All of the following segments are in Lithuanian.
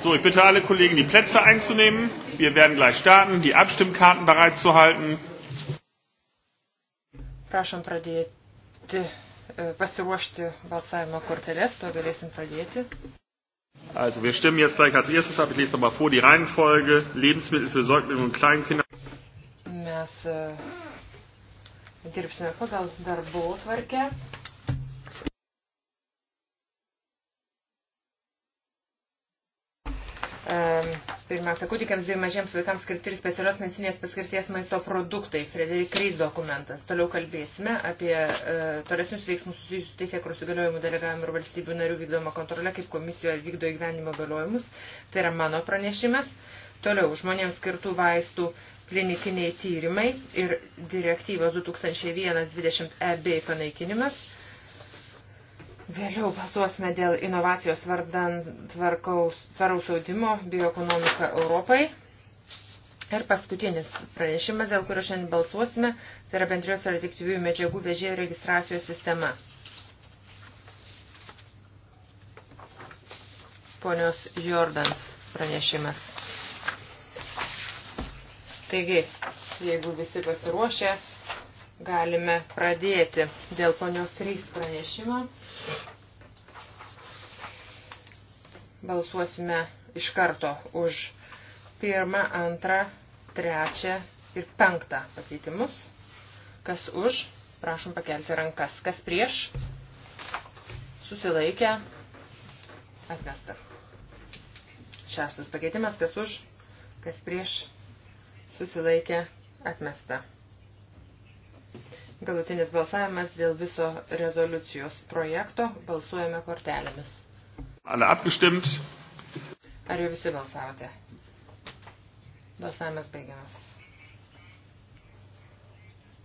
So, ich bitte alle Kollegen, die Plätze einzunehmen. Wir werden gleich starten, die Abstimmkarten bereitzuhalten. Prašom pradėti, e, pasiruošti balsavimo korteles, tuo galėsim pradėti. Also, wir stimmen jetzt gleich als erstes ab. Ich lese nochmal vor die Reihenfolge. Lebensmittel für Säuglinge und Kleinkinder. Mes e, dirbsime pagal darbo tvarkę. pirmiausia, tai kūdikiams bei mažiems vaikams skirti ir specialios medicinės paskirties maisto produktai, Frederik Reis dokumentas. Toliau kalbėsime apie e, tolesnius veiksmus susijusius teisėkros įgaliojimų delegavimu ir valstybių narių vykdomą kontrolę, kaip komisija vykdo įgyvenimo galiojimus. Tai yra mano pranešimas. Toliau žmonėms skirtų vaistų klinikiniai tyrimai ir direktyvos 2001-20 EB panaikinimas. Vėliau balsuosime dėl inovacijos vardan tvarkaus, tvaraus audimo bioekonomika Europai. Ir paskutinis pranešimas, dėl kurio šiandien balsuosime, tai yra bendrijos radioaktyviųjų medžiagų vežėjų registracijos sistema. Ponios Jordans pranešimas. Taigi, jeigu visi pasiruošę, galime pradėti dėl ponios Rys pranešimą. Balsuosime iš karto už pirmą, antrą, trečią ir penktą pakeitimus. Kas už, prašom pakelti rankas. Kas prieš, susilaikę, atmesta. Šeštas pakeitimas, kas už, kas prieš, susilaikę, atmesta. Galutinis balsavimas dėl viso rezoliucijos projekto balsuojame kortelėmis. Alle abgestimmt. Ar jau visi balsavote? Balsavimas baigiamas.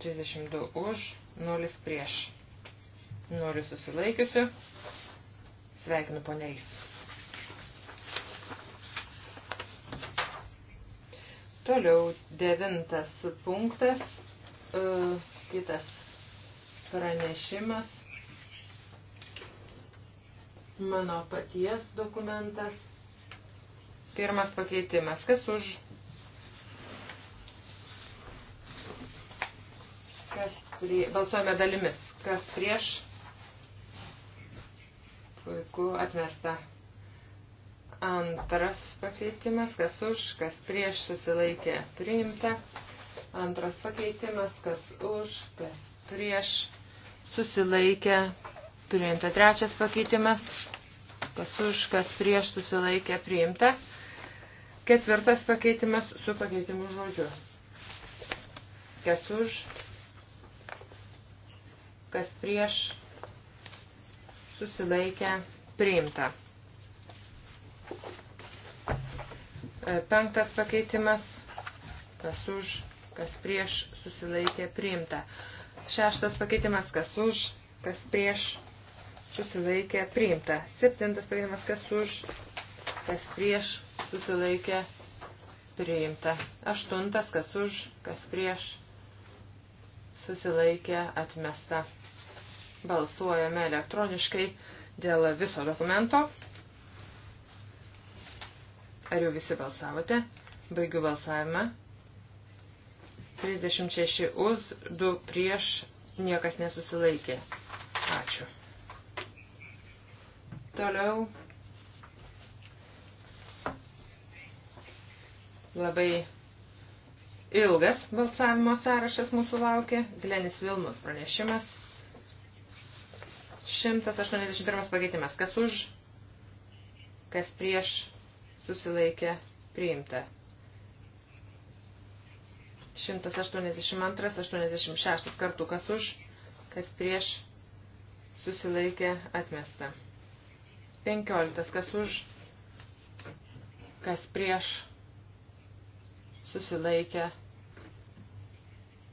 32 už, 0 prieš, 0 susilaikiusių. Sveikinu poneriais. Toliau devintas punktas. Uh, kitas pranešimas, mano paties dokumentas. Pirmas pakeitimas. Kas už? Kas prie... Balsuojame dalimis. Kas prieš? Puiku, atmesta. Antras pakeitimas. Kas už? Kas prieš susilaikė? Priimta. Priimta. Antras pakeitimas, kas už, kas prieš, susilaikė, priimta. Trečias pakeitimas, kas už, kas prieš, susilaikė, priimta. Ketvirtas pakeitimas su pakeitimu žodžiu. Kas už, kas prieš, susilaikė, priimta. Penktas pakeitimas, kas už, kas prieš susilaikė priimta. Šeštas pakeitimas, kas už, kas prieš susilaikė priimta. Septintas pakeitimas, kas už, kas prieš susilaikė priimta. Aštuntas, kas už, kas prieš susilaikė atmesta. Balsuojame elektroniškai dėl viso dokumento. Ar jau visi balsavote? Baigiu balsavimą. 36 už, 2 prieš, niekas nesusilaikė. Ačiū. Toliau. Labai ilgas balsavimo sąrašas mūsų laukia. Glenis Vilmut pranešimas. 181 pakeitimas. Kas už, kas prieš susilaikė priimta. 182-86 kartų kas už, kas prieš susilaikė atmesta. 15 kas už, kas prieš susilaikė.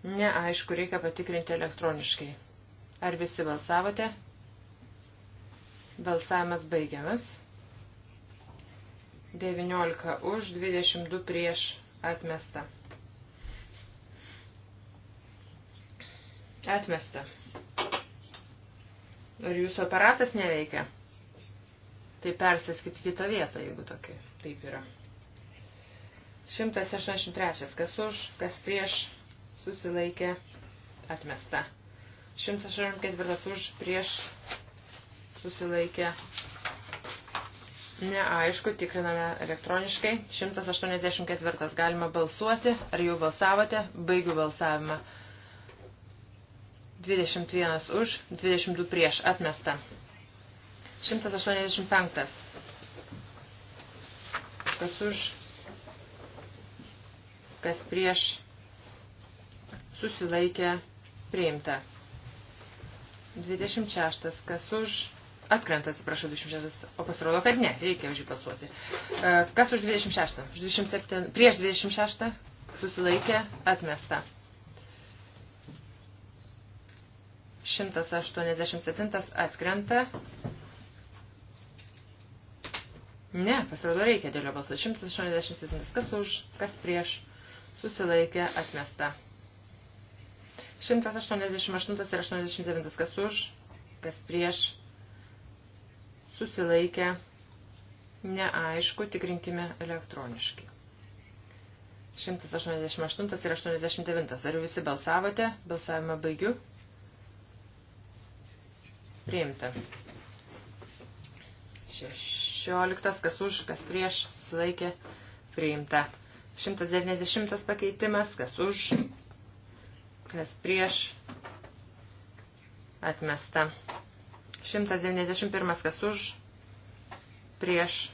Neaišku, reikia patikrinti elektroniškai. Ar visi balsavote? Balsavimas baigiamas. 19 už, 22 prieš atmesta. Atmesta. Ar jūsų aparatas neveikia? Tai persėskit kitą vietą, jeigu tokia. Taip yra. 183. Kas už, kas prieš, susilaikė, atmesta. 184. Už, prieš, susilaikė. Neaišku, tikriname elektroniškai. 184. Galima balsuoti. Ar jau balsavote? Baigiu balsavimą. 21 už, 22 prieš, atmesta. 185. Kas už, kas prieš, susilaikė, priimta. 26. Kas už, atkrenta, atsiprašau, 26, o pasirodo, kad ne, reikia už jį pasuoti. E, kas už 26? Už 27, prieš 26 susilaikė, atmesta. 187 atkrenta. Ne, pasirodo reikia dėlio balsų. 187. Kas už, kas prieš, susilaikė, atmesta. 188 ir 89. Kas už, kas prieš, susilaikė, neaišku, tikrinkime elektroniškai. 188 ir 89. Ar visi balsavote? Balsavimą baigiu. Priimta. 16, kas už, kas prieš, susilaikė, priimta. 190 pakeitimas, kas už, kas prieš, atmesta. 191, kas už, prieš,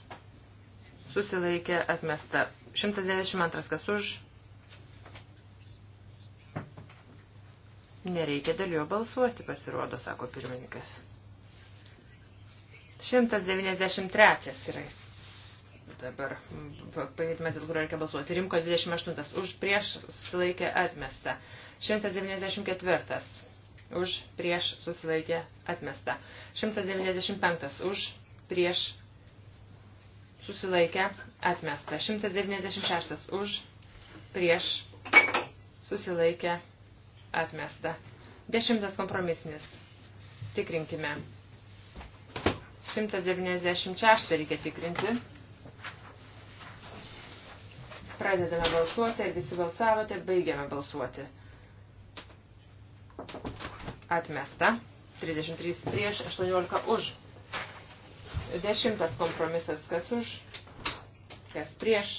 susilaikė, atmesta. 192, kas už, Nereikia dėl jo balsuoti, pasirodo, sako pirmininkas. 193 yra dabar paimtas, kur reikia balsuoti. Rimko 28. Už prieš susilaikė atmesta. 194. Už prieš susilaikė atmesta. 195. Už prieš susilaikė atmesta. 196. Už prieš susilaikė atmesta Atmesta. Dešimtas kompromisinis. Tikrinkime. 196 reikia tikrinti. Pradedame balsuoti, ar visi balsavote, baigiame balsuoti. Atmesta. 33 prieš, 18 už. Dešimtas kompromisas, kas už, kas prieš,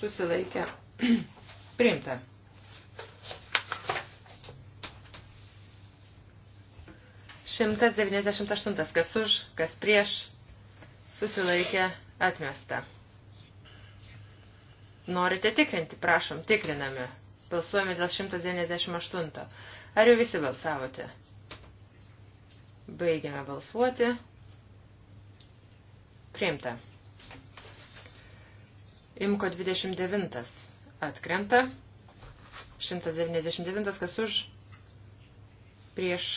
susilaikė, priimta. 198. Kas už, kas prieš, susilaikė, atmesta. Norite tikrinti, prašom, tikriname. Balsuojame dėl 198. Ar jau visi balsavote? Baigiame balsuoti. Priimta. Imko 29. Atkrenta. 199. Kas už? Prieš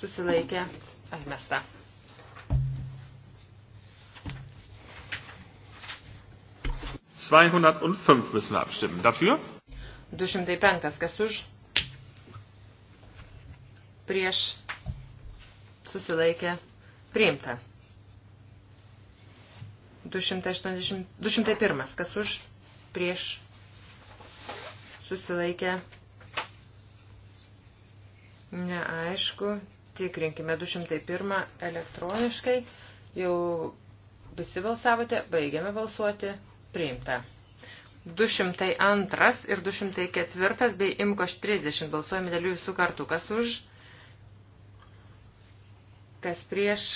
susilaikė atmesta. müssen wir abstimmen. Dafür? 205. Kas už? Prieš susilaikė priimta. 280, 201. Kas už? Prieš susilaikė. Neaišku, Tikrinkime 201 elektroniškai. Jau visi balsavote, baigiame balsuoti, priimta. 202 ir 204 bei imkoš 30 balsuojame dėl jų visų kartų. Kas už? Kas prieš?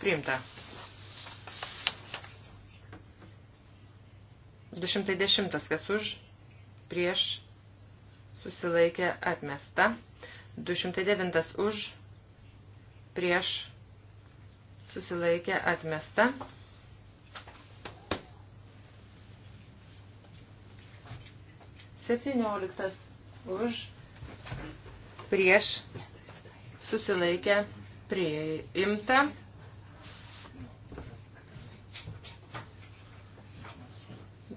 Priimta. 210 kas už? Prieš? susilaikė atmesta. 209 už, prieš, susilaikė atmesta. Septynioliktas už, prieš, susilaikė priimta.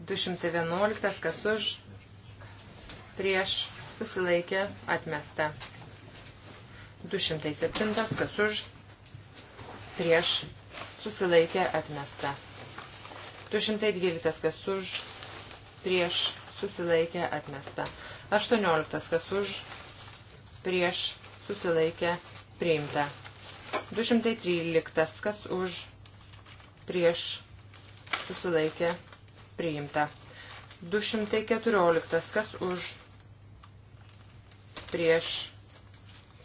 Du šimtai vienuoliktas, kas už, prieš, susilaikė, atmesta. 207, kas už, prieš, susilaikė, atmesta. 212, kas už, prieš, susilaikė, atmesta. 18, kas už, prieš, susilaikė, priimta. 213, kas už, prieš, susilaikė, priimta. 214, kas už, prieš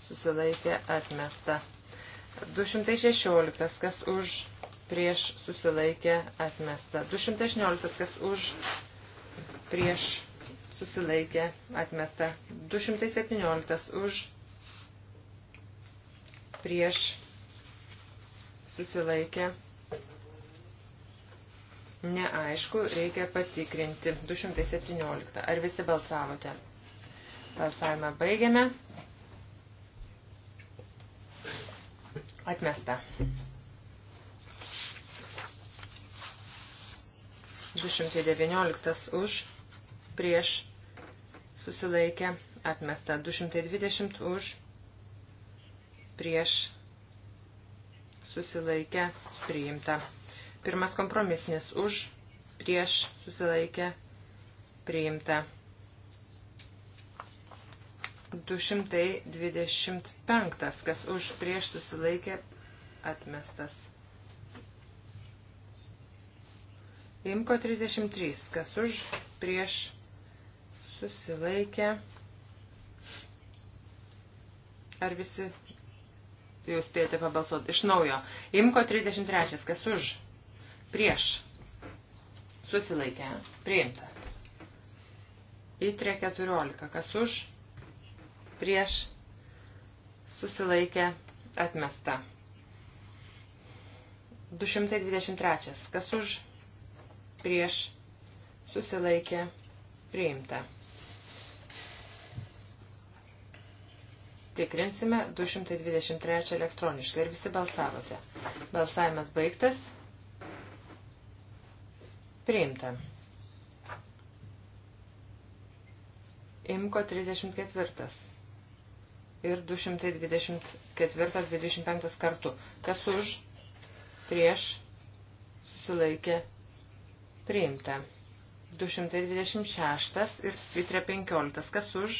susilaikė atmesta. 216, kas už prieš susilaikė atmesta. 216, kas už prieš susilaikė atmesta. 217 už prieš susilaikė. Neaišku, reikia patikrinti. 217. Ar visi balsavote? Balsavimą baigiame. Atmesta. 219 už, prieš, susilaikė, atmesta. 220 už, prieš, susilaikė, priimta. Pirmas kompromisnis už, prieš, susilaikė, priimta. 225, kas už prieš susilaikė atmestas. Imko 33, kas už prieš susilaikė. Ar visi jūs spėjote pabalsuoti? Iš naujo. Imko 33, kas už prieš susilaikė. Priimta. Įtrė 14, kas už prieš susilaikę atmesta. 223. Kas už prieš susilaikė priimta. Tikrinsime 223 elektroniškai ir visi balsavote. Balsavimas baigtas. Priimta. Imko 34 ir 224-25 kartu. Kas už, prieš, susilaikė, priimta. 226 ir 315. Kas už,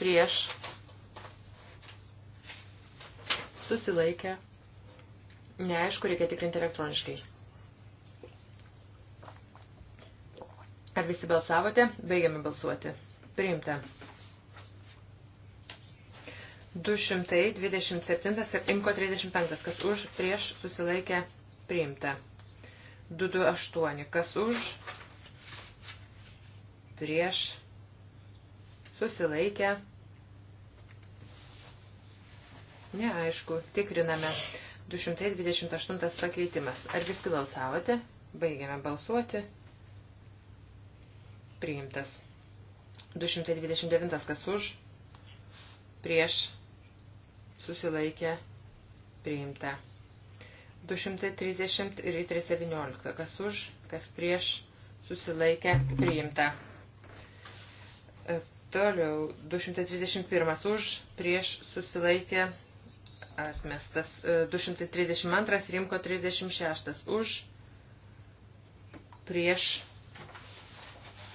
prieš, susilaikė. Neaišku, reikia tikrinti elektroniškai. Ar visi balsavote? Baigiame balsuoti. Priimta. 227 ir imko 35, kas už prieš susilaikę priimta. 228, kas už prieš susilaikę. Neaišku, tikriname. 228 pakeitimas. Ar visi balsavote? Baigiame balsuoti. Priimtas. 229 kas už. Prieš susilaikė priimta. 230 ir 317, kas už, kas prieš, susilaikė priimta. E, toliau, 231 už, prieš, susilaikė atmestas. 232, e, rimko 36 už, prieš,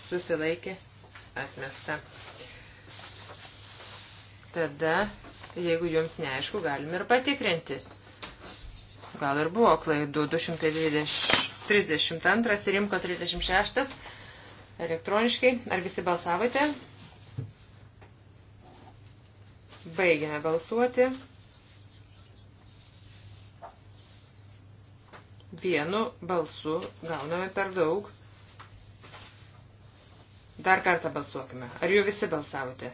susilaikė atmesta. Tada Jeigu jums neaišku, galim ir patikrinti. Gal ir buvo klaidų 232 ir rimko 36 elektroniškai. Ar visi balsavote? Baigiame balsuoti. Vienu balsu gauname per daug. Dar kartą balsuokime. Ar jau visi balsavote?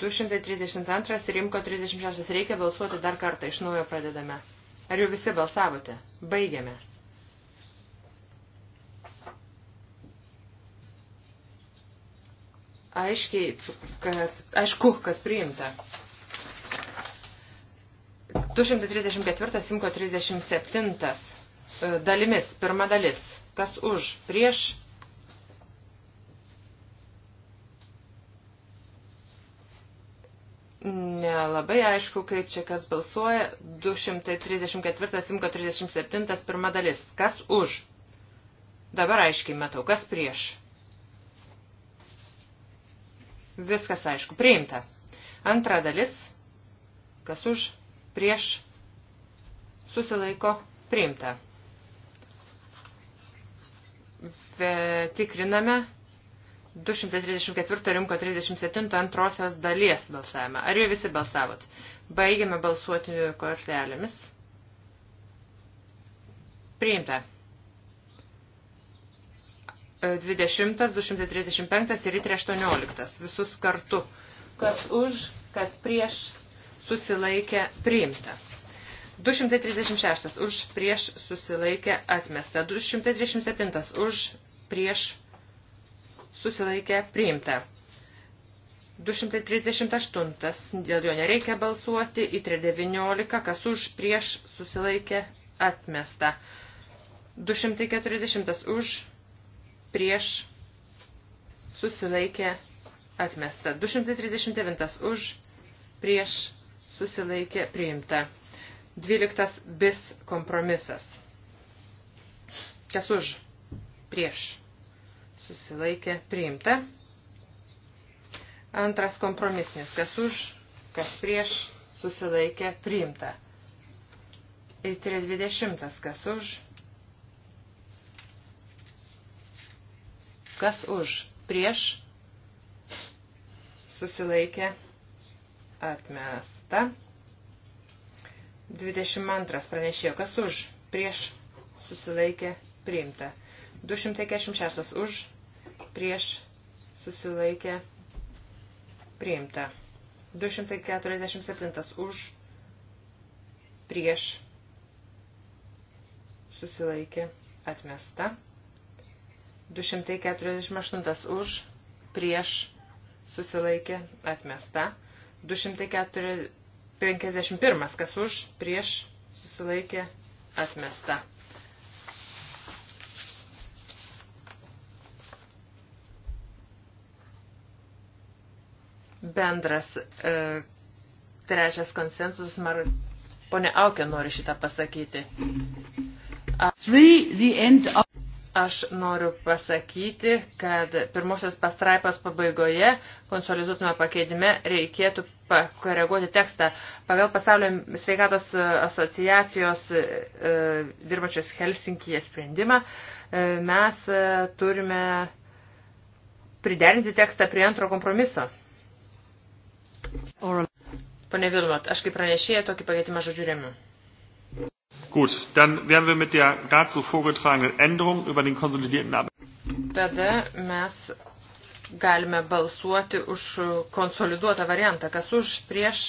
232 ir Rimko 36. Reikia balsuoti dar kartą. Iš naujo pradedame. Ar jau visi balsavote? Baigiame. Aiškiai, kad, aišku, kad priimta. 234, Simko 37 dalimis, pirma dalis, kas už, prieš, Nelabai aišku, kaip čia kas balsuoja. 234, 137, pirma dalis. Kas už? Dabar aiškiai matau, kas prieš. Viskas aišku, priimta. Antra dalis. Kas už? Prieš. Susilaiko. Priimta. Tikriname 234 rinko 37 antrosios dalies balsavimą. Ar jau visi balsavot? Baigiame balsuoti kortelėmis. Priimta. 20, 235 ir 318. Visus kartu. Kas už, kas prieš susilaikė priimta. 236 už prieš susilaikė atmesta. 237 už prieš susilaikė priimta. 238, dėl jo nereikia balsuoti, į 319, kas už prieš susilaikė atmesta. 240 už prieš susilaikė atmesta. 239 už prieš susilaikė priimta. 12 bis kompromisas. Kas už prieš susilaikė priimta. Antras kompromisnis, kas už, kas prieš, susilaikė priimta. Ir 320, kas už, kas už, prieš, susilaikė atmesta. 22 pranešėjo, kas už, prieš, susilaikė priimta. 246 už, prieš susilaikę priimta. 247 už prieš susilaikė atmesta. 248 už prieš susilaikė atmesta. 251 kas už prieš susilaikė atmesta. bendras e, trečias konsensus. Mar... Pone Aukė nori šitą pasakyti. A... Aš noriu pasakyti, kad pirmosios pastraipos pabaigoje konsolizuotume pakeidime reikėtų pakoreguoti tekstą. Pagal pasaulio sveikatos asociacijos e, dirbačios Helsinkije sprendimą e, mes e, turime priderinti tekstą prie antro kompromiso. Pane Vilmot, aš kaip pranešėja tokį pakeitimą žodžiu remiu. Gut, dann wären wir mit der dazu vorgetragenen Änderung über den konsolidierten Ab Tada mes galime balsuoti už konsoliduotą variantą, kas už prieš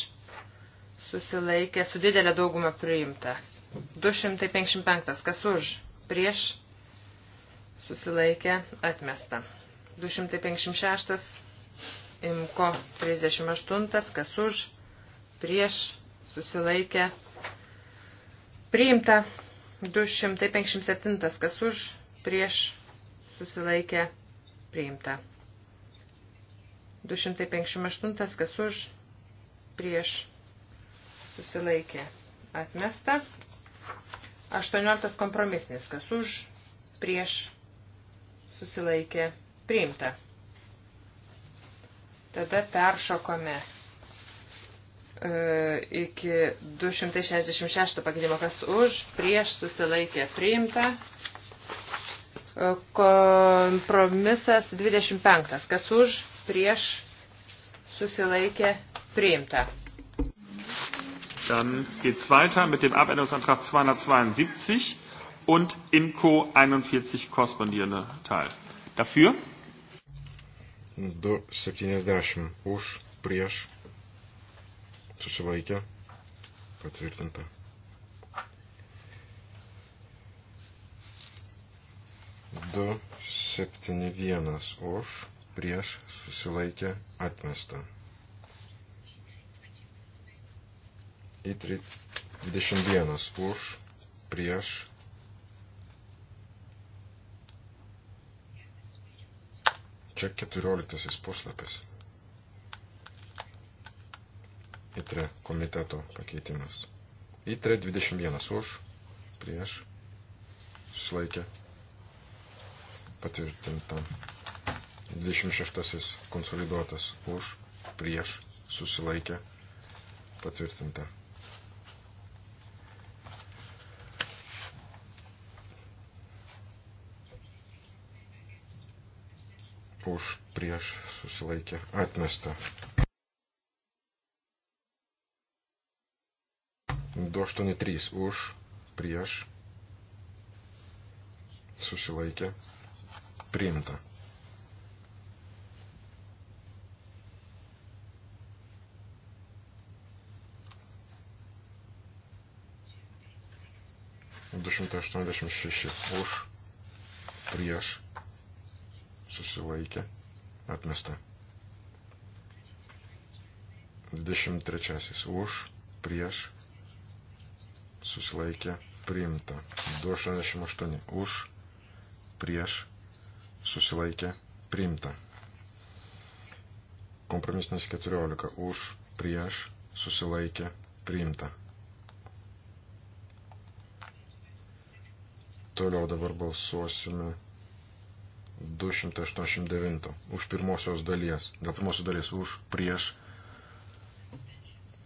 susilaikė su didelė dauguma priimta. 255, kas už prieš susilaikė atmesta. 256 Imko 38, kas už, prieš, susilaikė, priimta. 257, kas už, prieš, susilaikė, priimta. 258, kas už, prieš, susilaikė, atmesta. 18 kompromisnis, kas už, prieš, susilaikė, priimta. Tada peršokome e, iki 266 pakeitimo, kas už, prieš susilaikė priimta. E, kompromisas 25, kas už, prieš susilaikė priimta. Dann geht's weiter mit dem Abänderungsantrag 272 und IMCO 41 korrespondierende Teil. Dafür? 270 už, prieš, susilaikė, patvirtinta. Du, septyni vienas už, prieš, susilaikė, atmesta. Į 21 už, prieš, Čia 14 puslapis. Įtre komiteto pakeitimas. Įtre 21 už, prieš, išlaikė, patvirtinta. 26 konsoliduotas už, prieš, susilaikė, patvirtinta. už prieš susilaikę atmestą. 283 už prieš susilaikę priimta. Du šimtai aštuoniasdešimt šeši už prieš susilaikė, atmesta. 23. Už, prieš, susilaikė, priimta. 288. Už, prieš, susilaikė, priimta. Kompromisinis 14. Už, prieš, susilaikė, priimta. Toliau dabar balsuosime 289 už pirmosios dalies. Dėl pirmosios dalies už prieš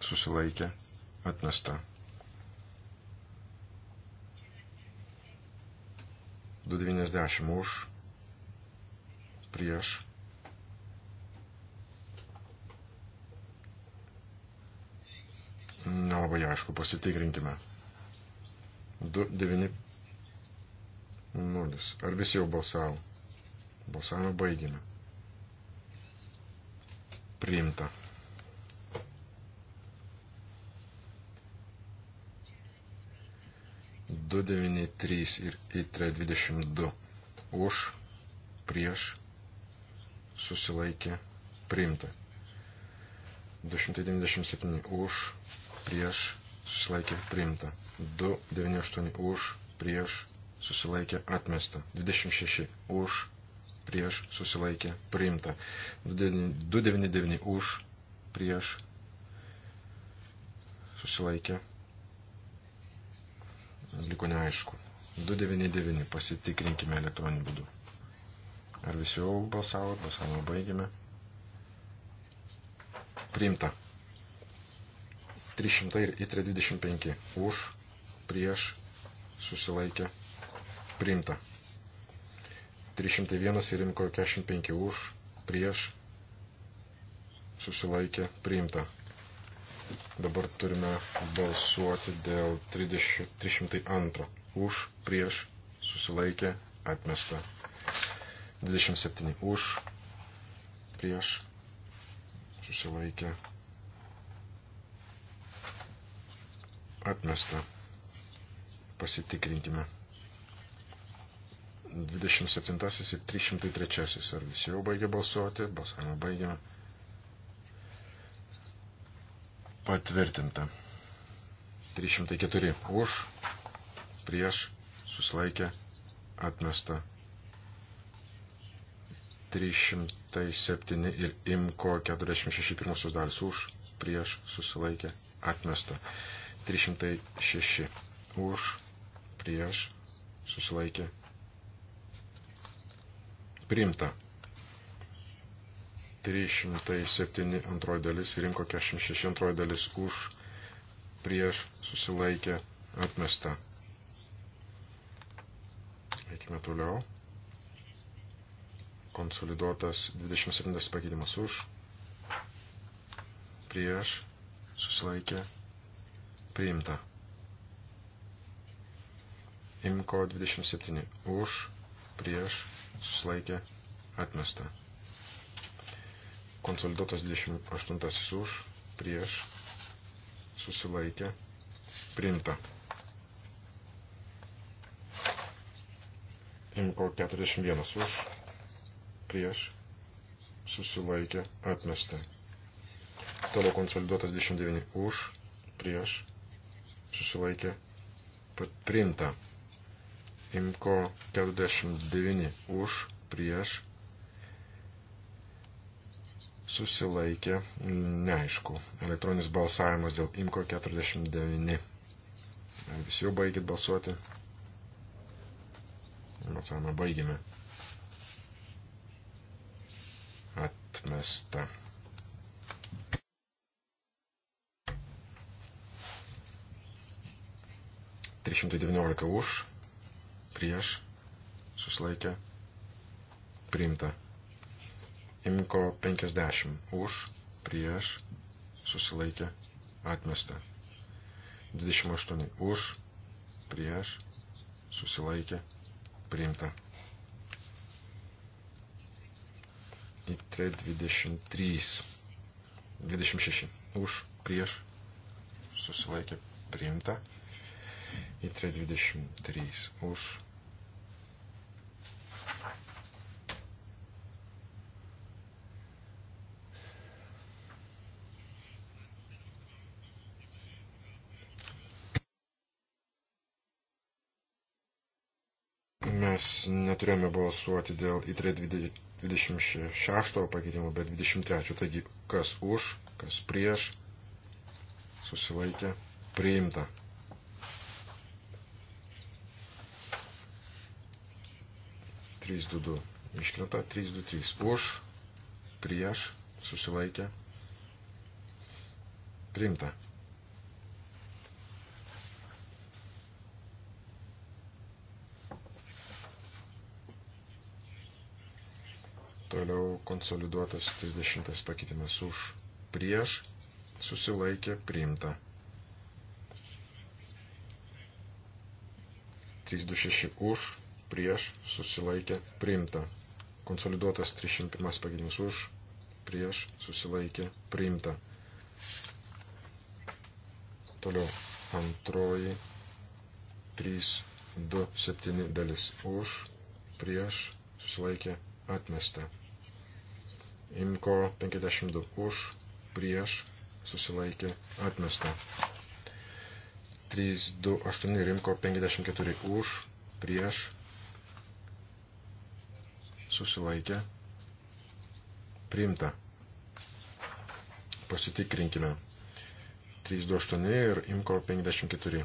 susilaikė atmesta. 290 už prieš Nelabai aišku, pasitikrinkime. 2, 9, 0. Ar visi jau balsavo? Balsavimą baigėme. Priimta. Du devyni trys ir itre dvidešimt du. Už, prieš, susilaikė, priimta. 297 už, prieš, susilaikė, priimta. 298 už, prieš, susilaikė, atmesta. 26 už, prieš susilaikė priimta. 299 už prieš susilaikė. Liko neaišku. 299 pasitikrinkime elektroniniu būdu. Ar visi jau balsavo, balsavimą baigėme. Priimta. 300 ir į 325 už prieš susilaikė priimta. 301 ir 45 už, prieš, susilaikė, priimta. Dabar turime balsuoti dėl 30, 302. Už, prieš, susilaikė, atmesta. 27. Už, prieš, susilaikė, atmesta. Pasitikrinkime. 27 ir 303. Ar visi jau baigė balsuoti? Balsavimą baigėme. Patvirtinta. 304 už, prieš, susilaikė, atmesta. 307 ir imko 46 pirmosios dalis už, prieš, susilaikė, atmesta. 306 už, prieš, susilaikė, Priimta. 307 antroji dalis ir rinko 46 antroji dalis už prieš susilaikę atmestą. Eikime toliau. Konsoliduotas 27 pakeitimas už prieš susilaikę priimta. Imko 27 už prieš susilaikė atmesta. Konsoliduotas 28 už, prieš, susilaikė, priimta. Imko 41 už, prieš, susilaikė, atmesta. Toliau konsoliduotas 29 už, prieš, susilaikė, priimta. Imko 49 už, prieš, susilaikė, neaišku. Elektroninis balsavimas dėl Imko 49. Ar visi jau baigit balsuoti? Balsavimą baigime. Atmesta. Trišimtai devyniolika už, prieš, susilaikė, priimta. Imko 50, už, prieš, susilaikė, atmesta. 28, už, prieš, susilaikė, priimta. Į 23, 26, už, prieš, susilaikė, priimta į 323 už. Mes neturėjome balsuoti dėl I326 pakeitimo, bet 23. Taigi, kas už, kas prieš, susilaikė, priimta. 322 iškrenta, 323 už, prieš, susilaikė, primta. Toliau konsoliduotas 30 pakeitimas už, prieš, susilaikė, primta. 326 už, prieš susilaikė priimta. Konsoliduotas 301 pagrindinis už, prieš susilaikė priimta. Toliau antroji 3, 2, 7 dalis už, prieš susilaikė atmesta. Imko 52 už, prieš susilaikė atmesta. 3, 2, 8 rimko 54 už, prieš susilaikė, priimta. Pasitikrinkime. 328 ir imko 54.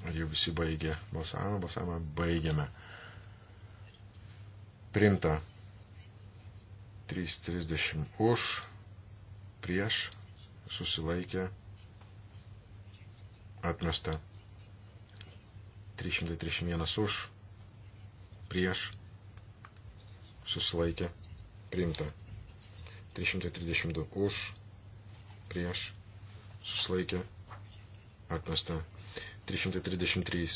Ar jau visi baigė balsavimą, balsavimą baigėme. Primta 330 už, prieš, susilaikė, atmesta 331 už, prieš, susilaikė priimta. 332 už, prieš, susilaikė, atmesta. 333,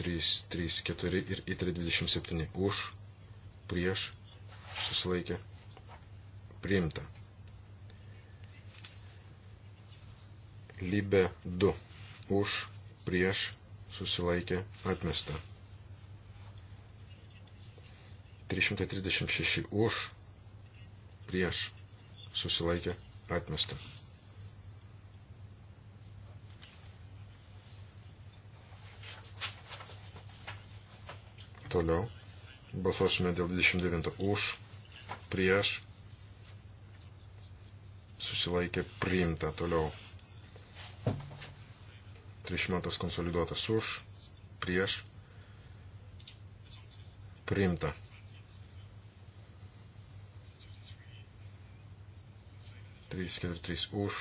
334 ir I327 už, prieš, susilaikė, priimta. Libe 2 už, prieš, susilaikė, atmesta. 336 už, prieš, susilaikė, atmesta. Toliau. Balsuosime dėl 29 už, prieš, susilaikė, priimta. Toliau. 300 konsoliduotas už, prieš, priimta. 343 už,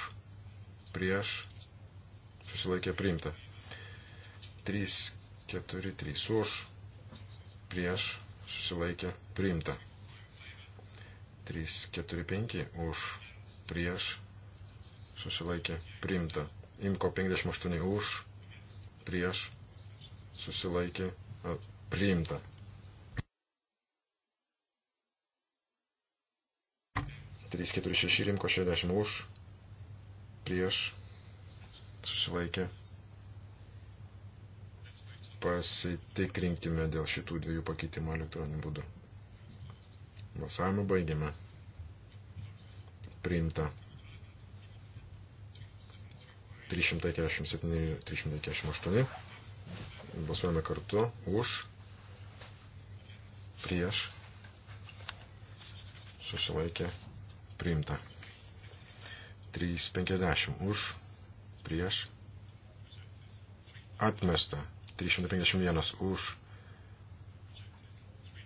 prieš, susilaikė priimta. 343 už, prieš, susilaikė priimta. 345 už, prieš, susilaikė priimta. Imko 58 už, prieš, susilaikė priimta. 346 rimko 60 už, prieš, susilaikė. Pasitikrinkime dėl šitų dviejų pakeitimų elektroniniu būdu. Balsavimą baigiame. Priimta. 347, 348. Balsuojame kartu už, prieš, susilaikė priimta. 350 už, prieš, atmesta. 351 už,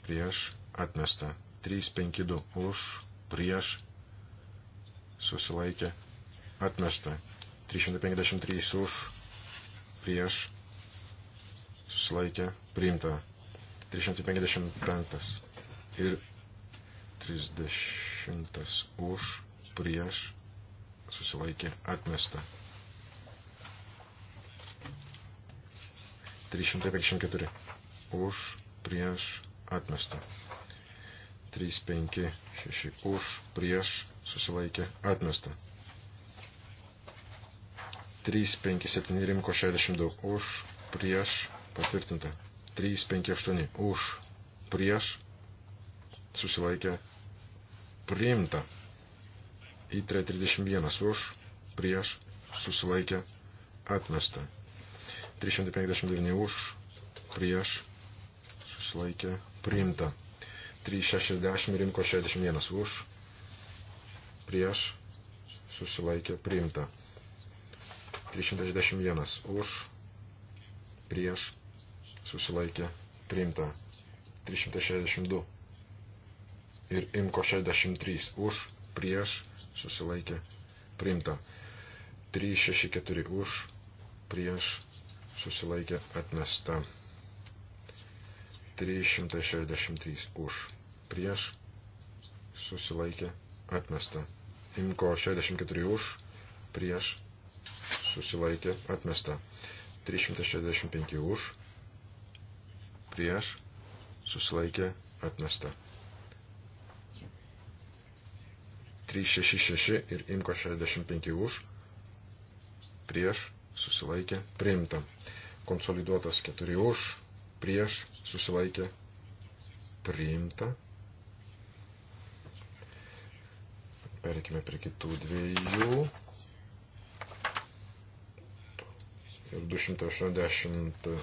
prieš, atmesta. 352 už, prieš, susilaikė, atmesta. 353 už, prieš, susilaikė, priimta. 355 ir 30. Šimtas už, prieš, susilaikė atmesta. 354 už, prieš, atmesta. 356 už, prieš, susilaikė atmesta. 357 rimko 62 už, prieš, patvirtinta. 358 už, prieš, susilaikė priimta. Į 31 už, prieš, susilaikė, atmesta. 359 už, prieš, susilaikė, priimta. 360 rinko 61 už, prieš, susilaikė, priimta. 361 už, prieš, susilaikė, priimta. 362 ir imko 63 už, prieš, susilaikė, priimta. 364 už, prieš, susilaikė, atmesta. 363 už, prieš, susilaikė, atmesta. Imko 64 už, prieš, susilaikė, atmesta. 365 už, prieš, susilaikė, atmesta. 366 ir imko 65 už, prieš susilaikė priimta. Konsoliduotas 4 už, prieš susilaikė priimta. Pereikime prie kitų dviejų. Ir 282.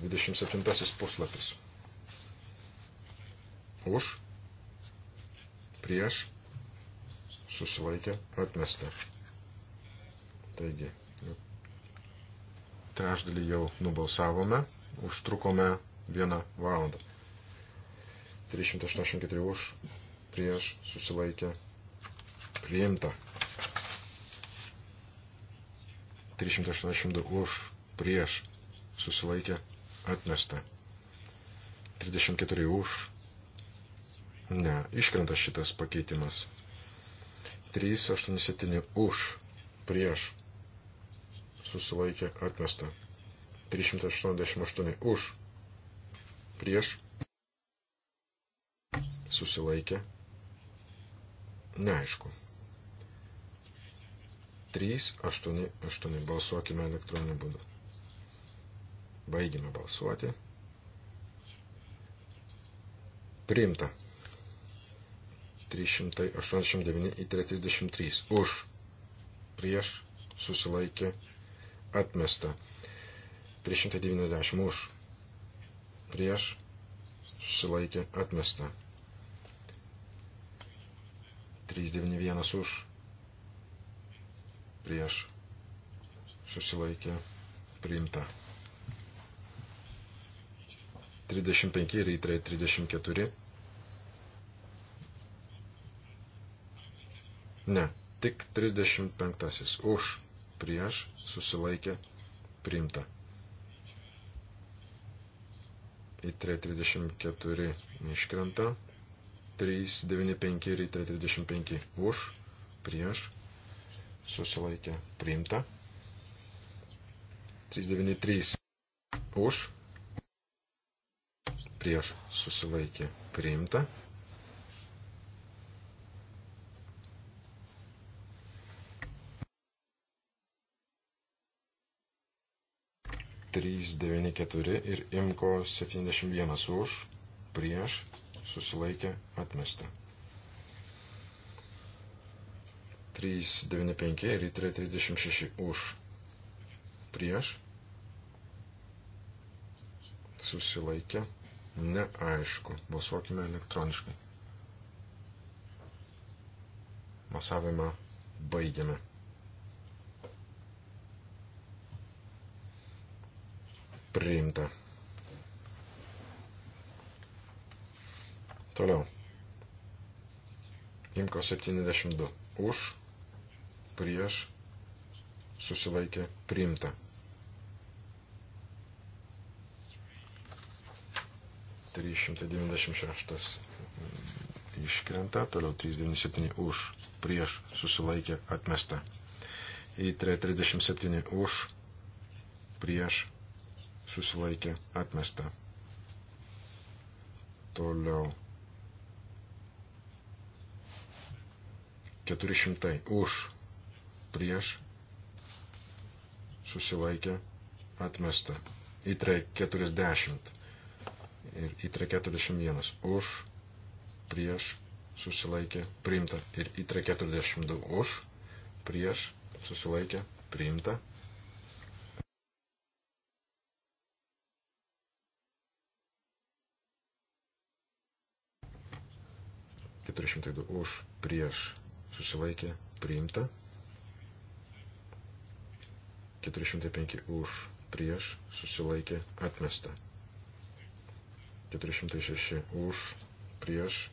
27 puslapis. Už, prieš susilaikė atmesta. Taigi, trešdalį jau nubalsavome, užtrukome vieną valandą. 384 už, prieš susilaikė priimta. 382 už, prieš susilaikė atmesta. 34 už. Ne, iškrenta šitas pakeitimas. 387 už, prieš, susilaikė atmesta. 388 už, prieš, susilaikė, neaišku. 388 balsuokime elektroniniu būdu. Baigime balsuoti. Priimta. 389 į 33. Už, prieš, susilaikė, atmesta. 390 už, prieš, susilaikė, atmesta. 391 už, prieš, susilaikė, priimta. 35 ir 34 Ne, tik 35. Už, prieš, susilaikė, priimta. Į 334 iškrenta. 395 ir 335 už, prieš, susilaikė, priimta. 393 už, prieš, susilaikė, priimta. 394 ir imko 71 už, prieš, susilaikė, atmesta. 395 ir 336 už, prieš, susilaikė, neaišku. Balsuokime elektroniškai. Masavimą baigiame. Priimta. Toliau. Imko 72. Už, prieš, susilaikė, priimta. 396 iškrenta, toliau 397 už, prieš susilaikė atmesta. Į 337 už, prieš susilaikė atmesta. Toliau. 400 už prieš susilaikė atmesta. Įtre 40 ir įtre 41 už prieš susilaikė priimta ir įtre 42 už prieš susilaikė priimta 402 už, prieš, susilaikė, priimta. 405 už, prieš, susilaikė, atmesta. 406 už, prieš,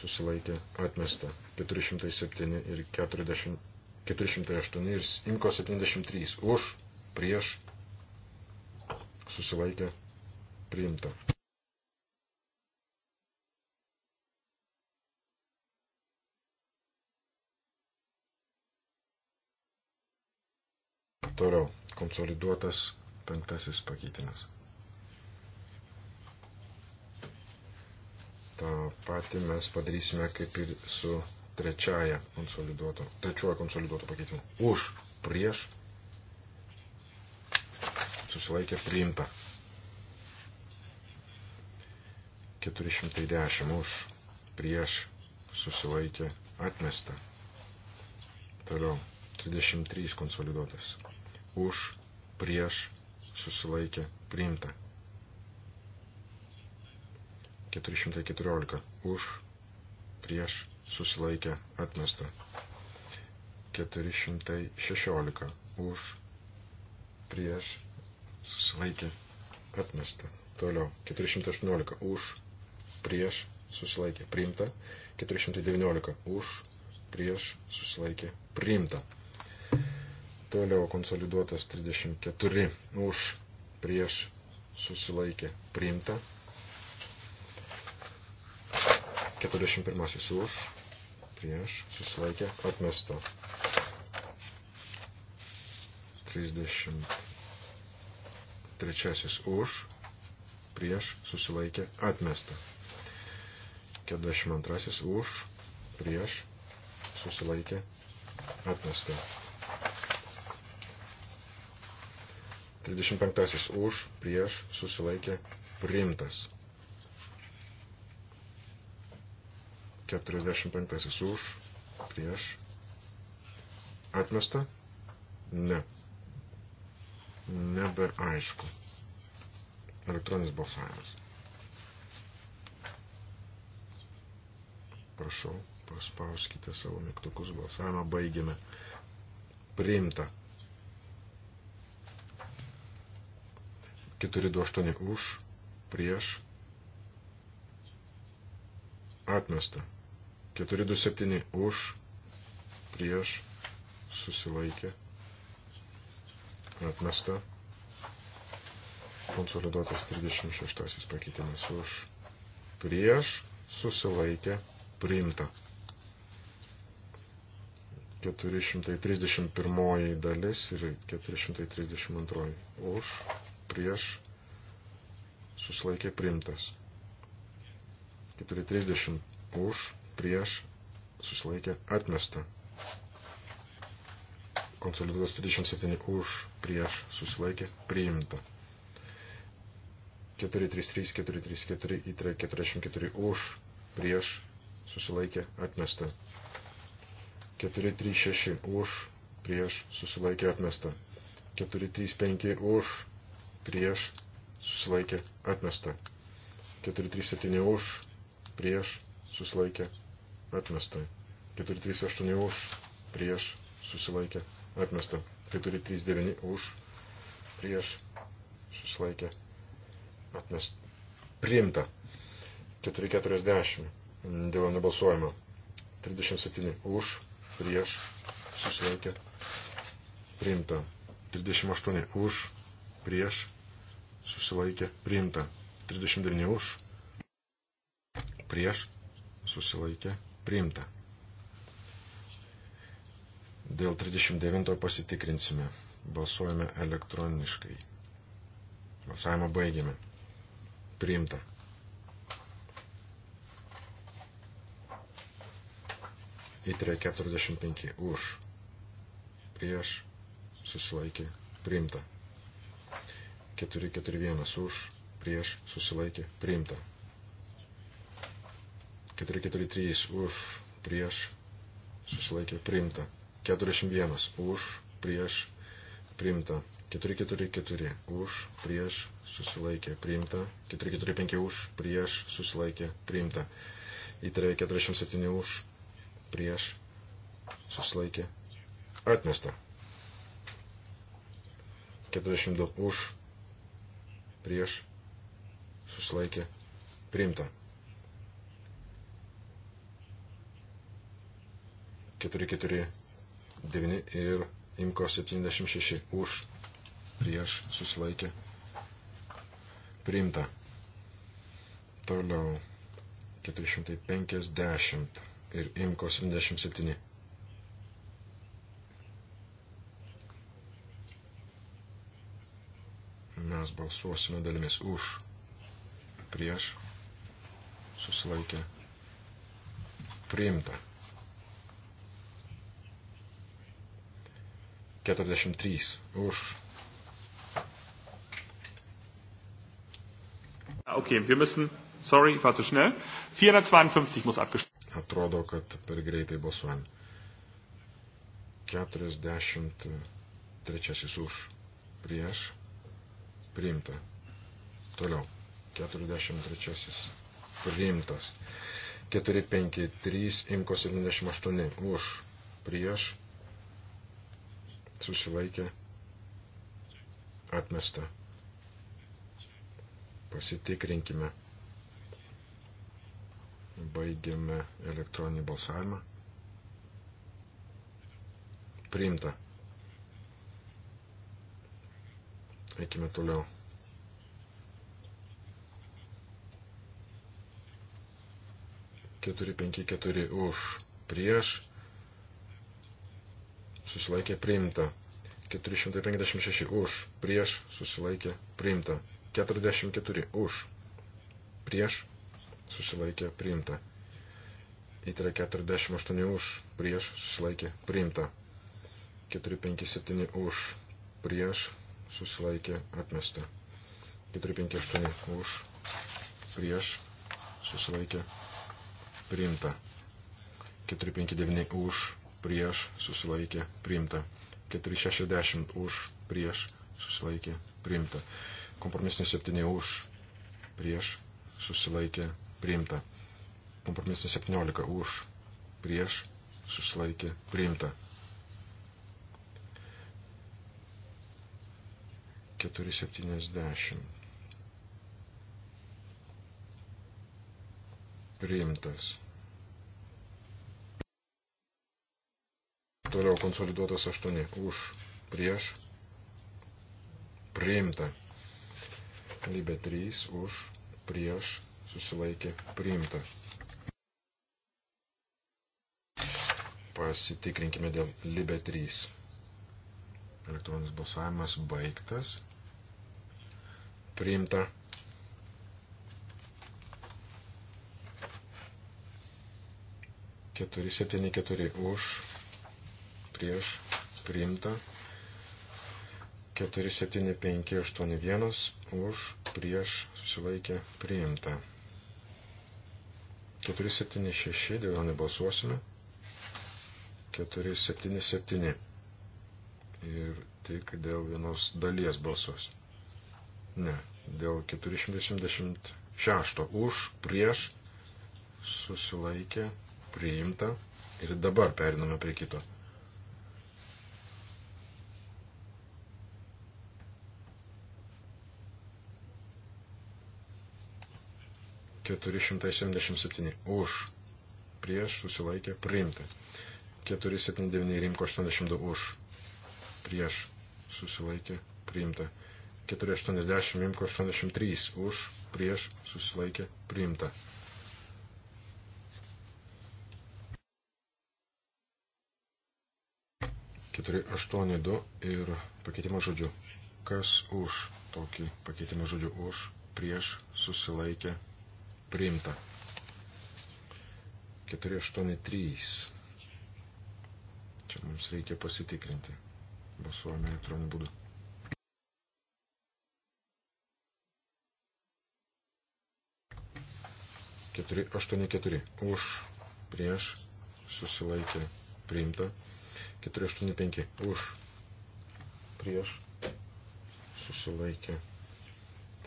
susilaikė, atmesta. 407 ir 40, 408 ir imko 73 už, prieš, susilaikė, priimta. Toliau, konsoliduotas penktasis pakeitimas. tą patį mes padarysime kaip ir su trečiaja konsoliduoto, trečiojo konsoliduoto pakeitimu. Už, prieš, susilaikė priimta. 410 už, prieš, susilaikė atmesta. Toliau, 33 konsoliduotas už prieš susilaikė priimta. 414 už prieš susilaikė atmesta. 416 už prieš susilaikė atmesta. Toliau 418 už prieš susilaikė priimta. 419 už prieš susilaikė priimta. Toliau konsoliduotas 34 už prieš susilaikė priimta. 41 už prieš susilaikė atmesta. 33 už prieš susilaikė atmesta. 42 už prieš susilaikė atmesta. 35 už, prieš, susilaikė, priimtas. 45 už, prieš, atmesta, ne. Nebeaišku. Elektroninis balsavimas. Prašau, paspauskite savo mygtukus, balsavimą baigiame. Priimta. 428 už, prieš, atmesta. 427 už, prieš, susilaikė, atmesta. Konsoliduotas 36 pakeitimas už, prieš, susilaikė, priimta. 431 dalis ir 432 už, prieš susilaikė primtas. 4.30 už prieš susilaikė atmesta. Konsoliduotas 37 už prieš susilaikė priimta. 433, 434, įtrė 44 už, prieš, susilaikė, atmesta. 436 už, prieš, susilaikė, atmesta. 435 už, prieš susilaikė atmesta. 437 už, prieš susilaikė atmesta. 438 už, prieš susilaikė atmesta. 439 už, prieš susilaikė atmesta. Priimta. 440 dėl nebalsuojimo. 37 už, prieš susilaikė priimta. 38 už, prieš, susilaikė, priimta. 39 už, prieš, susilaikė, priimta. Dėl 39 pasitikrinsime. Balsuojame elektroniškai. Balsavimą baigėme. Priimta. Įtrė 45 už. Prieš susilaikė. Priimta. 441 už, prieš, susilaikė, priimta. 443 už, prieš, susilaikė, priimta. 41 už, prieš, priimta. 444 už, prieš, susilaikė, priimta. 445 už, prieš, susilaikė, priimta. Įtarė 47 už, prieš, susilaikė, atmesta. 42 už, prieš susilaikė priimta. 449 ir imko 76 už prieš susilaikė priimta. Toliau 450 ir imko 77 pakeitimas balsuosime dalimis už, prieš, susilaikė, priimta. 43 už. Ah, okay, wir müssen, sorry, war zu schnell. 452 muss abgestimmt. Atrodo, kad per greitai balsuojam. 43 už prieš priimta. Toliau. 43 priimtas. 453 imko 78 už prieš susilaikė atmesta. Pasitikrinkime. Baigiame elektroninį balsavimą. Priimta. Eikime toliau. Keturi, penki, keturi už, prieš, susilaikė priimta. 456 už, prieš, susilaikė priimta. 44 už, prieš, susilaikė priimta. Įtrė 48 už, prieš, susilaikė priimta. 457 už, prieš, susilaikė atmesta. 458 už, prieš, susilaikė priimta. 459 už, prieš, susilaikė priimta. 460 už, prieš, susilaikė priimta. Kompromisinė 7 už, prieš, susilaikė priimta. Kompromisinė 17 už, prieš, susilaikė priimta. 470. Priimtas. Toliau konsoliduotas 8. Už, prieš, priimta. Lybė 3, už, prieš, susilaikė, priimta. Pasitikrinkime dėl Libė 3. Elektroninis balsavimas baigtas priimta. Keturi, septyni, keturi už, prieš, priimta. Keturi, septyni, penki, aštuoni, vienas, už, prieš, susilaikė, priimta. 476, dėl jo nebalsuosime. 477. Ir tik dėl vienos dalies balsuos. Ne, dėl 476 už, prieš, susilaikė, priimta ir dabar periname prie kito. Keturi šimtai septyniasdešimt septyni už, prieš susilaikė priimta. Keturi septyni devyni rinko aštuoniasdešimt du už, prieš susilaikė priimta. 480, imko 83 už, prieš, susilaikė, priimta. Keturi, aštuoni, du ir pakeitimą žodžiu. Kas už tokį pakeitimą žodžiu už, prieš, susilaikė, priimta. 483. Čia mums reikia pasitikrinti. Balsuojame elektroniniu būdu. 484 už prieš susilaikė priimta. 485 už prieš susilaikė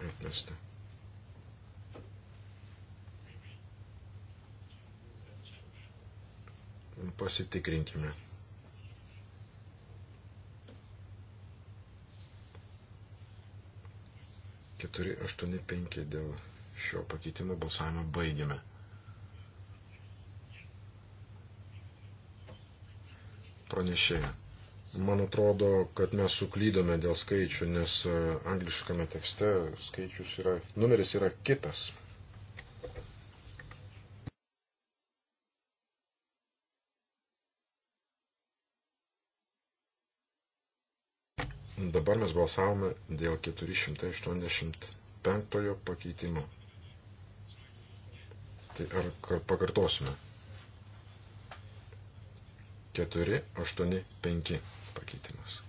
atmesta. Pasitikrinkime. Keturi, aštuoni, penki dėl šio pakeitimo balsavimą baigiame. Pranešėja. Man atrodo, kad mes suklydome dėl skaičių, nes e, angliškame tekste skaičius yra, numeris yra kitas. Dabar mes balsavome dėl 485 pakeitimo. Tai ar pakartosime? 4, 8, 5 pakeitimas.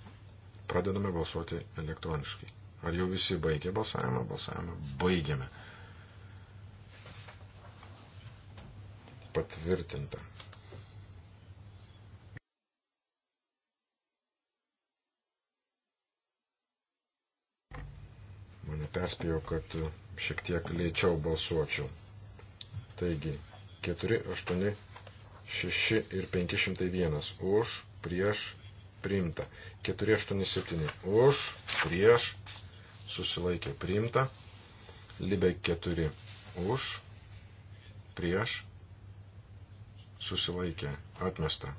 Pradedame balsuoti elektroniškai. Ar jau visi baigė balsavimą? Balsavimą baigėme. Patvirtinta. Mane perspėjo, kad šiek tiek lėčiau balsuočiau. Taigi, 4, 8, 6 ir 501. Už, prieš, priimta. 4, 8, 7. Už, prieš, susilaikė, priimta. Libe 4. Už, prieš, susilaikė, atmesta.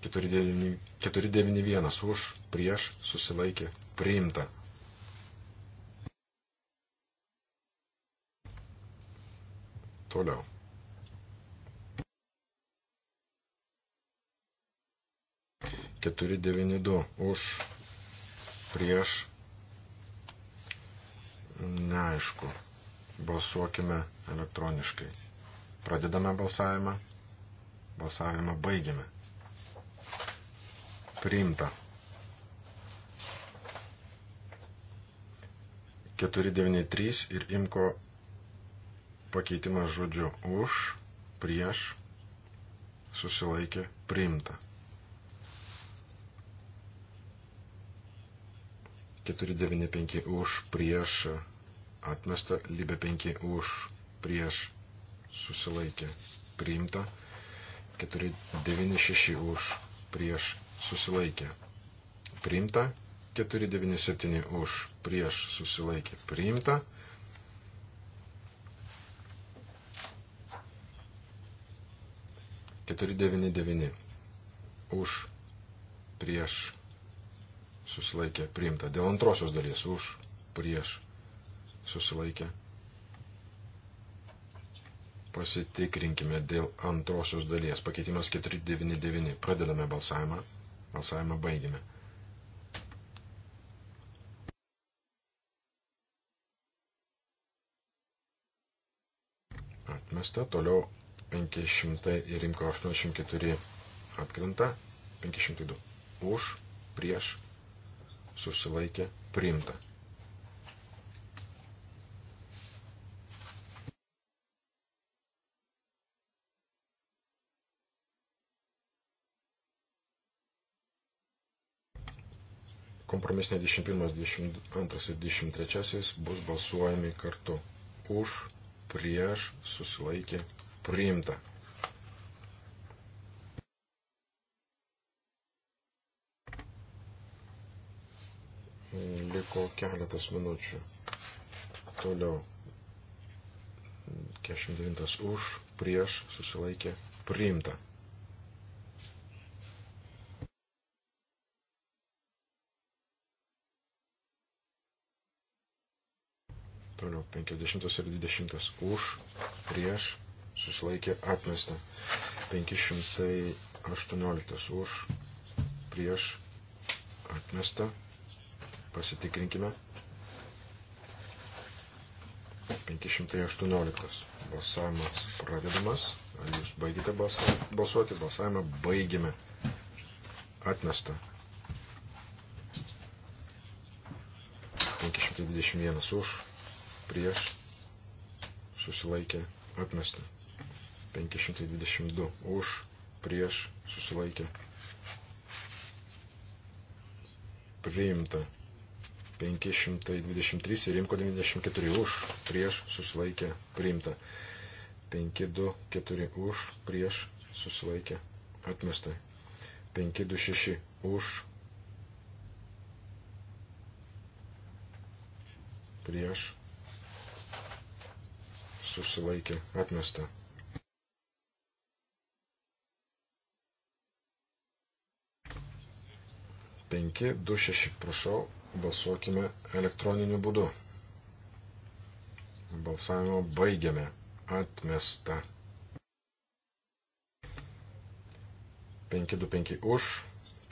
491 už, prieš, susilaikė, priimta. Toliau. Keturi devyni du už prieš neaišku. Balsuokime elektroniškai. Pradedame balsavimą. Balsavimą baigiame. Priimta. 493 ir Imko Pakeitimas žodžiu už, prieš, susilaikė, priimta. 495 už, prieš, atmesta, lybė 5 už, prieš, susilaikė, priimta. 496 už, prieš, susilaikė, priimta. 497 už, prieš, susilaikė, priimta. 499 už prieš susilaikė priimta. Dėl antrosios dalies už prieš susilaikė. Pasitikrinkime dėl antrosios dalies. Pakeitimas 499. Pradedame balsavimą. Balsavimą baigime. Atmesta. Toliau 500 ir rinko 84 atkrenta, 502 už, prieš, susilaikė, priimta. kompromisinė 21, 22 ir 23 bus balsuojami kartu. Už, prieš, susilaikė, priimta. Liko keletas minučių. Toliau. 49 už, prieš, susilaikė, priimta. Toliau 50 ir 20 už, prieš, susilaikė atmesta. 518 už, prieš, atmesta. Pasitikrinkime. 518. Balsavimas pradedamas. Ar jūs baigite balsuoti? Balsavimą baigime. Atmesta. 521 už, prieš, susilaikė, atmesta. 522 už, prieš, susilaikė. Priimta. 523 ir rimko 94 už, prieš, susilaikė, priimta. 524 už, prieš, susilaikė, atmesta. 526 už, prieš, susilaikė, atmesta. 526, prašau, balsuokime elektroniniu būdu. Balsavimo baigiame. Atmesta. 525 už,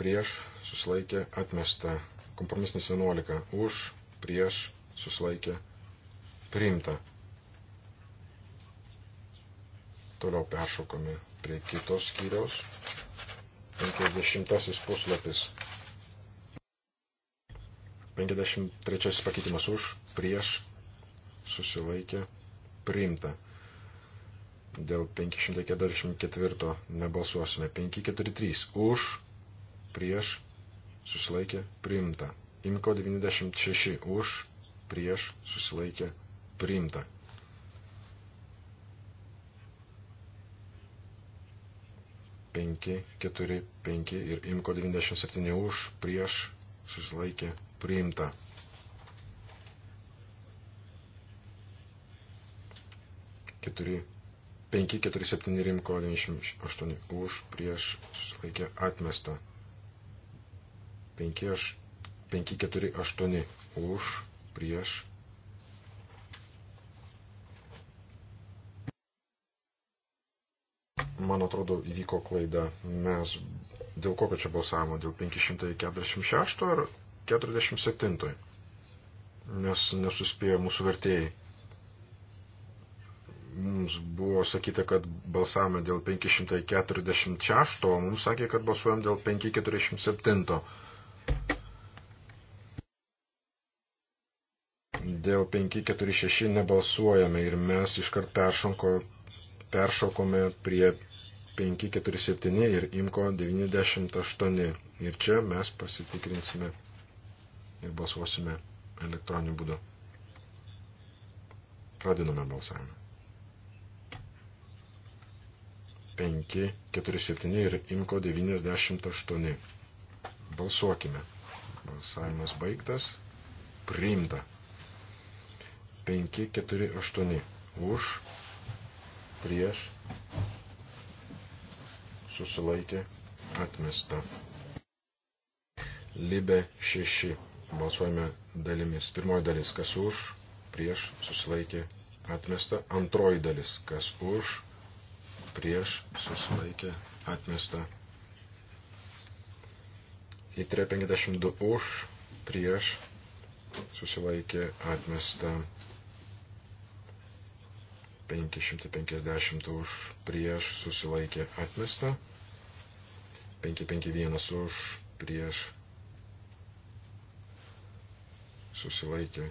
prieš, susilaikė, atmesta. Kompromisnis 11 už, prieš, susilaikė, priimta. Toliau peršokome prie kitos skyriaus. 50 puslapis. 53 pakeitimas už, prieš, susilaikė, priimta. Dėl 544 nebalsuosime. 543 už, prieš, susilaikė, priimta. Imko 96 už, prieš, susilaikė, priimta. Penki, keturi, penki ir imko 97 už, prieš, susilaikė, priimta. Keturi, penki, keturi, septyni rimko, 98 už, prieš, susilaikė, atmesta. Penki, aš, penki, keturi, aštuoni už, prieš, man atrodo, įvyko klaida. Mes dėl kokio čia balsavimo? Dėl 546 ar 47. Nes nesuspėjo mūsų vertėjai. Mums buvo sakyta, kad balsavome dėl 546, o mums sakė, kad balsuojam dėl 547. Dėl 546 nebalsuojame ir mes iškart peršonko, peršokome prie 547 ir imko 98. Ir čia mes pasitikrinsime ir balsuosime elektroniniu būdu. Pradedame balsavimą. 5, 4, 7 ir imko 98. Balsuokime. Balsavimas baigtas. Priimta. 5, 4, 8. Už. Prieš. Susilaikė. Atmesta. Libe 6 Balsuojame dalimis. Pirmoji dalis, kas už, prieš, susilaikė, atmesta. Antroji dalis, kas už, prieš, susilaikė, atmesta. Į 352 už, prieš, susilaikė, atmesta. 550 už prieš susilaikė atmesta, 551 už prieš susilaikė,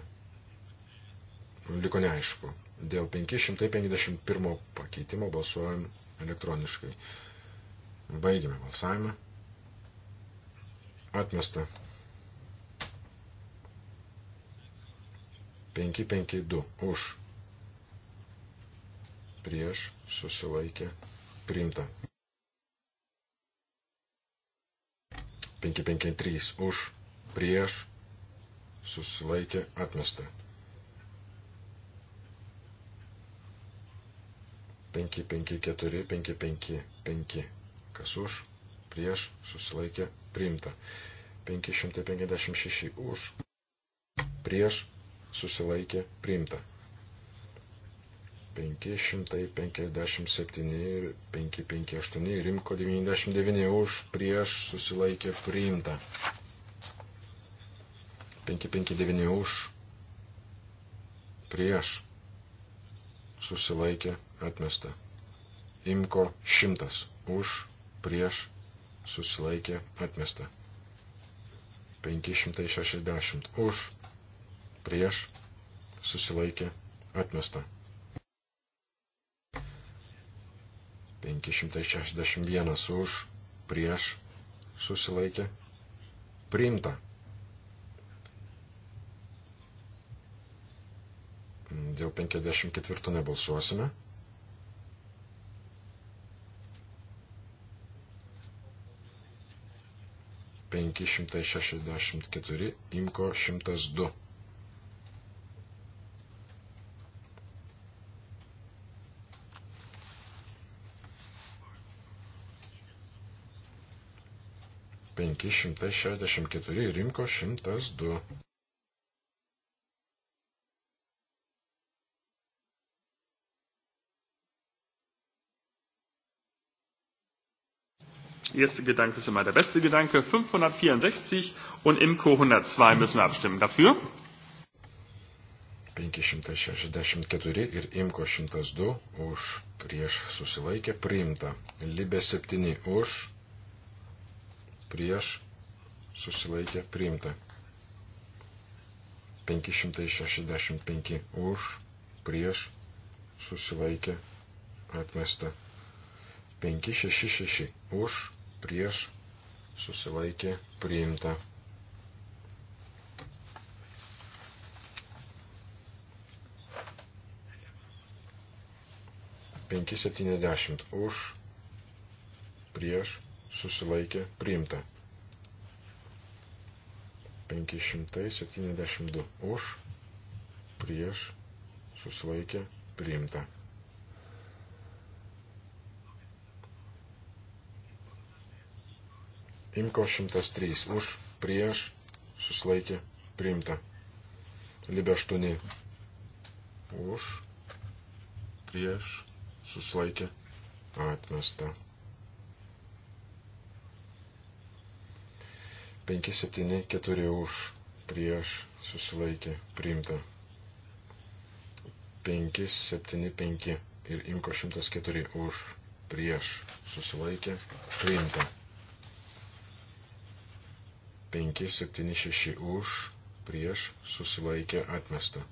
nu, liko neaišku. Dėl 551 pakeitimo balsuojam elektroniškai. Baigime balsavimą. Atmesta. 552 už. Prieš susilaikė priimta. 553 už. Prieš susilaikė atmesta. 554, 555, kas už, prieš, susilaikė, priimta. 556 už, prieš, susilaikė, priimta. 557 ir 558, rimko 99 už, prieš, susilaikė, priimta. 559 už, prieš, susilaikė, atmesta. Imko 100 už, prieš, susilaikė, atmesta. 560 už, prieš, susilaikė, atmesta. 561 už, prieš, susilaikė, priimta. Dėl 54 nebalsuosime. Penki šimtai šešiasdešimt keturi, imko šimtas du. Penki šimtai šešiasdešimt keturi, rimko šimtas du. Erster Gedanke ist immer der beste Gedanke. 564 und Imco 102 müssen wir abstimmen. Dafür? 564 ir Imko 102 už prieš susilaikę priimta. Libė 7 už prieš susilaikę priimta. 565 už prieš susilaikę atmesta. 566 už prieš susilaikė priimta. Penki septyniasdešimt už prieš susilaikė priimta. 572 už prieš susilaikė priimta. Imko 103 už, prieš, susilaikė, priimta. Libė 8 už, prieš, susilaikė, atmesta. 5, 7, 4 už, prieš, susilaikė, priimta. 5, 7, 5 ir imko 104 už, prieš, susilaikė, priimta. 576 už, prieš, susilaikė, atmesta.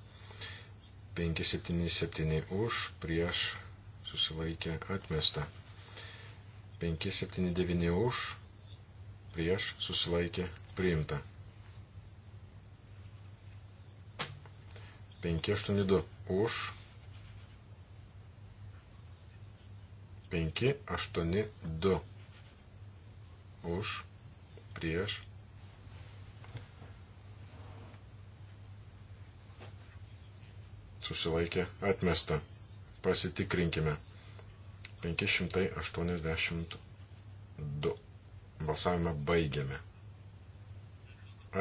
577 už, prieš, susilaikė, atmesta. 579 už, prieš, susilaikė, priimta. 582 už, 582 už, prieš, susilaikė atmesta. Pasitikrinkime. 582. Balsavimą baigėme.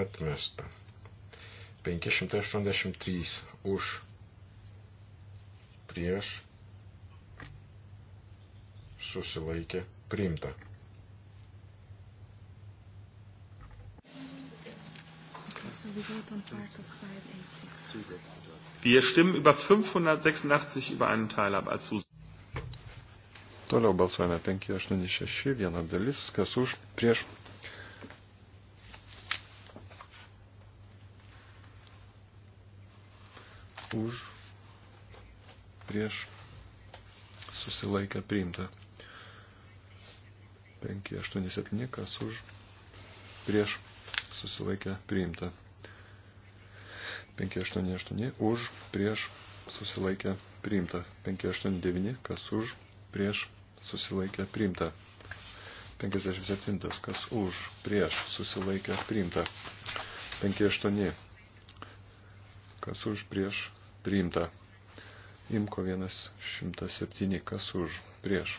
Atmesta. 583 už prieš susilaikė priimta. Wir stimmen über 586 über einen Teil ab als Zusatz. Toliau balsuojame 586, viena dalis, kas už, prieš. Už, prieš, susilaikę priimta. 587, kas už, prieš, susilaikę priimta. 588 už, prieš, susilaikę, priimta. 589, kas už, prieš, susilaikę, priimta. 57, kas už, prieš, susilaikę, priimta. 58, kas už, prieš, priimta. Imko 107, kas už, prieš,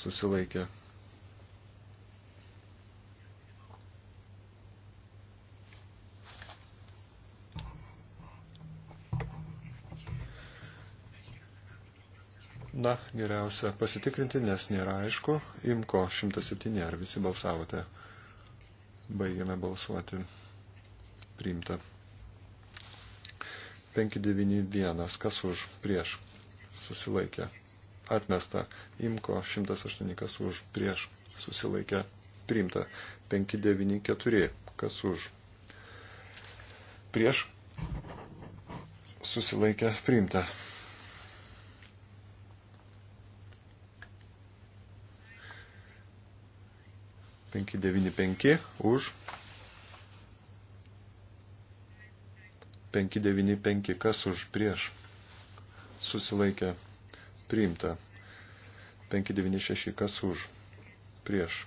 susilaikę, priimta Na, geriausia pasitikrinti, nes nėra aišku. Imko 107, ar visi balsavote? Baigiame balsuoti. Priimta. 591, kas už, prieš, susilaikė. Atmesta. Imko 108, kas už, prieš, susilaikė. Priimta. 594, kas už, prieš, susilaikė. Priimta. 595 už. 595 kas už prieš. Susilaikė. Priimta. 596 kas už. Prieš.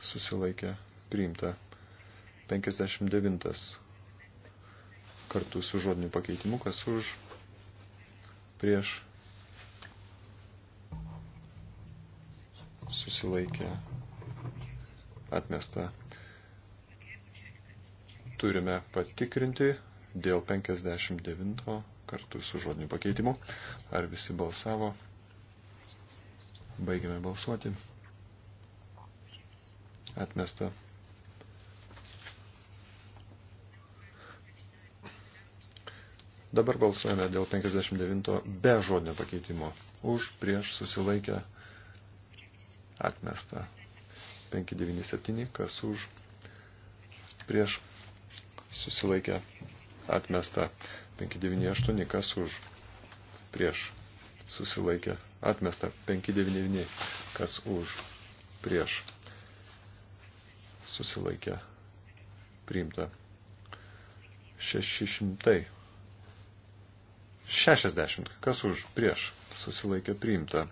Susilaikė. Priimta. 59 kartu su žodiniu pakeitimu kas už. Prieš. susilaikė, atmesta. Turime patikrinti dėl 59 kartu su žodiniu pakeitimu. Ar visi balsavo? Baigime balsuoti. Atmesta. Dabar balsuojame dėl 59 be žodinio pakeitimo. Už, prieš, susilaikę, atmesta. 597, kas už, prieš, susilaikė, atmesta. 598, kas už, prieš, susilaikė, atmesta. 599, kas už, prieš, susilaikė, priimta. 600. 60. Kas už prieš susilaikė priimta.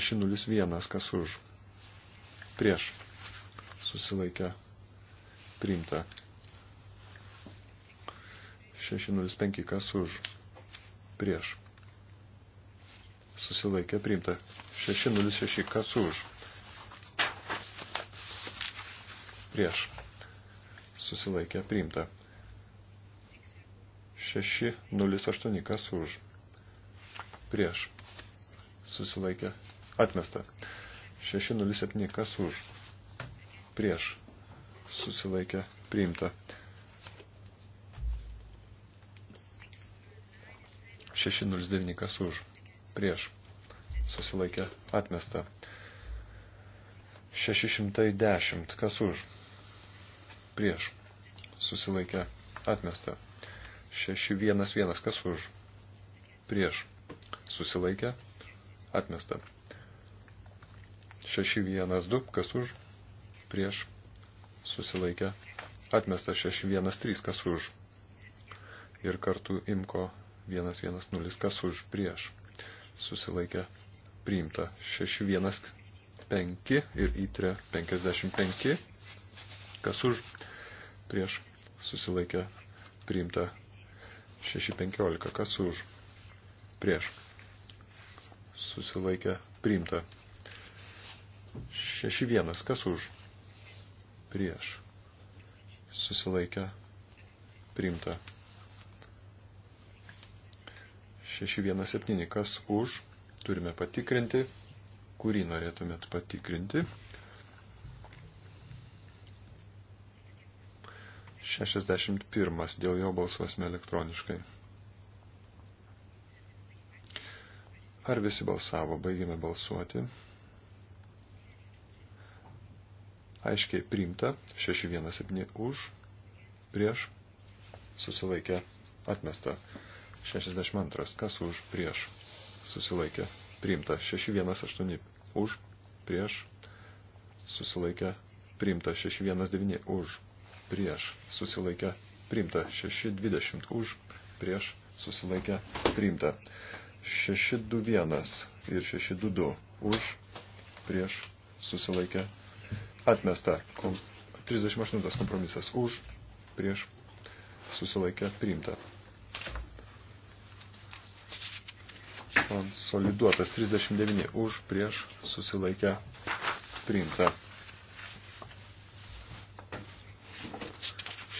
601, kas už, prieš, susilaikė, priimta. 605, kas už, prieš, susilaikė, priimta. 606, kas už, prieš, susilaikė, priimta. 608, kas už, prieš, susilaikė, Atmesta. 607 kas už. Prieš. Susilaikė. Priimta. 609 kas už. Prieš. Susilaikė. Atmesta. 610 kas už. Prieš. Susilaikė. Atmesta. 611 kas už. Prieš. Susilaikė. Atmesta. 612, kas už, prieš, susilaikė, atmesta 613, kas už. Ir kartu imko 110, kas už, prieš, susilaikė, priimta 615 ir įtrė 55, kas už, prieš, susilaikė, priimta 615, kas už, prieš, susilaikė, priimta 6-1. Kas už? Prieš. Susilaikę. Priimta. 617. Kas už? Turime patikrinti. Kurį norėtumėt patikrinti? 61. Dėl jo balsuosime elektroniškai. Ar visi balsavo? Baigime balsuoti. Aiškiai priimta. 617 už. Prieš. Susilaikė. Atmesta. 62. Kas už. Prieš. Susilaikė. Priimta. 618 už. Prieš. Susilaikė. Priimta. 619 už. Prieš. Susilaikė. Priimta. 620 už. Prieš. Susilaikė. Priimta. 621 ir 622 už prieš susilaikę Atmesta. 38 kompromisas už, prieš, susilaikę, priimta. Konsoliduotas 39 už, prieš, susilaikę, priimta.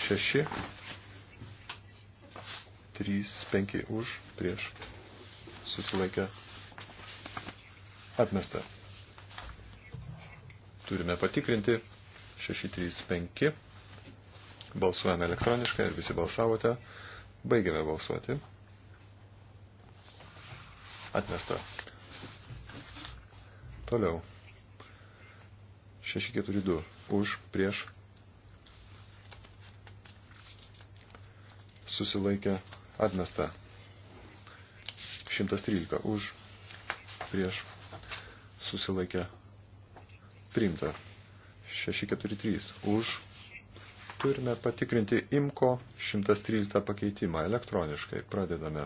6, 3, 5 už, prieš, susilaikę, atmesta. Turime patikrinti 635. Balsuojame elektroniškai ir visi balsavote. Baigiame balsuoti. Atmesta. Toliau. 642. Už, prieš. Susilaikę. Atmesta. 113. Už, prieš. Susilaikę priimta. 643 už. Turime patikrinti IMKO 113 pakeitimą elektroniškai. Pradedame.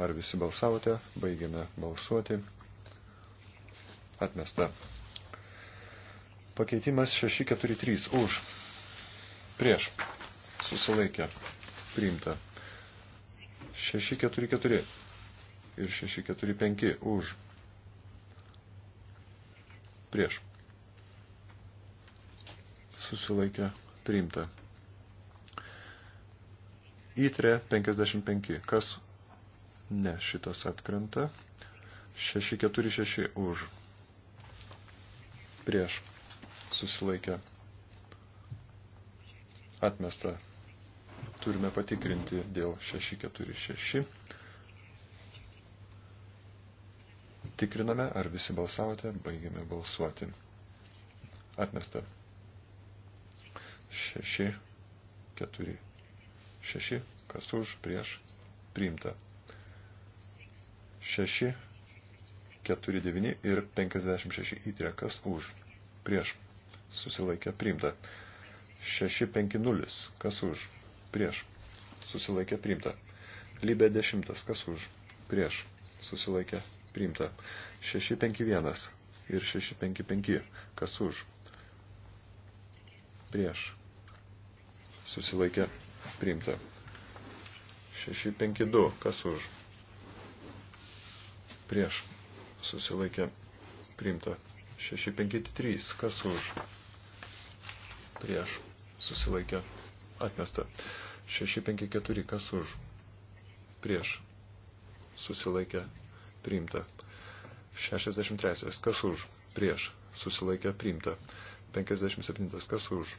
Ar visi balsavote? Baigiame balsuoti. Atmesta. Pakeitimas 643 už. Prieš. Susilaikė. Priimta. 644 ir 645 už prieš. Susilaikė priimta. Įtrė 55. Kas? Ne, šitas atkrenta. 646 už. Prieš. Susilaikė. Atmesta. Turime patikrinti dėl 646. Tikriname, ar visi balsavote, baigiame balsuoti. Atmesta. 6, 4, 6, kas už, prieš, priimta. 6, 4, 9 ir 56 įtrė, kas už, prieš, susilaikė, priimta. 6, 5, 0, kas už, prieš, susilaikė, priimta. Lybė 10, kas už, prieš, susilaikė, priimta priimta. 651 ir 655. Kas už? Prieš. Susilaikė priimta. 652. Kas už? Prieš. Susilaikė priimta. 653. Kas už? Prieš. Susilaikė atmesta. 654. Kas už? Prieš. Susilaikė priimta. 63. Kas už? Prieš. Susilaikė priimta. 57. Kas už?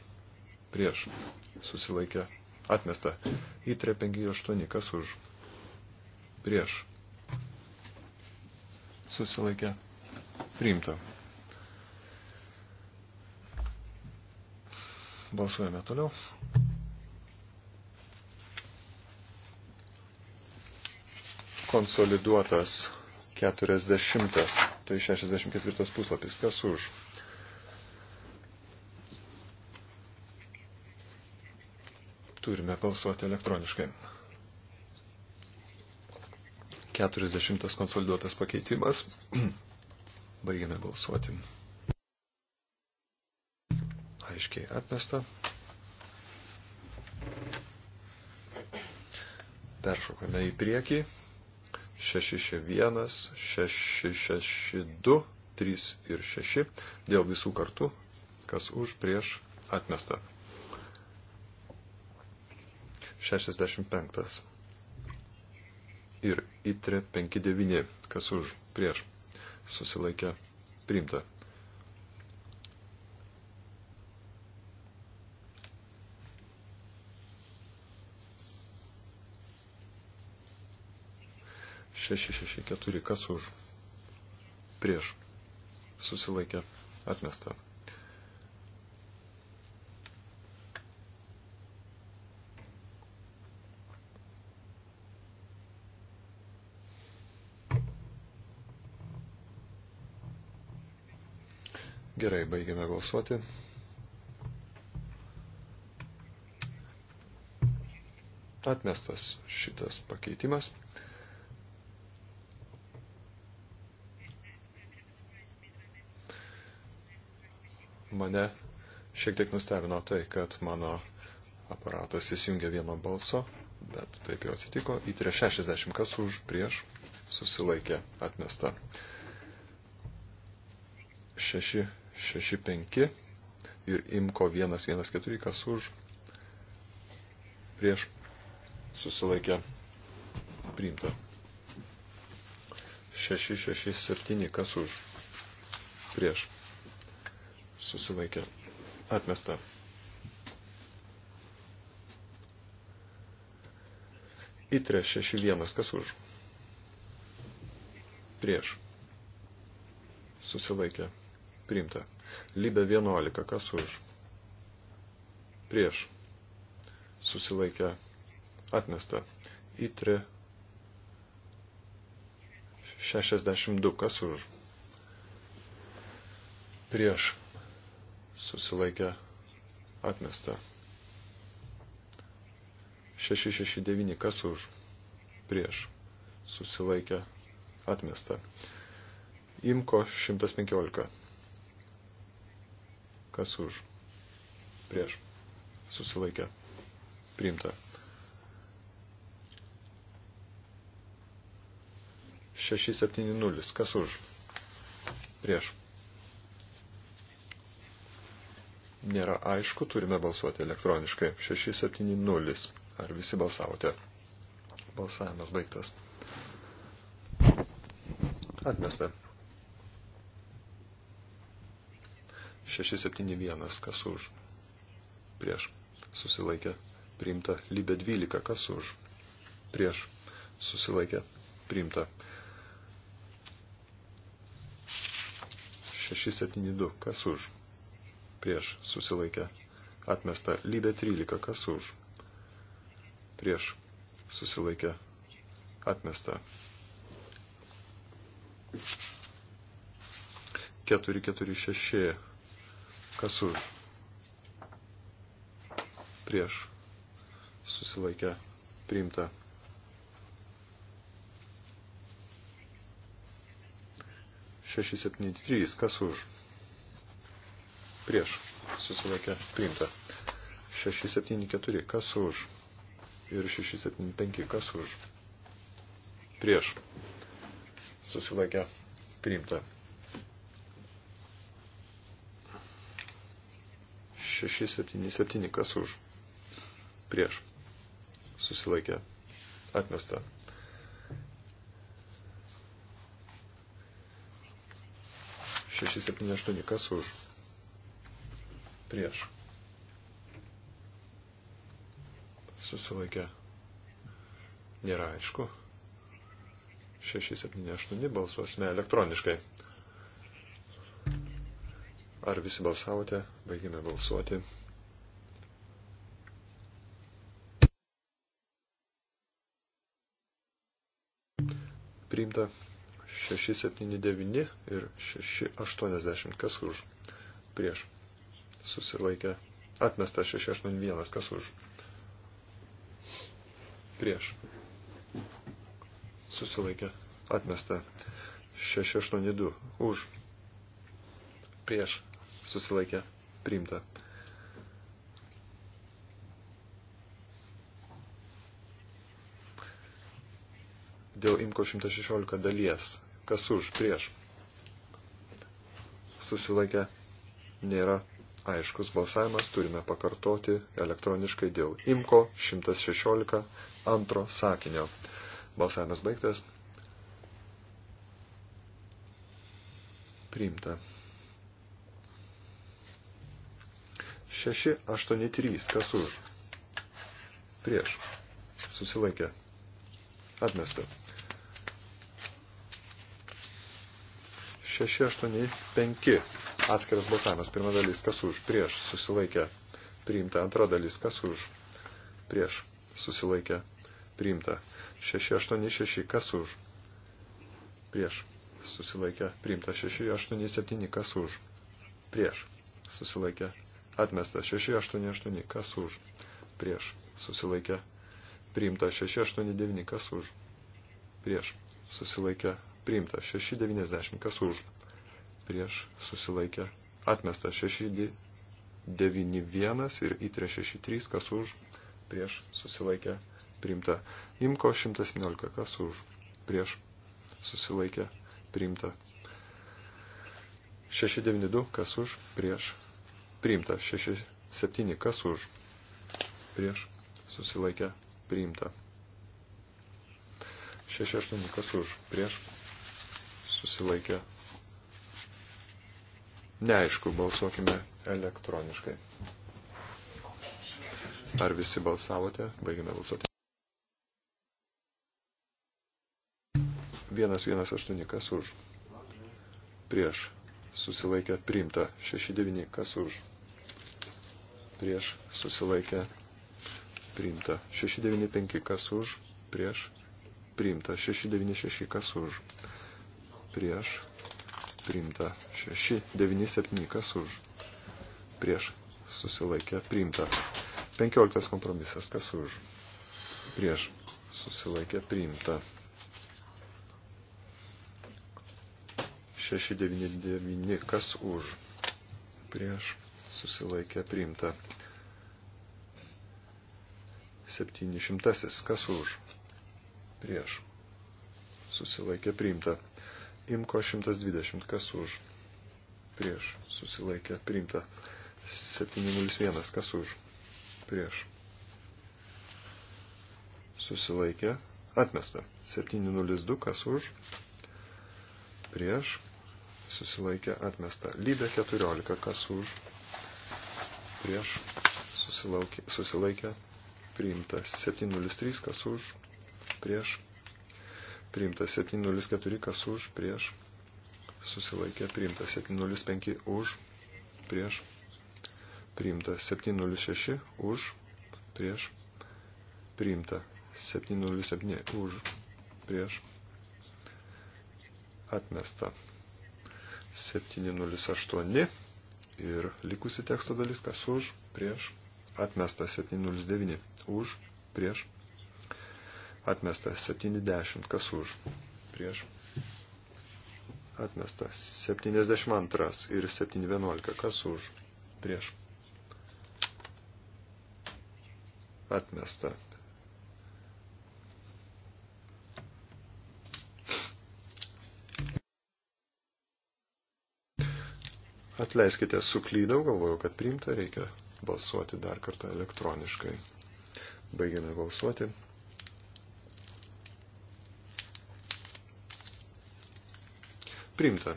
Prieš. Susilaikė atmesta. Įtrė 58. Kas už? Prieš. Susilaikė priimta. Balsuojame toliau. Konsoliduotas 40, tai 64 puslapis, kas už. Turime balsuoti elektroniškai. 40 konsoliduotas pakeitimas. Baigiame balsuoti. Aiškiai atmesta. Peršokame į priekį. 661, 662, 3 ir 6 dėl visų kartų, kas už prieš atmesta. 65 ir ITRE 59, kas už prieš susilaikė priimta. 664, kas už, prieš, susilaikė, atmesta. Gerai, baigiame balsuoti. Atmestas šitas pakeitimas. mane šiek tiek nustebino tai, kad mano aparatas įsijungia vieno balso, bet taip jau atsitiko. Į 360 kas už prieš susilaikė atmesta. 6, 6, 5 ir imko 1, 1, 4 kas už prieš susilaikė priimta. 6, 6, 7 kas už prieš susilaikė atmesta. Itre 6-1, kas už? Prieš. Susilaikė. Priimta. Libė 11, kas už? Prieš. Susilaikė. Atmesta. Itre 62, kas už? Prieš susilaikė atmesta. 669 kas už prieš susilaikė atmesta. Imko 115 kas už prieš susilaikė priimta. 670 kas už prieš nėra aišku, turime balsuoti elektroniškai. 670. Ar visi balsavote? Balsavimas baigtas. Atmesta. 671. Kas už? Prieš. Susilaikė. Priimta. Libė 12. Kas už? Prieš. Susilaikė. Priimta. 672. Kas už? prieš susilaikę atmesta lybė 13, kas už, prieš susilaikę atmesta 446, kas už, prieš susilaikę priimta 673, kas už prieš susilaikė priimta. 674 kas už ir 675 kas už prieš susilaikė priimta. 677 kas už prieš susilaikė atmesta. 678 kas už prieš. Susilaikė. Nėra aišku. 678 balsuosime elektroniškai. Ar visi balsavote? Baigime balsuoti. Priimta 679 ir 680. Kas už? Prieš susilaikė. Atmesta 681, kas už. Prieš. Susilaikė. Atmesta 682, už. Prieš. Susilaikė. Priimta. Dėl imko 116 dalies. Kas už, prieš. Susilaikė. Nėra aiškus balsavimas, turime pakartoti elektroniškai dėl IMKO 116 antro sakinio. Balsavimas baigtas. Priimta. 683. Kas už? Prieš. Susilaikė. Atmesta. 685 Atskiras balsavimas. Pirma dalis, kas už, prieš, susilaikė, priimta. Antra dalis, kas už, prieš, susilaikė, priimta. 686, kas už, prieš, susilaikė, priimta. 687, kas už, prieš, susilaikė, atmesta. 688, kas už, prieš, susilaikė, priimta. 689, kas už, prieš, susilaikė, priimta. 690, kas už, prieš susilaikę atmesta 691 ir įtrė 63, kas už prieš susilaikę priimta. Imko 117, kas už prieš susilaikę priimta. 692, kas už prieš priimta. 67, kas už prieš susilaikę priimta. 68, kas už prieš susilaikę priimta Neaišku, balsuokime elektroniškai. Ar visi balsavote? Baigime balsuoti. 118 kas už. Prieš. Susilaikė priimta. 69 kas už. Prieš. Susilaikė priimta. 695 kas už. Prieš. Priimta. 696 kas už. Prieš priimta. 6, 9, 7, kas už, prieš, susilaikė, priimta. 15 kompromisas, kas už, prieš, susilaikė, priimta. 6, 9, 9, kas už, prieš, susilaikė, priimta. 700, kas už, prieš, susilaikė, priimta. Imko 120, kas už, prieš, susilaikė, priimta. 701, kas už, prieš, susilaikė, atmesta. 702, kas už, prieš, susilaikė, atmesta. Lydė 14, kas už, prieš, susilaikė, priimta. 703, kas už, prieš, priimta 704, kas už, prieš, susilaikė, priimta 705, už, prieš, priimta 706, už, prieš, priimta 707, už, prieš, atmesta 708 ir likusi teksto dalis, kas už, prieš, atmesta 709, už, prieš, Atmesta 70, kas už. Prieš. Atmesta 72 ir 711, kas už. Prieš. Atmesta. Atleiskite, suklydau, galvojau, kad priimta, reikia balsuoti dar kartą elektroniškai. Baigiame balsuoti. Primta.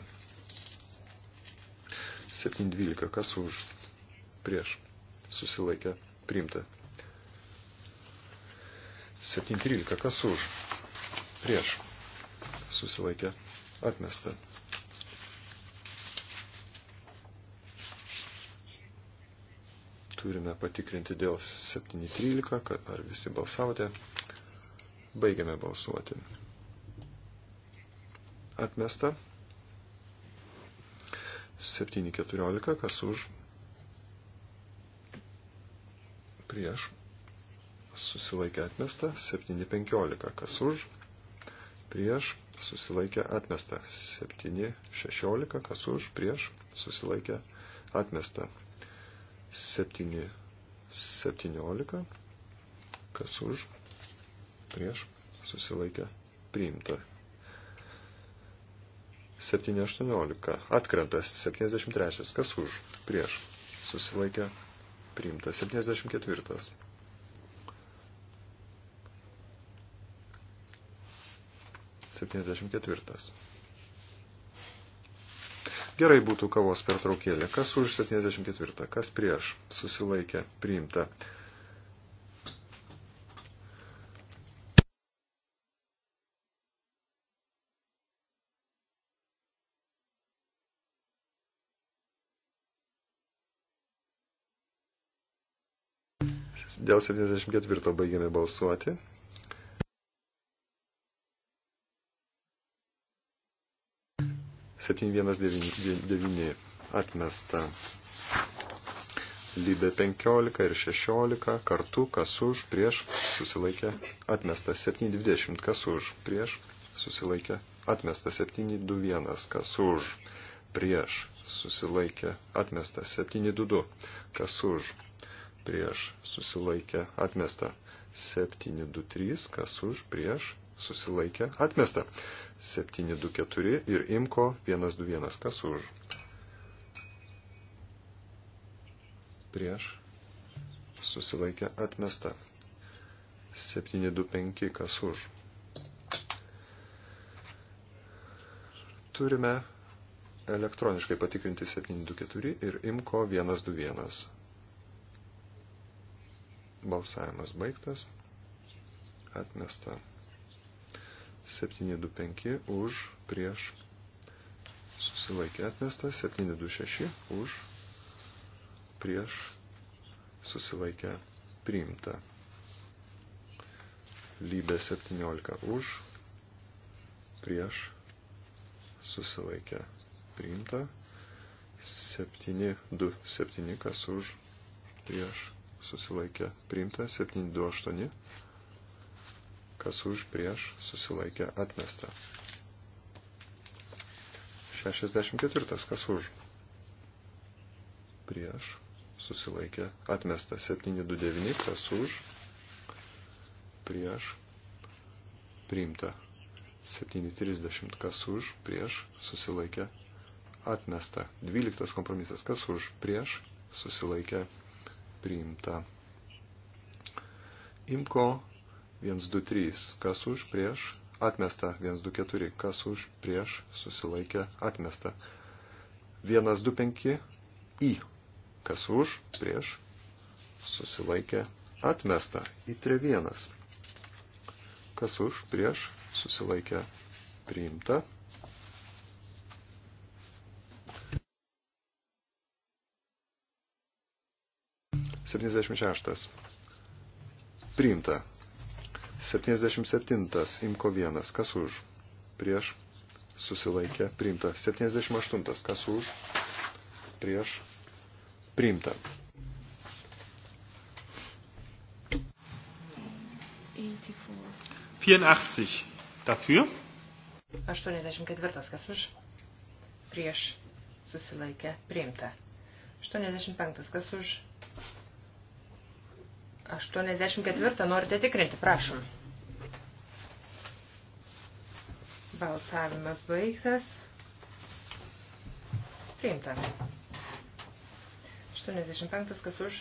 7.12. Kas už? Prieš. Susilaikė. Primta. 7.13. Kas už? Prieš. Susilaikė. Atmesta. Turime patikrinti dėl 7.13, ar visi balsavote. Baigiame balsuoti. Atmesta. 7.14, kas už, prieš, susilaikė atmesta, 7.15, kas už, prieš, susilaikė atmesta, 7.16, kas už, prieš, susilaikė atmesta, 7.17, kas už, prieš, susilaikė priimta, 7.18. Atkrentas 73. Kas už? Prieš. Susilaikė. Priimta. 74. Septyniasdešimt ketvirtas. Gerai būtų kavos pertraukėlė. Kas už 74, kas prieš susilaikė priimta. Dėl 74 baigėme balsuoti. Septyni vienas devyni atmesta. Lybė 15 ir 16 kartu, kas už, prieš, susilaikė, atmesta 720, kas už, prieš, susilaikė, atmesta 721, kas už, prieš, susilaikė, atmesta 722, kas už, prieš susilaikę atmestą. 723, kas už prieš susilaikę atmestą. 724 ir imko 121, kas už. Prieš susilaikę atmestą. 725, kas už. Turime elektroniškai patikrinti 724 ir imko 121. Balsavimas baigtas. Atmesta. 725 už prieš. Susilaikė atmesta. 726 už prieš. Susilaikė priimta. Lybė 17 už prieš. Susilaikė priimta. 727 kas už prieš susilaikė priimta, 728, kas už prieš susilaikė atmesta. 64, kas už prieš susilaikė atmesta, 729, kas už prieš priimta. 7.30, kas už, prieš, susilaikė, atmesta. 12 kompromisas, kas už, prieš, susilaikė, priimta. Imko 123, kas už prieš, atmesta 124, kas už prieš, susilaikė, atmesta. 125 į, kas už prieš, susilaikė, atmesta. Į 31, kas už prieš, susilaikė, priimta. 76. Priimta. 77. Imko 1. Kas už? Prieš. Susilaikė. Priimta. 78. Kas už? Prieš. Priimta. Dafür. 84. Kas už? Prieš. Susilaikė. Priimta. 85. Kas už? 84 norite tikrinti, prašom. Balsavimas baigtas. Priimta. 85 kas už.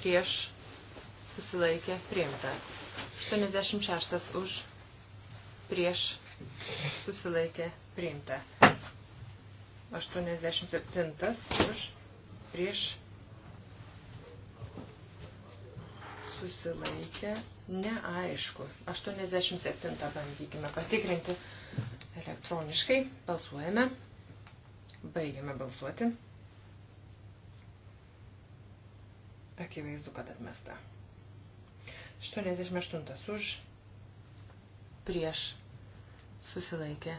Prieš susilaikė priimta. 86 už. Prieš susilaikė priimta. 87 už. Prieš susilaikė, neaišku. 87 bandykime patikrinti elektroniškai. Balsuojame. Baigiame balsuoti. Akivaizdu, kad atmesta. 88 už, prieš, susilaikė,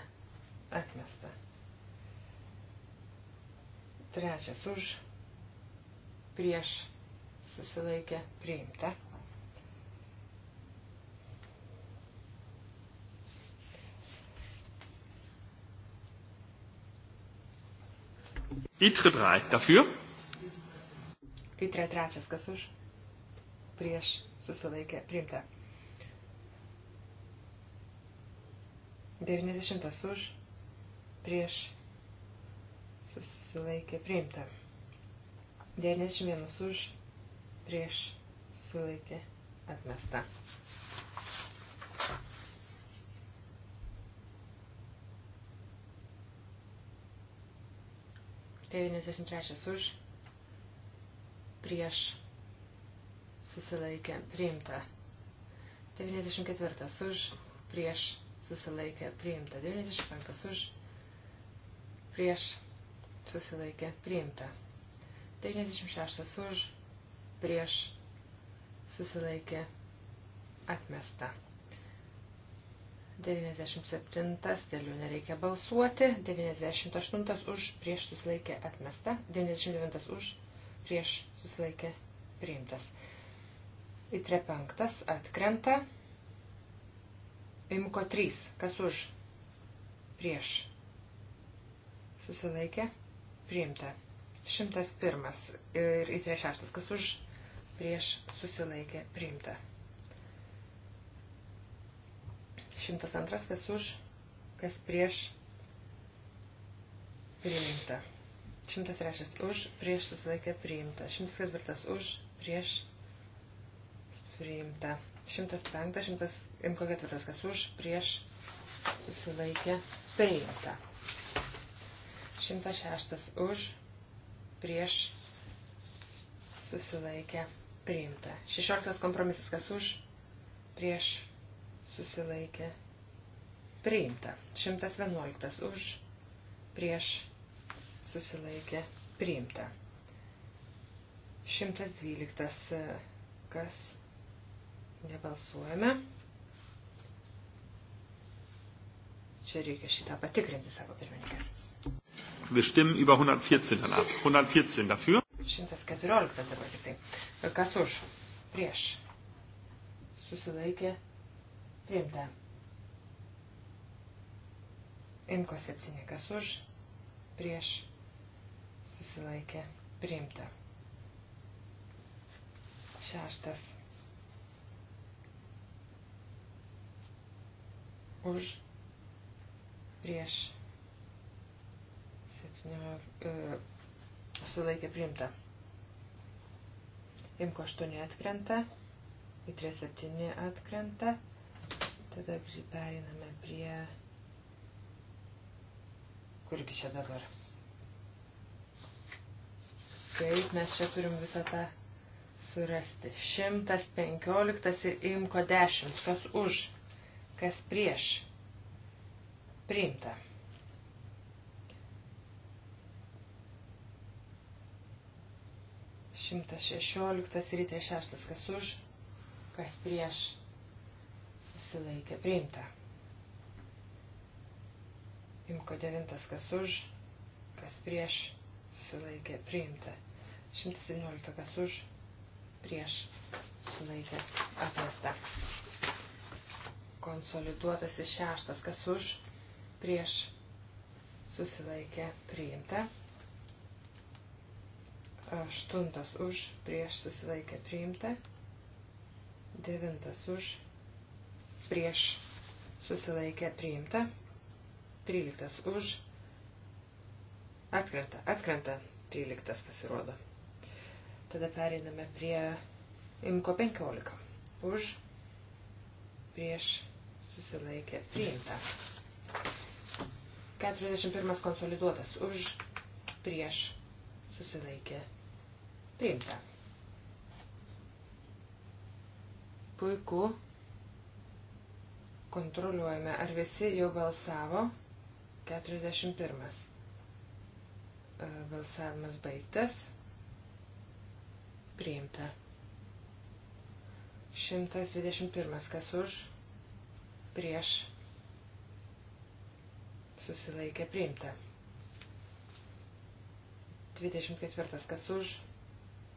atmesta. Trečias už, prieš, susilaikė, priimta. ITRE 3 dafür. ITRE 3 kas už, prieš susilaikė priimta. 90 už, prieš susilaikė priimta. 91 už, prieš susilaikė atmesta. 93 už, prieš, susilaikė, priimta. 94 už, prieš, susilaikė, priimta. 95 už, prieš, susilaikė, priimta. 96 už, prieš, susilaikė, atmesta. 97 dėl jų nereikia balsuoti, 98 už prieš susilaikė atmesta, 99 už prieš susilaikė priimtas. Įtre penktas atkrenta, imko 3, kas už prieš susilaikė priimta. 101 ir įtre šeštas, kas už prieš susilaikė priimta. 102 kas už, kas prieš priimta. 103 už, prieš susilaikė priimta. 104 už, prieš priimta. 105, 104 kas už, prieš susilaikė priimta. 106 už, prieš susilaikė priimta. 16 kompromisas kas už, prieš susilaikė priimta. 111 už prieš susilaikė priimta. 112 kas nebalsuojame. Čia reikia šitą patikrinti, sako pirmininkas. Wir stimmen über 114 ab. 114 dafür. 114 dabar tik tai. Kas už? Prieš. Susilaikė Priimta. Imko 7, kas už, prieš, susilaikė, priimta. Šeštas. Už, prieš, septynio, e, susilaikė, priimta. Imko 8 atkrenta, į 3 7 atkrenta. Tada pereiname prie... Kurgi čia dabar? Taip, mes čia turim visą tą surasti. 115 ir imko 10. Kas už, kas prieš. Priimta. Šimtas šešioliktas rytė šeštas, kas už, kas prieš susilaikė priimta. Imko devintas kas už, kas prieš, susilaikė priimta. 117 kas už, prieš, susilaikė atmesta. Konsoliduotasis šeštas kas už, prieš, susilaikė priimta. Aštuntas už, prieš, susilaikė priimta. Devintas už, prieš susilaikę priimta, 13 už atkrenta, atkrenta 13 pasirodo. Tada pereiname prie imko 15 už prieš susilaikę priimta. 41 konsoliduotas už prieš susilaikę priimta. Puiku, Kontroliuojame, ar visi jau balsavo. 41. E, balsavimas baigtas. Priimta. 121. Kas už? Prieš. Susilaikė priimta. 24. Kas už?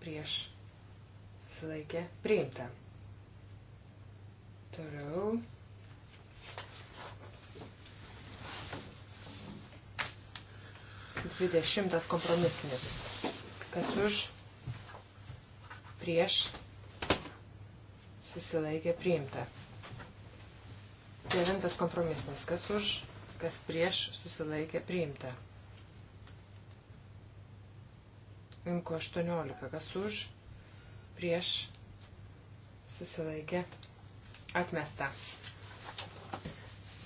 Prieš. Susilaikė priimta. Toliau. 20 kompromisinis. Kas už, prieš, susilaikė priimta. 9 kompromisinis. Kas už, kas prieš, susilaikė priimta. Imko 18. Kas už, prieš, susilaikė atmesta.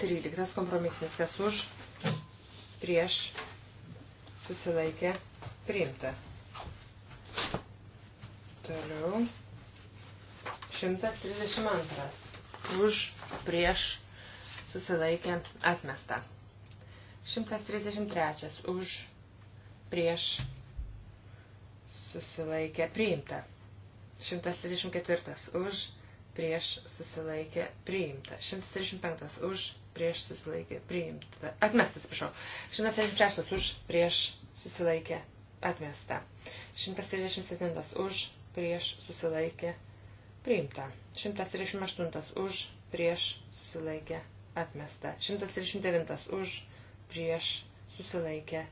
13 kompromisinis. Kas už, prieš, susilaikė priimta. Toliau. 132. Už, prieš, susilaikė atmesta. 133. Už, prieš, susilaikė priimta. 134. Už, prieš susilaikė priimta. 135 už prieš susilaikė priimta. Atmestas, prašau. 136 už prieš susilaikė atmesta. 137 už prieš susilaikė priimta. 138 už prieš susilaikė atmesta. 139 už prieš susilaikė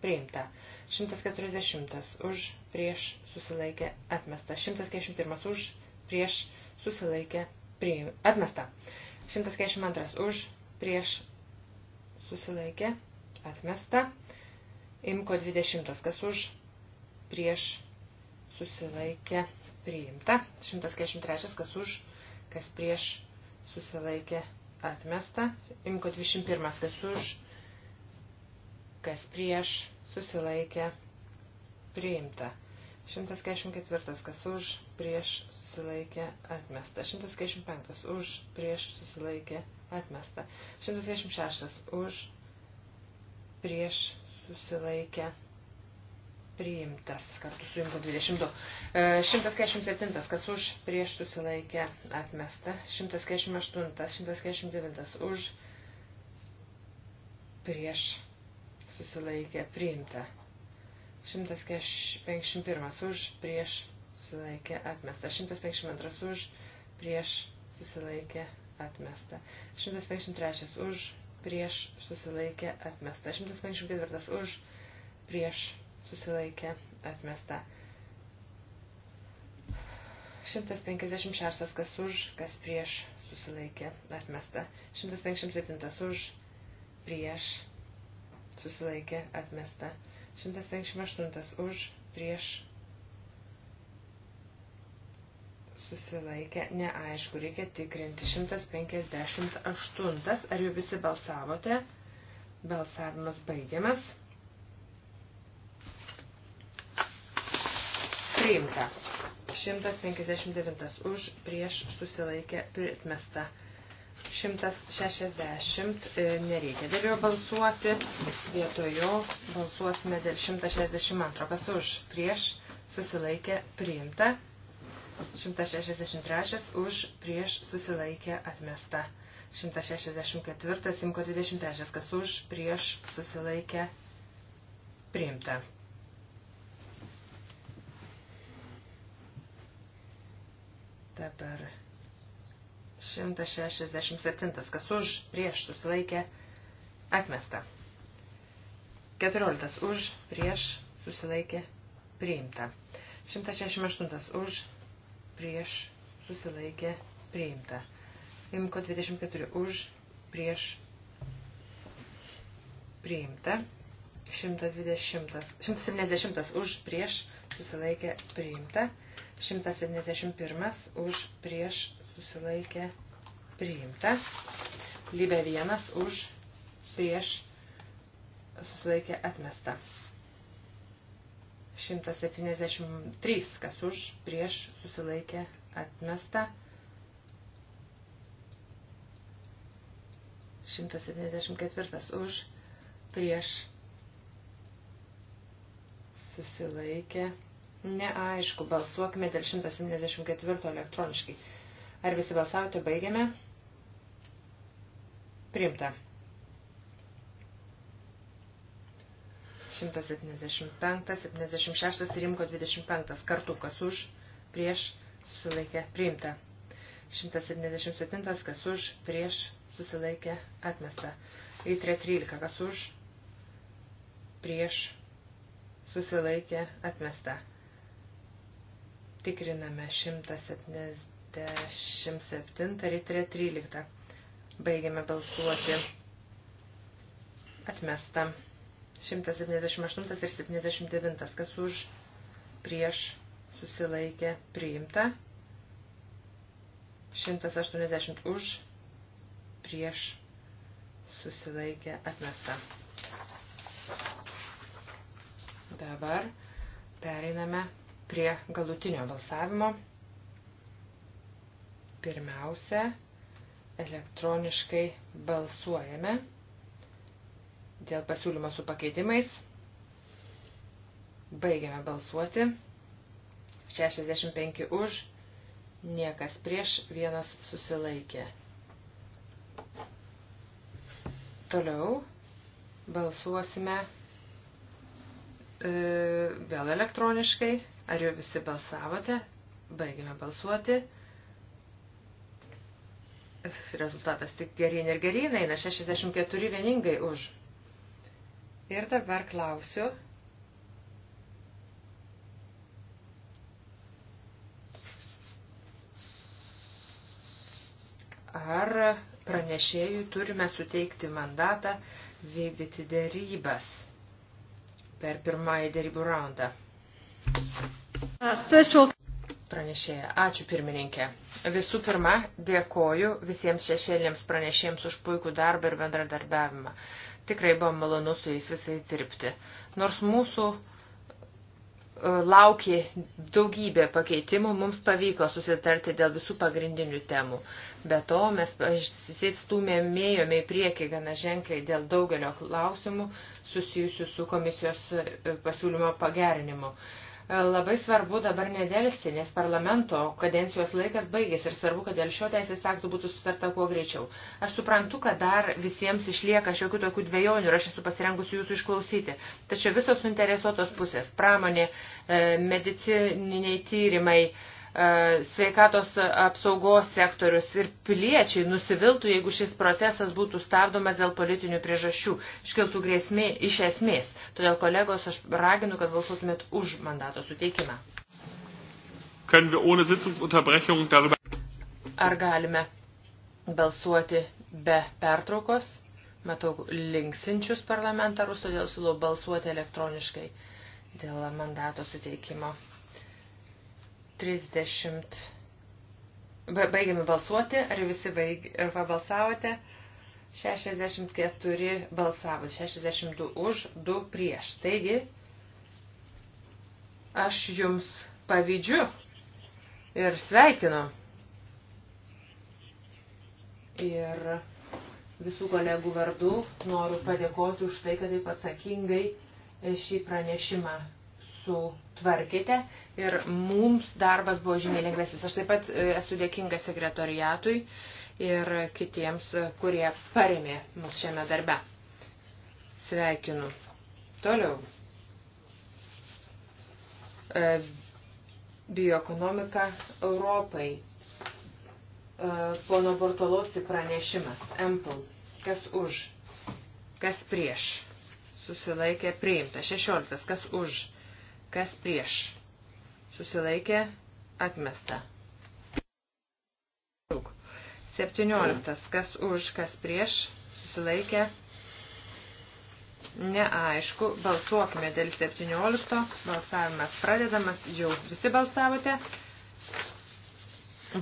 priimta. 140 už prieš susilaikė atmesta. 141 už prieš susilaikė priim, atmesta. 142 už, prieš, susilaikė, atmesta. Imko 20, kas už, prieš, susilaikė, priimta. 143, kas už, kas prieš, susilaikė, atmesta. Imko 21, kas už, kas prieš, susilaikė, priimta. 144, kas už, prieš susilaikė atmesta. 145, už, prieš susilaikė atmesta. 146, už, prieš susilaikė priimtas, kartu su jums 22. 147, kas už, prieš susilaikė atmesta. 148, 149, už, prieš susilaikė priimta. 151 už prieš susilaikė atmesta. 152 už prieš susilaikė atmesta. 153 už prieš susilaikė atmesta. 154 už prieš susilaikė atmesta. 156 kas už, kas prieš susilaikė atmesta. 157 už prieš susilaikė atmesta. 158 už prieš susilaikę, neaišku, reikia tikrinti. 158, ar jau visi balsavote? Balsavimas baigiamas. Priimta. 159 už prieš susilaikę pritmesta. 160 e, nereikia dėl jo balsuoti, vietoj jo balsuosime dėl 162, kas už prieš susilaikė priimta, 163 už prieš susilaikė atmesta, 164, 123, kas už prieš susilaikė priimta. Dabar 167. Kas už, prieš, susilaikė, atmesta. 14. Už, prieš, susilaikė, priimta. 168. Už, prieš, susilaikė, priimta. Imko 24. Už, prieš, priimta. 120, 170 už prieš susilaikė priimta, 171 už prieš susilaikė priimta. Lybė vienas už prieš susilaikė atmesta. 173, kas už prieš susilaikė atmesta. 174 už prieš susilaikė. Neaišku, balsuokime dėl 174 elektroniškai. Ar visi balsavote? Baigiame. Priimta. 175, 76 ir rimko 25 kartų, kas už, prieš, susilaikė, priimta. 177, kas už, prieš, susilaikė, atmesta. Įtrė 13, kas už, prieš, susilaikė, atmesta. Tikriname 170. 57 ir 13. Baigiame balsuoti. Atmesta. 178 ir 79. Kas už prieš susilaikė priimta. 180 už prieš susilaikė atmesta. Dabar pereiname prie galutinio balsavimo. Pirmiausia, elektroniškai balsuojame dėl pasiūlymo su pakeitimais. Baigiame balsuoti. 65 už, niekas prieš, vienas susilaikė. Toliau balsuosime e, vėl elektroniškai. Ar jau visi balsavote? Baigime balsuoti. Rezultatas tik geryn ir geryn eina 64 vieningai už. Ir dabar klausiu. Ar pranešėjui turime suteikti mandatą vykdyti dėrybas per pirmąjį dėrybų raundą? Uh, Special pranešėja. Ačiū pirmininkė. Visų pirma, dėkoju visiems šešėlėms pranešėjams už puikų darbą ir bendradarbiavimą. Tikrai buvo malonu su jais visai dirbti. Nors mūsų e, laukė daugybė pakeitimų, mums pavyko susitarti dėl visų pagrindinių temų. Be to, mes susistūmėmėjome į priekį gana ženkliai dėl daugelio klausimų susijusių su komisijos e, pasiūlymo pagerinimu. Labai svarbu dabar nedelsti, nes parlamento kadencijos laikas baigės ir svarbu, kad dėl šio teisės aktų būtų sustarta kuo greičiau. Aš suprantu, kad dar visiems išlieka šiokių tokių dviejonių ir aš esu pasirengusi jūsų išklausyti. Tačiau visos suinteresuotos pusės - pramonė, e, medicininiai tyrimai, E, sveikatos apsaugos sektorius ir piliečiai nusiviltų, jeigu šis procesas būtų stabdomas dėl politinių priežasčių, iškiltų grėsmė iš esmės. Todėl, kolegos, aš raginu, kad balsuotumėt už mandato suteikimą. Ar galime balsuoti be pertraukos? Matau linksinčius parlamentarus, todėl siūlau balsuoti elektroniškai dėl mandato suteikimo. 30. Baigiame balsuoti, ar visi baig... ar pabalsavote? 64 balsavo, 62 už, 2 prieš. Taigi, aš jums pavydžiu ir sveikinu. Ir visų kolegų vardu noriu padėkoti už tai, kad taip atsakingai šį pranešimą sutvarkėte ir mums darbas buvo žymiai lengvesnis. Aš taip pat e, esu dėkinga sekretoriatui ir kitiems, e, kurie paremė mus šiame darbe. Sveikinu. Toliau. E, bioekonomika Europai. Pono Bortoloci pranešimas. Ample. Kas už? Kas prieš? Susilaikė priimta. 16. Kas už? Kas prieš? Susilaikė atmesta. 17. Kas už, kas prieš? Susilaikė neaišku. Balsuokime dėl 17. Balsavimas pradedamas. Jau visi balsavote.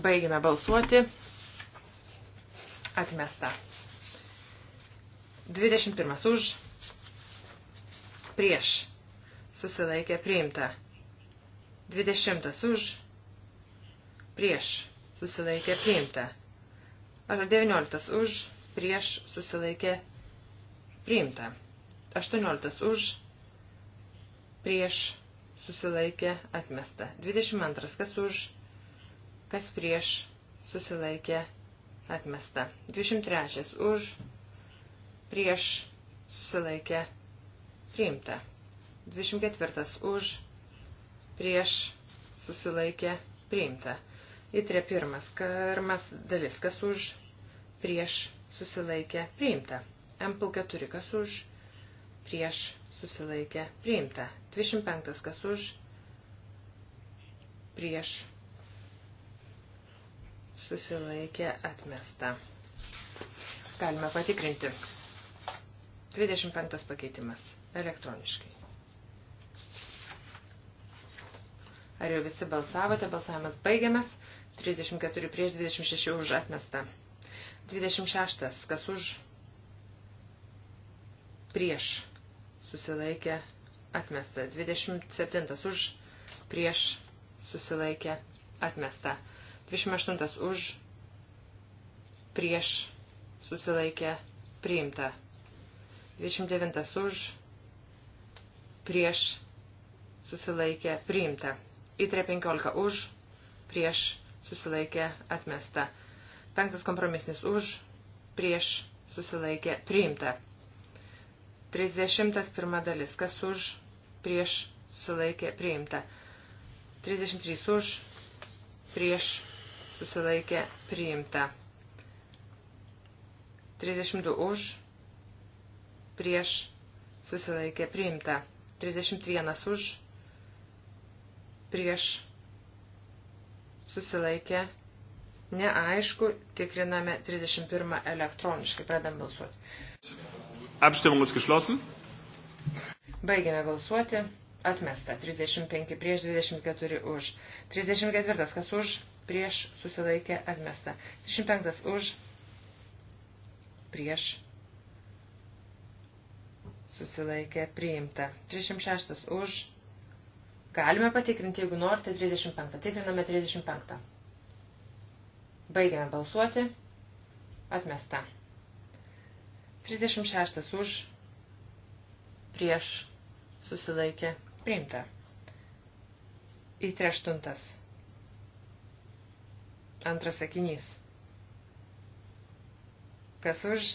Baigime balsuoti. Atmesta. 21 už. Prieš susilaikė priimta. 20 už, prieš susilaikė priimta. Ar 19 už, prieš susilaikė priimta. 18 už, prieš susilaikė atmesta. 22 kas už, kas prieš susilaikė atmesta. 23 už, prieš susilaikė priimta. 24 už, prieš, susilaikė, priimta. Įtrė pirmas, karmas dalis, kas už, prieš, susilaikė, priimta. Ampl 4, kas už, prieš, susilaikė, priimta. 25, kas už, prieš, susilaikė, atmesta. Galime patikrinti. 25 pakeitimas. Elektroniškai. Ar jau visi balsavote? Balsavimas baigiamas. 34 prieš 26 už atmesta. 26. Kas už prieš susilaikė atmesta. 27. Už prieš susilaikė atmesta. 28. Už prieš susilaikė priimta. 29. Už prieš susilaikė priimta. Įtrė 15 už, prieš susilaikė atmesta. Penktas kompromisnis už, prieš susilaikė priimta. 31 dalis, kas už, prieš susilaikė priimta. 33 už, prieš susilaikė priimta. 32 už, prieš susilaikė priimta. 31 už, prieš susilaikę, neaišku, tikriname 31 elektroniškai, pradam balsuoti. Apštimus išlosim. Baigėme balsuoti. Atmesta 35 prieš 24 už. 34 kas už, prieš susilaikė atmesta. 35 už, prieš susilaikė priimta. 36 už, Galime patikrinti, jeigu norite, 35. Tikriname 35. Baigiame balsuoti. Atmesta. 36 už, prieš, susilaikė, priimta. Į 38. Antras sakinys. Kas už,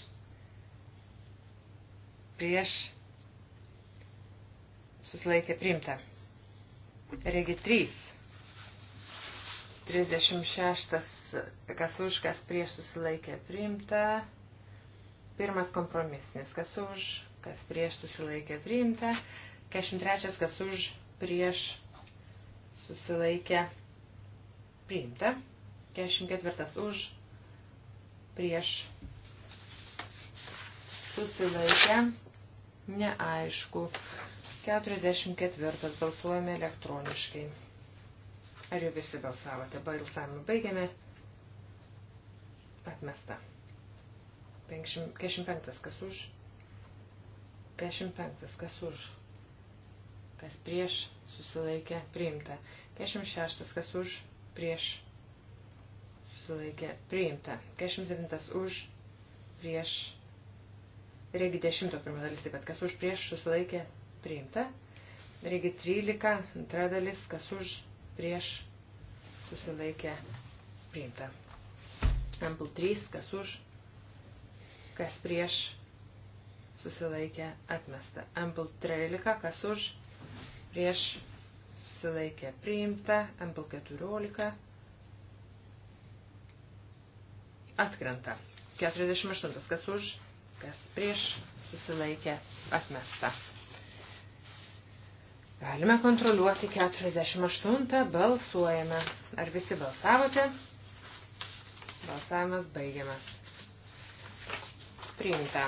prieš, susilaikė, priimta. Regi 3. 36. Kas už, kas prieš susilaikė priimta. Pirmas kompromisinis. Kas už, kas prieš susilaikė priimta. 43. Kas už, prieš susilaikė priimta. 44. Už, prieš susilaikė neaišku. 44 balsuojame elektroniškai. Ar jau visi balsavote? Balsavimą baigiame. Atmesta. 55 kas už. 55 kas už. Kas prieš susilaikė priimta. 56 kas už. Prieš susilaikė priimta. 57 už. Prieš. Regi 10 pirmadalis taip pat kas už prieš susilaikė priimta. Regi 13, antra dalis, kas už, prieš, susilaikė, priimta. Ampl 3, kas už, kas prieš, susilaikė, atmesta. Ampl 13, kas už, prieš, susilaikė, priimta. Ampl 14, atkrenta. 48, kas už, kas prieš, susilaikė, atmesta. Galime kontroliuoti 48. Balsuojame. Ar visi balsavote? Balsavimas baigiamas. Priimta.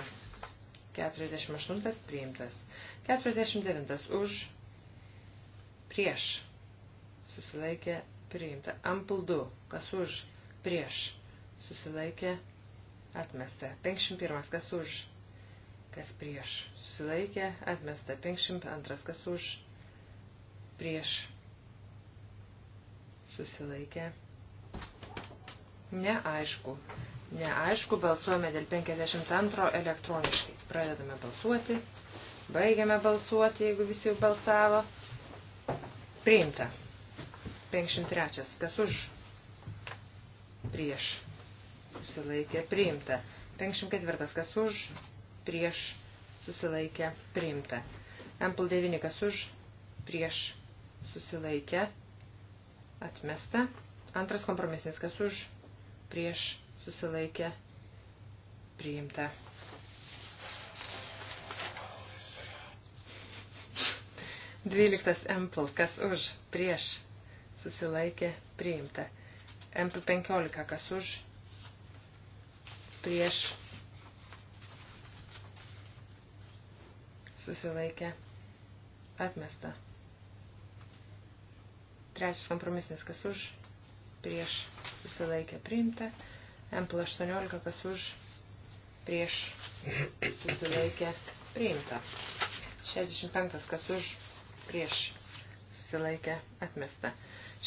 48. Priimtas. 49. Už. Prieš. Susilaikė. Priimta. Ampl 2. Kas už. Prieš. Susilaikė. Atmesta. 51. Kas už. Kas prieš. Susilaikė. Atmesta. 52. Kas už prieš susilaikę. Neaišku. Neaišku, balsuojame dėl 52 elektroniškai. Pradedame balsuoti. Baigiame balsuoti, jeigu visi jau balsavo. Priimta. 53. Kas už? Prieš. Susilaikė. Priimta. 54. Kas už? Prieš. Susilaikė. Priimta. Ample 9. Kas už? Prieš susilaikė, atmesta. Antras kompromisinis, kas už, prieš, susilaikė, priimta. Dvyliktas empl, kas už, prieš, susilaikė, priimta. MP15, kas už, prieš, susilaikė, atmesta. Trečias kompromisinis, kas už, prieš, susilaikė priimta. MP18, kas už, prieš, susilaikė priimta. 65, kas už, prieš, susilaikė atmesta.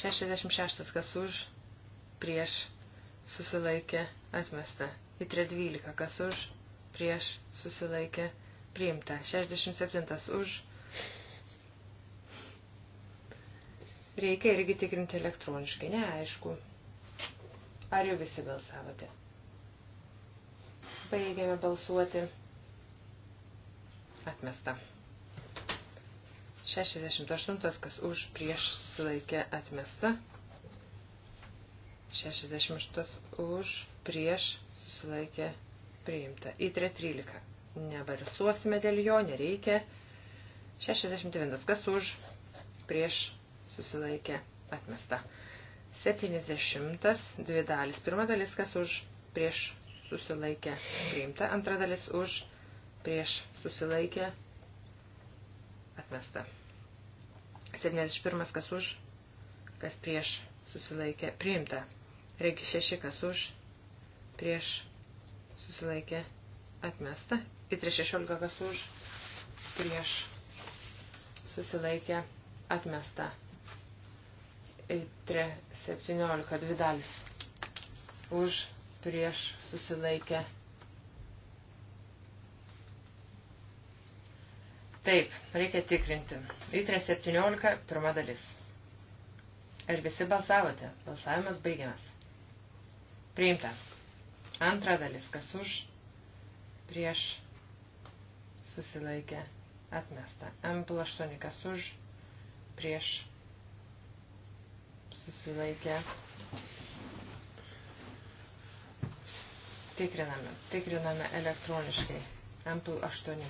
66, kas už, prieš, susilaikė atmesta. Į 312, kas už, prieš, susilaikė priimta. 67, už, Reikia irgi tikrinti elektroniškai, neaišku. Ar jau visi balsavote? Baigėme balsuoti. Atmesta. 68, kas už prieš sulaikė atmesta. 68 už prieš susilaikė priimta. Į 13. Nebalsuosime dėl jo, nereikia. 69, kas už prieš susilaikė atmesta. 70, dvi dalis. Pirma dalis, kas už prieš susilaikė priimta, antra dalis už prieš susilaikė atmesta. 71, kas už, kas prieš susilaikė priimta. Reikia 6, kas už prieš susilaikė atmesta. Į 316, kas už prieš susilaikė atmesta. Itre 17 dvi dalis. Už, prieš, susilaikę. Taip, reikia tikrinti. Itre 17, pirma dalis. Ar visi balsavote? Balsavimas baigiamas. Priimta. Antra dalis, kas už, prieš, susilaikę, atmesta. M8, kas už, prieš, susilaikė. Tikriname, tikriname elektroniškai. Ampul 8.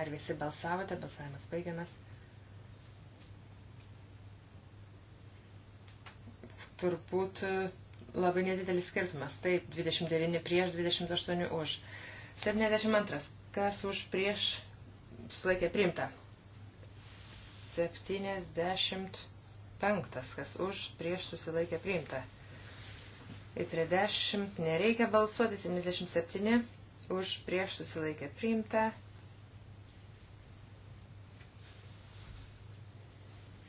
Ar visi balsavote? Balsavimas baigiamas. Turbūt e, labai nedidelis skirtumas. Taip, 29 prieš, 28 už. 72. Kas už prieš sulaikė priimta? 70. Penktas, kas už, prieš susilaikė priimta. Į 30 nereikia balsuoti, 77 už, prieš susilaikė priimta.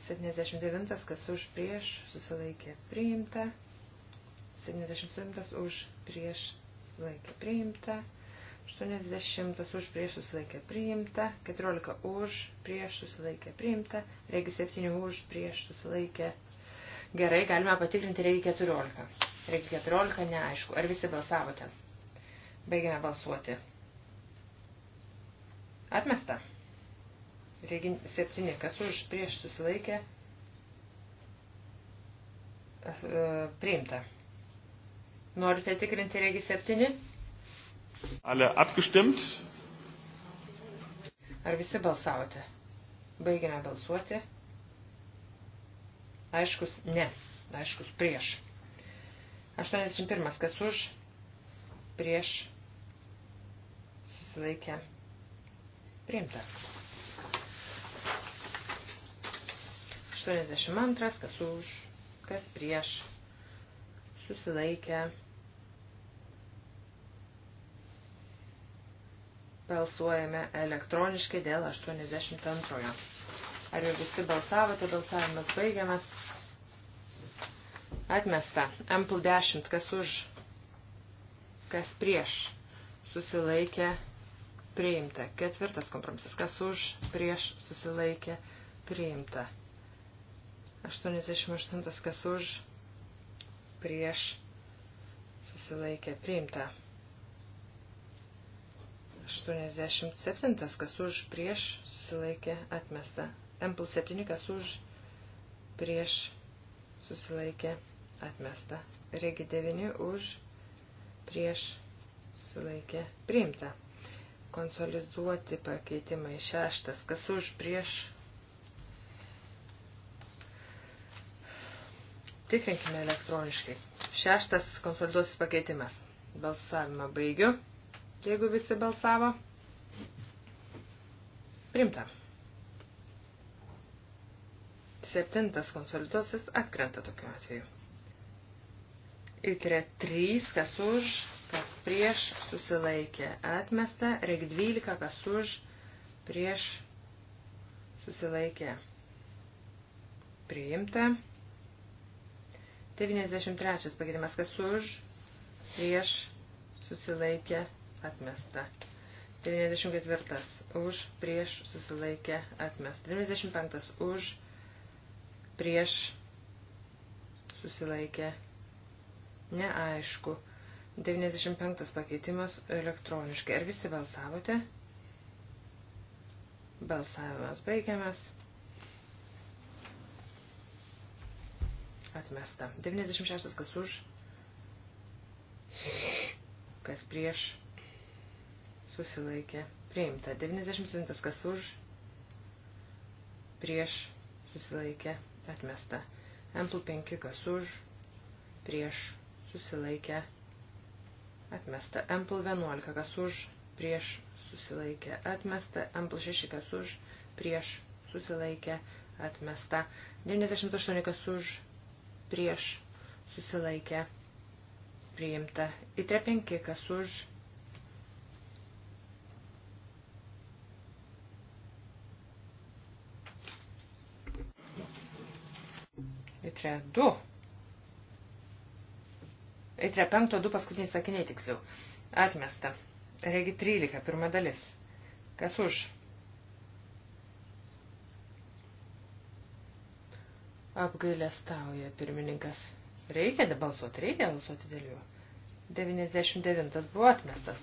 79, kas už, prieš susilaikė priimta. 77 už, prieš susilaikė priimta. 80 už prieš susilaikę priimta, 14 už prieš susilaikę priimta, regi 7 už prieš susilaikę. Gerai, galime patikrinti regi 14. Regi 14 neaišku. Ar visi balsavote? Baigiame balsuoti. Atmesta. Regi 7, kas už prieš susilaikę e, priimta. Norite tikrinti regi 7? Alle abgestimmt? Ar visi balsavote? Baigėme balsuoti. Aiškus ne, aiškus prieš. 81. Kas už? Prieš. Susilaikė. Priimta. 82. Kas už? Kas prieš? Susilaikė. Balsuojame elektroniškai dėl 82. Ar jau visi balsavote? Balsavimas baigiamas. Atmesta. Ampl 10. Kas už? Kas prieš? Susilaikė. Priimta. Ketvirtas kompromisas. Kas už? Prieš? Susilaikė. Priimta. 88. Kas už? Prieš? Susilaikė. Priimta. 87, kas už prieš susilaikė atmesta. Empul 7, kas už prieš susilaikė atmesta. Regi 9 už prieš susilaikė priimta. Konsolizuoti pakeitimai 6, kas už prieš. Tikrinkime elektroniškai. Šeštas konsoliduosis pakeitimas. Balsavimą baigiu jeigu visi balsavo. Primta. Septintas konsoliduosis atkrenta tokiu atveju. Įtrė 3, kas už, kas prieš, susilaikė atmesta, reg 12, kas už, prieš, susilaikė priimta. 93 pakeitimas, kas už, prieš, susilaikė atmesta atmesta. 94 už, prieš, susilaikė, atmesta. 95 už, prieš, susilaikė, neaišku. 95 pakeitimas elektroniškai. Ar visi balsavote? Balsavimas baigiamas. Atmesta. 96 kas už, kas prieš, susilaikė priimta. 97 kas už, prieš susilaikė atmesta. Ampl 5 kas už, prieš susilaikė atmesta. Ampl 11 kas už, prieš susilaikė atmesta. Ampl 6 kas už, prieš susilaikė atmesta. 98 kas už, prieš susilaikė priimta. Įtre 5 kas už, prieš susilaikė atmesta Eitre 2. Eitre 5, 2 paskutiniai sakiniai tiksliau. Atmesta. Regi 13, pirma dalis. Kas už? Apgailestauja pirmininkas. Reikia balsuoti, reikia balsuoti dėl jo. 99 buvo atmestas.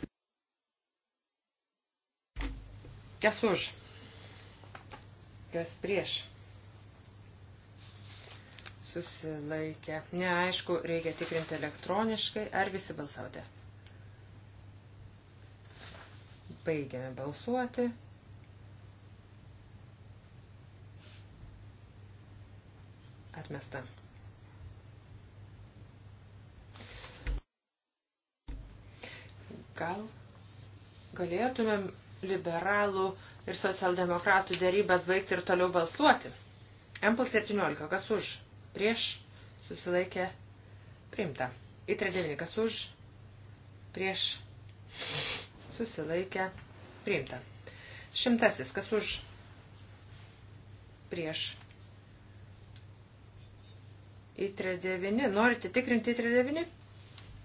Kas už? Kas prieš? susilaikė. Neaišku, reikia tikrinti elektroniškai. Ar visi balsavote? Baigiame balsuoti. Atmesta. Gal galėtumėm liberalų ir socialdemokratų dėrybas baigti ir toliau balsuoti? M17, kas už? prieš, susilaikė, priimta. Įtrė 9, kas už, prieš, susilaikė, priimta. Šimtasis, kas už, prieš. Įtrė 9, norite tikrinti įtrė 9?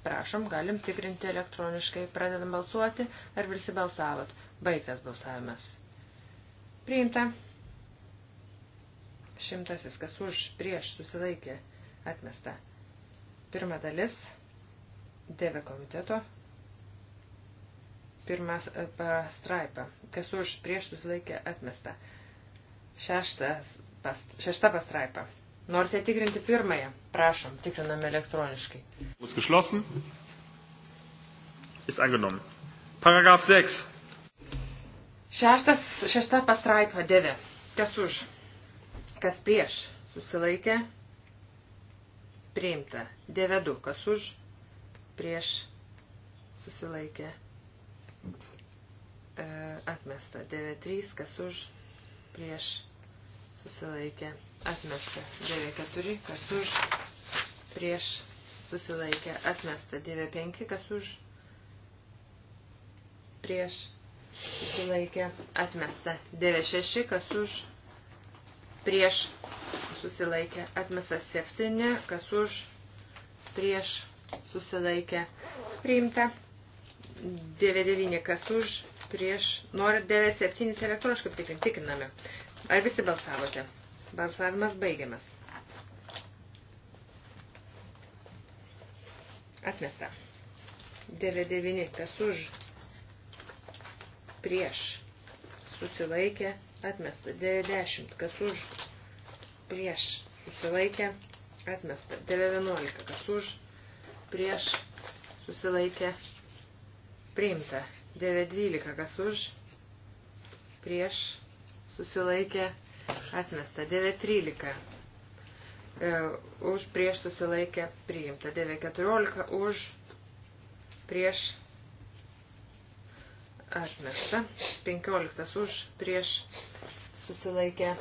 Prašom, galim tikrinti elektroniškai. Pradedam balsuoti, ar visi balsavot. Baigtas balsavimas. Priimta. Šimtasis, kas už, prieš, susilaikė, atmesta. Pirma dalis, dėvė komiteto, pirmą e, pastraipą, kas už, prieš, susilaikė, atmesta. Šeštas, pas, šešta pastraipa. Norite tikrinti pirmąją? Prašom, tikriname elektroniškai. Bus geschlossen. Ist angenommen. Paragraf 6. Šeštas, šešta pastraipa, dėvė. Kas už? Kas prieš? Susilaikė. Priimta. 9. Kas už? Prieš. Susilaikė. E, atmesta. 9.3. Kas už? Prieš. Susilaikė. Atmesta. 9.4. Kas už? Prieš. Susilaikė. Atmesta. 9.5. Kas už? Prieš. Susilaikė. Atmesta. 9.6. Kas už? Prieš prieš susilaikė atmestas 7, kas už prieš susilaikė priimta 99, kas už prieš norit 97 elektroniškai tikrin, tikriname. Ar visi balsavote? Balsavimas baigiamas. Atmesta. 99, kas už prieš susilaikė priimta atmesta. 10, kas už, prieš, susilaikė, atmesta. 911, kas už, prieš, susilaikė, priimta. 912, kas už, prieš, susilaikė, atmesta. 913, e, už prieš susilaikę priimta. 9.14 už prieš atmesta, 15 už prieš susilaikę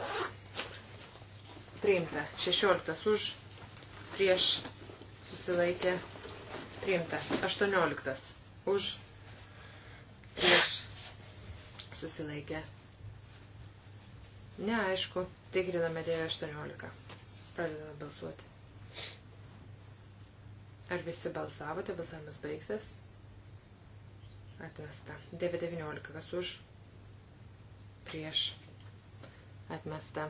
priimta, 16 už prieš susilaikę priimta, 18 už prieš susilaikę. Neaišku, tikriname 9.18. Pradedame balsuoti. Ar visi balsavote, balsavimas baigtas? atmesta. 9.19 kas už, prieš, atmesta.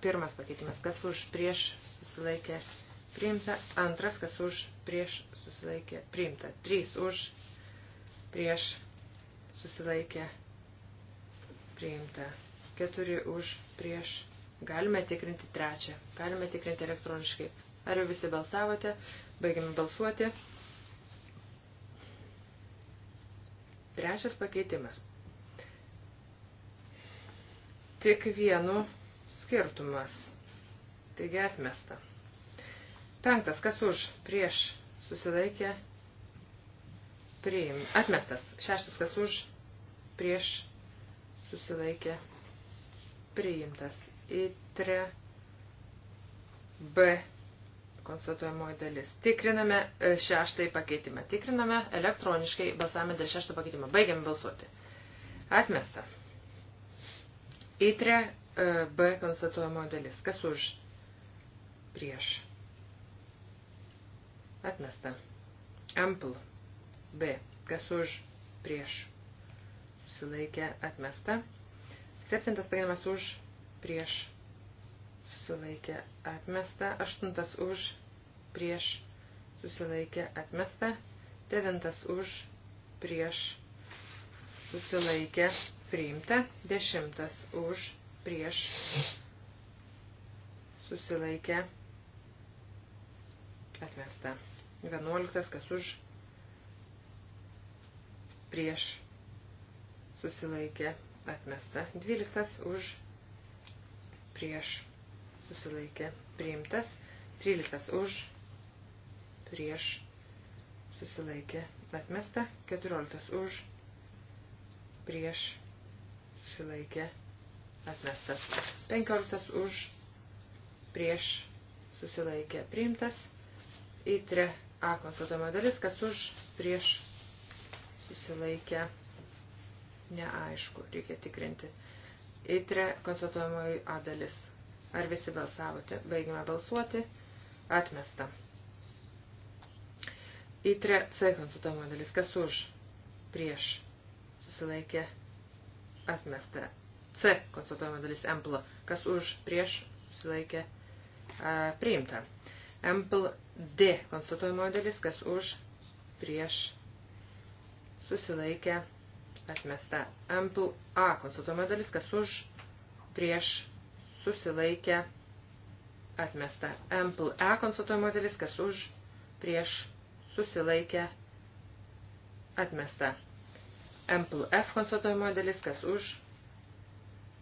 Pirmas pakeitimas, kas už, prieš, susilaikė, priimta. Antras, kas už, prieš, susilaikė, priimta. Trys už, prieš, susilaikė, priimta. Keturi už, prieš. Galime tikrinti trečią. Galime tikrinti elektroniškai. Ar jau visi balsavote? Baigiame balsuoti. Trečias pakeitimas. Tik vienu skirtumas. Taigi atmesta. Penktas, kas už, prieš, susilaikė, priim, atmestas. Šeštas, kas už, prieš, susilaikė, priimtas. Itre, B konstatuojamoji dalis. Tikriname e, šeštąjį pakeitimą. Tikriname elektroniškai balsavimą dėl šešto pakeitimo. Baigiam balsuoti. Atmesta. Įtre e, B konstatuojamoji dalis. Kas už? Prieš. Atmesta. Ampl. B. Kas už? Prieš. Susilaikė. Atmesta. Septintas pakeitimas už. Prieš susilaikė atmesta, aštuntas už, prieš susilaikė atmesta, devintas už, prieš susilaikė priimta, dešimtas už, prieš susilaikė atmesta, vienuoliktas kas už, prieš susilaikė atmesta, dvyliktas už, prieš susilaikė priimtas, 13 už, prieš, susilaikė atmesta, 14 už, prieš, susilaikė atmestas, 15 už, prieš, susilaikė priimtas, į 3 A konstatuojama dalis, kas už, prieš, susilaikė neaišku, reikia tikrinti. Įtre konstatuojamoji A dalis. Ar visi balsavote? Baigime balsuoti. Atmesta. Į 3C konsultuojimo dalis. Kas už? Prieš. Susilaikė. Atmesta. C konsultuojimo dalis. Empl. Kas už? Prieš. Susilaikė. A, priimta. Empl D konsultuojimo dalis. Kas už? Prieš. Susilaikė. Atmesta. Empl A konsultuojimo dalis. Kas už? Prieš susilaikė atmesta. Ample E konsultuojimo dalis, kas už, prieš, susilaikė atmesta. Ample F konsultuojimo dalis, kas už,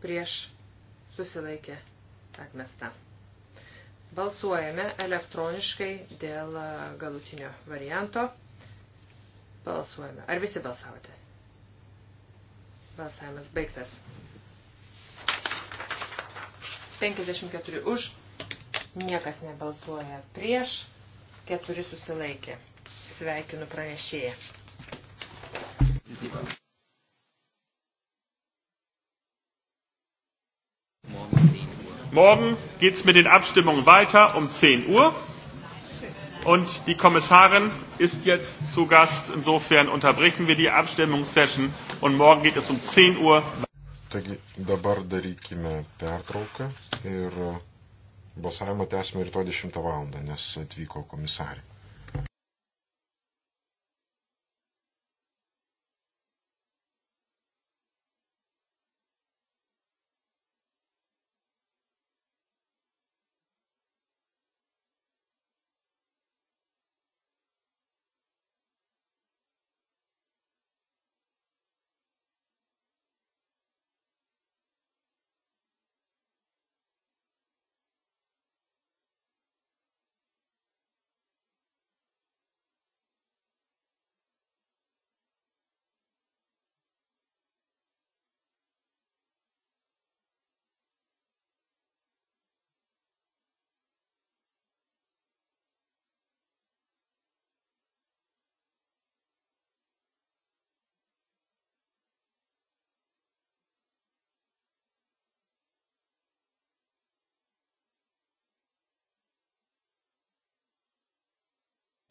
prieš, susilaikė atmesta. Balsuojame elektroniškai dėl galutinio varianto. Balsuojame. Ar visi balsavote? Balsavimas baigtas. 54 už, niekas nebalsuoja prieš, 4 susilaikė. Sveikinu pranešėją. Morgen geht es mit den Abstimmungen weiter um 10 Uhr. Und die Kommissarin ist jetzt zu Gast. Insofern unterbrechen wir die Abstimmungssession und morgen geht es um 10 Uhr. Taigi dabar darykime pertrauką ir balsavimą tęsime rytoj 10 val., nes atvyko komisarė.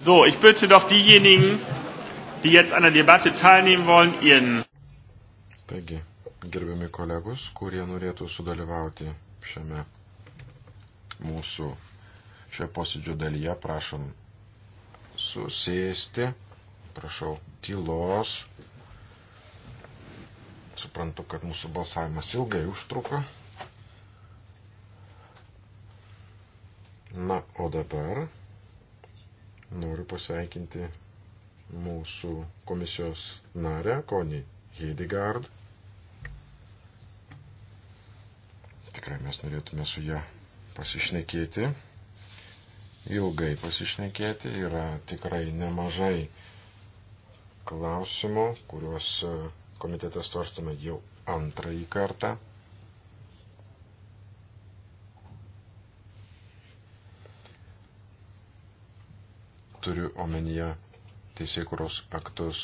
So, ich bitte doch diejenigen, die jetzt an der Debatte teilnehmen wollen, ihren. Taigi, gerbiami kolegos, kurie norėtų sudalyvauti šiame mūsų šio posėdžio dalyje, prašom susėsti, prašau tylos. Suprantu, kad mūsų balsavimas ilgai užtruko. Na, o dabar noriu pasveikinti mūsų komisijos narę, Koni Heidegard. Tikrai mes norėtume su ją pasišnekėti, ilgai pasišnekėti, yra tikrai nemažai klausimų, kuriuos e, komitetas svarstome jau antrąjį kartą. turiu omenyje teisėkuros aktus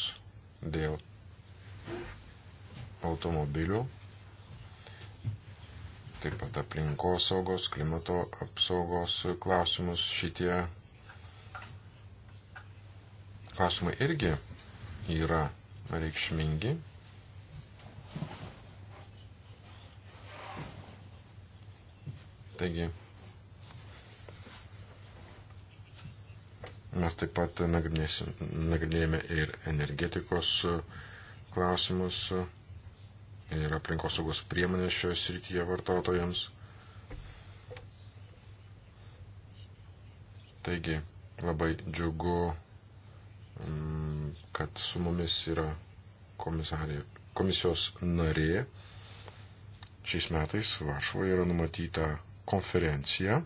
dėl automobilių, taip pat aplinkos saugos, klimato apsaugos klausimus šitie klausimai irgi yra reikšmingi. Taigi, Mes taip pat nagrinėjame ir energetikos klausimus ir aplinkosaugos priemonės šioje srityje vartotojams. Taigi labai džiugu, mm, kad su mumis yra komisarė, komisijos narė. Šiais metais Varšuvoje yra numatyta konferencija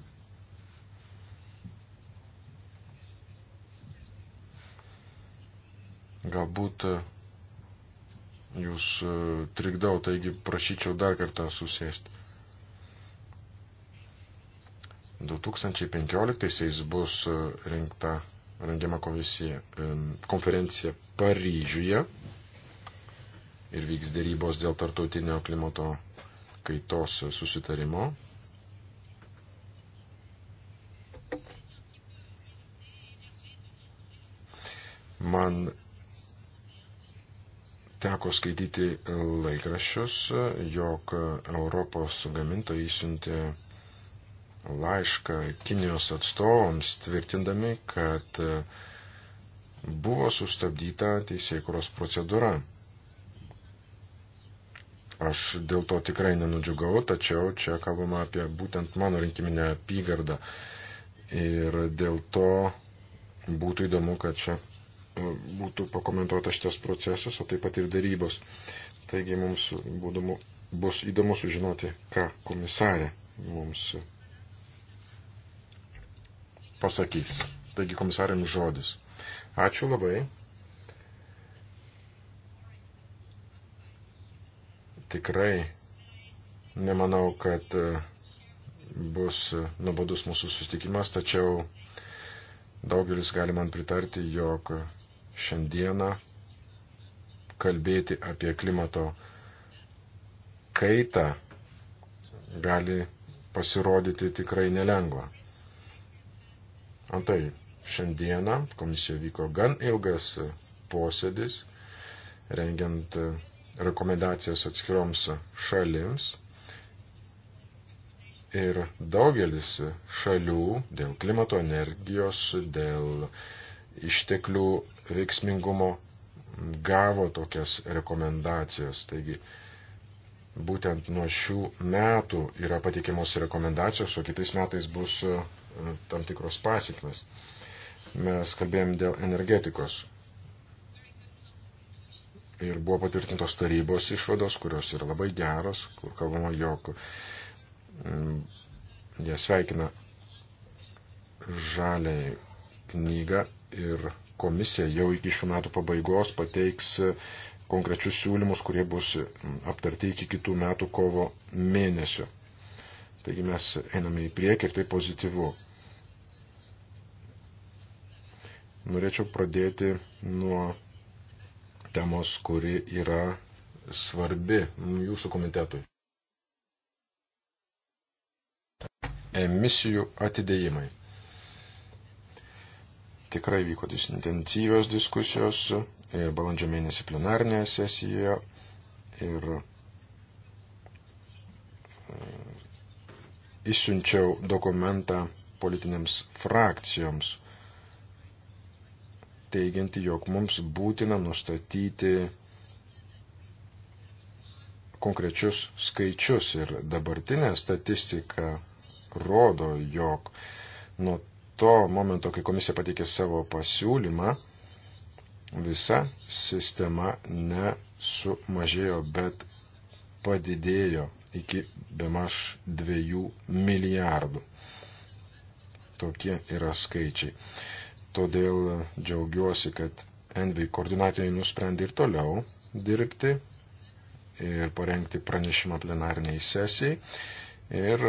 Galbūt e, jūs e, trikdau, taigi prašyčiau dar kartą susėsti. 2015 bus e, rinkta, rengiama komisija, konferencija Paryžiuje ir vyks dėrybos dėl tartautinio klimato kaitos susitarimo. Man teko skaityti laikraščius, jog Europos gamintojai siuntė laišką Kinijos atstovams, tvirtindami, kad buvo sustabdyta teisėkuros procedūra. Aš dėl to tikrai nenudžiugau, tačiau čia kalbama apie būtent mano rinkiminę apygardą. Ir dėl to būtų įdomu, kad čia būtų pakomentuotas šitas procesas, o taip pat ir darybos. Taigi mums būdumu, bus įdomu sužinoti, ką komisarė mums pasakys. Taigi komisarėms žodis. Ačiū labai. Tikrai nemanau, kad e, bus nuobodus mūsų susitikimas, tačiau daugelis gali man pritarti, jog šiandieną kalbėti apie klimato kaitą gali pasirodyti tikrai nelengva. Antai, šiandieną komisija vyko gan ilgas posėdis, rengiant rekomendacijas atskiroms šalims. Ir daugelis šalių dėl klimato energijos, dėl išteklių veiksmingumo gavo tokias rekomendacijas. Taigi, būtent nuo šių metų yra patikimos rekomendacijos, o kitais metais bus e, tam tikros pasiekmes. Mes kalbėjom dėl energetikos. Ir buvo patvirtintos tarybos išvados, kurios yra labai geros, kur kalbama, jog jie sveikina žaliai knygą ir komisija jau iki šių metų pabaigos pateiks konkrečius siūlymus, kurie bus aptarti iki kitų metų kovo mėnesio. Taigi mes einame į priekį ir tai pozityvu. Norėčiau pradėti nuo temos, kuri yra svarbi jūsų komitetui. Emisijų atidėjimai. Tikrai vyko intensyvios diskusijos ir e, balandžio mėnesį plenarnėje sesijoje ir e, išsiunčiau dokumentą politinėms frakcijoms, teigianti, jog mums būtina nustatyti konkrečius skaičius ir dabartinė statistika rodo, jog nuo to momento, kai komisija pateikė savo pasiūlymą, visa sistema nesumažėjo, bet padidėjo iki bemaž dviejų milijardų. Tokie yra skaičiai. Todėl džiaugiuosi, kad Envy koordinatoriai nusprendė ir toliau dirbti ir parengti pranešimą plenarniai sesijai. Ir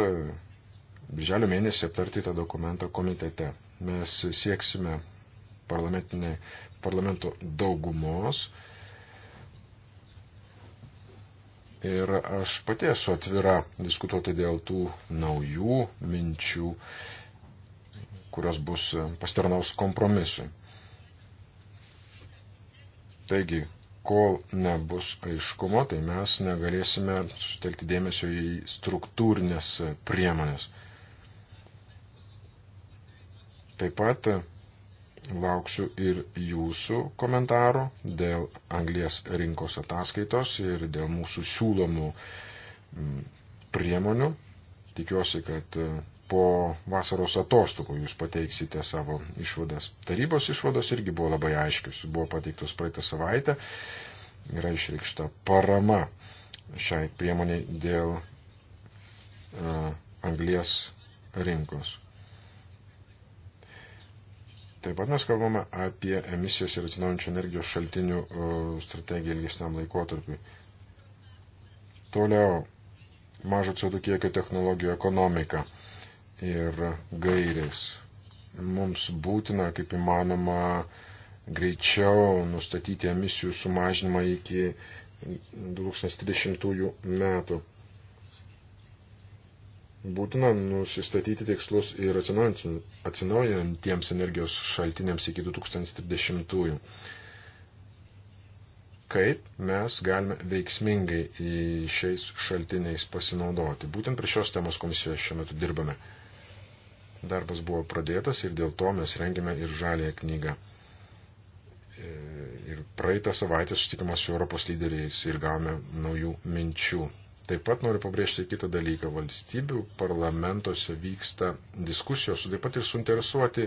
birželio mėnesį aptarti tą dokumentą komitete. Mes sieksime parlamento daugumos ir aš pati esu atvira diskutuoti dėl tų naujų minčių, kurios bus pastarnaus kompromisui. Taigi, kol nebus aiškumo, tai mes negalėsime sutelkti dėmesio į struktūrinės priemonės. Taip pat e, lauksiu ir jūsų komentarų dėl anglės rinkos ataskaitos ir dėl mūsų siūlomų priemonių. Tikiuosi, kad e, po vasaros atostogų jūs pateiksite savo išvadas. Tarybos išvados irgi buvo labai aiškius, buvo pateiktos praeitą savaitę, yra išreikšta parama šiai priemoniai dėl uh, e, anglės rinkos. Taip pat mes kalbame apie emisijas ir atsinaujančių energijos šaltinių strategiją ilgesniam laikotarpiui. Toliau mažo CO2 kiekio technologijų ekonomika ir gairės. Mums būtina, kaip įmanoma, greičiau nustatyti emisijų sumažinimą iki 2030 metų būtina nusistatyti tikslus ir atsinaujantiems energijos šaltiniams iki 2030-ųjų. Kaip mes galime veiksmingai šiais šaltiniais pasinaudoti. Būtent prie šios temos komisijoje šiuo metu dirbame. Darbas buvo pradėtas ir dėl to mes rengėme ir žalėją knygą. E, ir praeitą savaitę susitikimą su Europos lyderiais ir gavome naujų minčių Taip pat noriu pabrėžti kitą dalyką. Valstybių parlamentuose vyksta diskusijos, taip pat ir suinteresuoti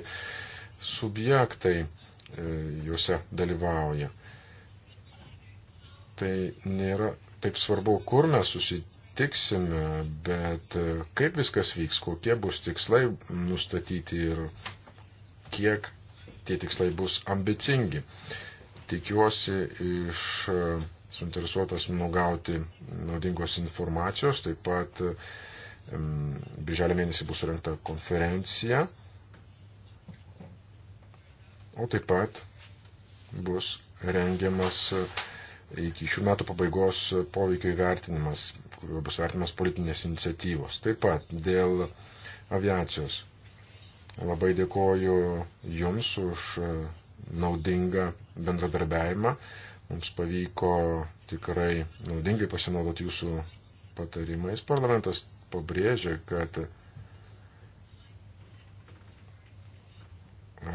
subjektai e, juose dalyvauja. Tai nėra taip svarbu, kur mes susitiksime, bet e, kaip viskas vyks, kokie bus tikslai nustatyti ir kiek tie tikslai bus ambicingi. Tikiuosi iš suinteresuotas nugauti naudingos informacijos. Taip pat birželio mėnesį bus surinkta konferencija. O taip pat bus rengiamas e, iki šių metų pabaigos poveikio įvertinimas, kuriuo bus vertinimas politinės iniciatyvos. Taip pat dėl aviacijos. Labai dėkoju Jums už e, naudingą bendradarbiavimą. Mums pavyko tikrai naudingai pasinaudoti jūsų patarimais. Parlamentas pabrėžia, kad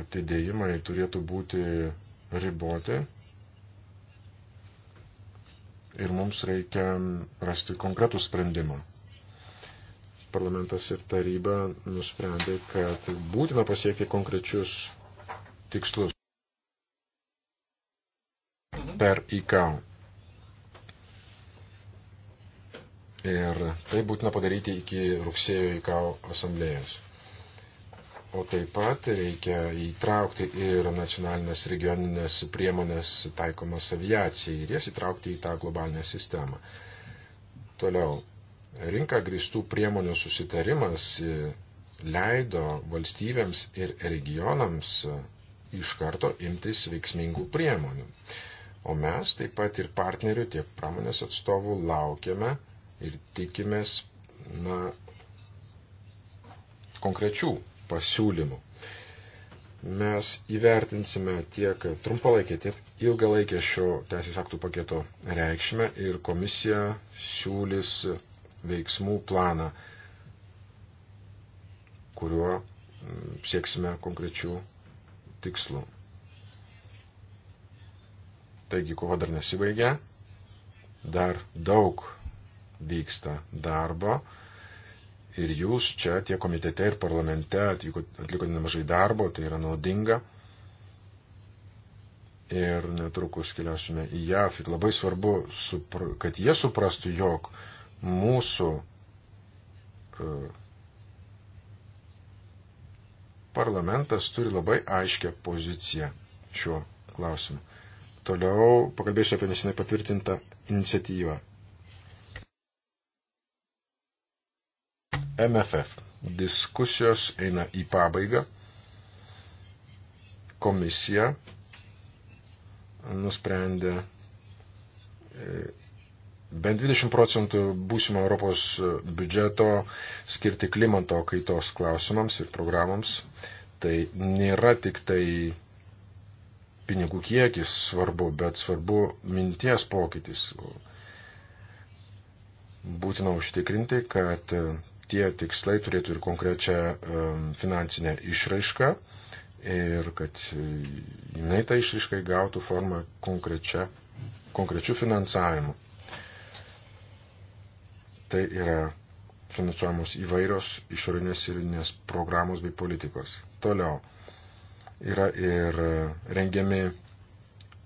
atidėjimai turėtų būti riboti ir mums reikia rasti konkretų sprendimą. Parlamentas ir taryba nusprendė, kad būtina pasiekti konkrečius tikslus per ICAO. Ir tai būtina padaryti iki rugsėjo ICAO asamblėjos. O taip pat reikia įtraukti ir nacionalinės regioninės priemonės taikomas aviacijai ir jas įtraukti į tą globalinę sistemą. Toliau, rinka grįstų priemonių susitarimas leido valstybėms ir regionams iš karto imtis veiksmingų priemonių. O mes taip pat ir partnerių, tiek pramonės atstovų laukiame ir tikimės na, konkrečių pasiūlymų. Mes įvertinsime tiek trumpalaikę, tiek ilgalaikę šio teisės aktų paketo reikšmę ir komisija siūlys veiksmų planą, kuriuo sieksime konkrečių tikslų. Taigi kova dar nesibaigia, dar daug vyksta darbo ir jūs čia tie komitete ir parlamente atlikote nemažai darbo, tai yra naudinga. Ir netrukus keliausime į JAF ir labai svarbu, kad jie suprastų, jog mūsų parlamentas turi labai aiškę poziciją šiuo klausimu. Toliau pakalbėsiu apie nesenai patvirtintą iniciatyvą. MFF. Diskusijos eina į pabaigą. Komisija nusprendė e, bent 20 procentų būsimo Europos biudžeto skirti klimato kaitos klausimams ir programams. Tai nėra tik tai pinigų kiekis svarbu, bet svarbu minties pokytis. Būtina užtikrinti, kad tie tikslai turėtų ir konkrečią e, finansinę išraišką ir kad e, jinai tą išraišką gautų formą konkrečia, konkrečių finansavimų. Tai yra finansuojamos įvairios išorinės ir nes programos bei politikos. Toliau Yra ir e, rengiami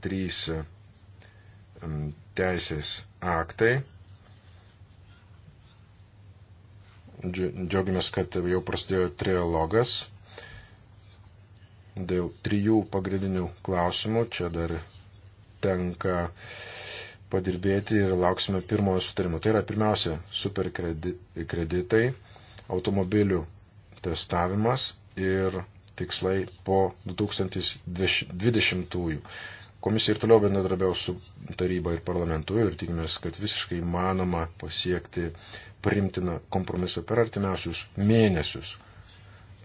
trys e, teisės aktai. Džiaugiamės, kad jau prasidėjo trialogas dėl trijų pagrindinių klausimų. Čia dar tenka padirbėti ir lauksime pirmojo sutarimo. Tai yra pirmiausia superkreditai, automobilių testavimas ir tikslai po 2020-ųjų. Komisija ir toliau bendradarbiaus su taryba ir parlamentu ir tikimės, kad visiškai manoma pasiekti primtiną kompromisą per artimiausius mėnesius.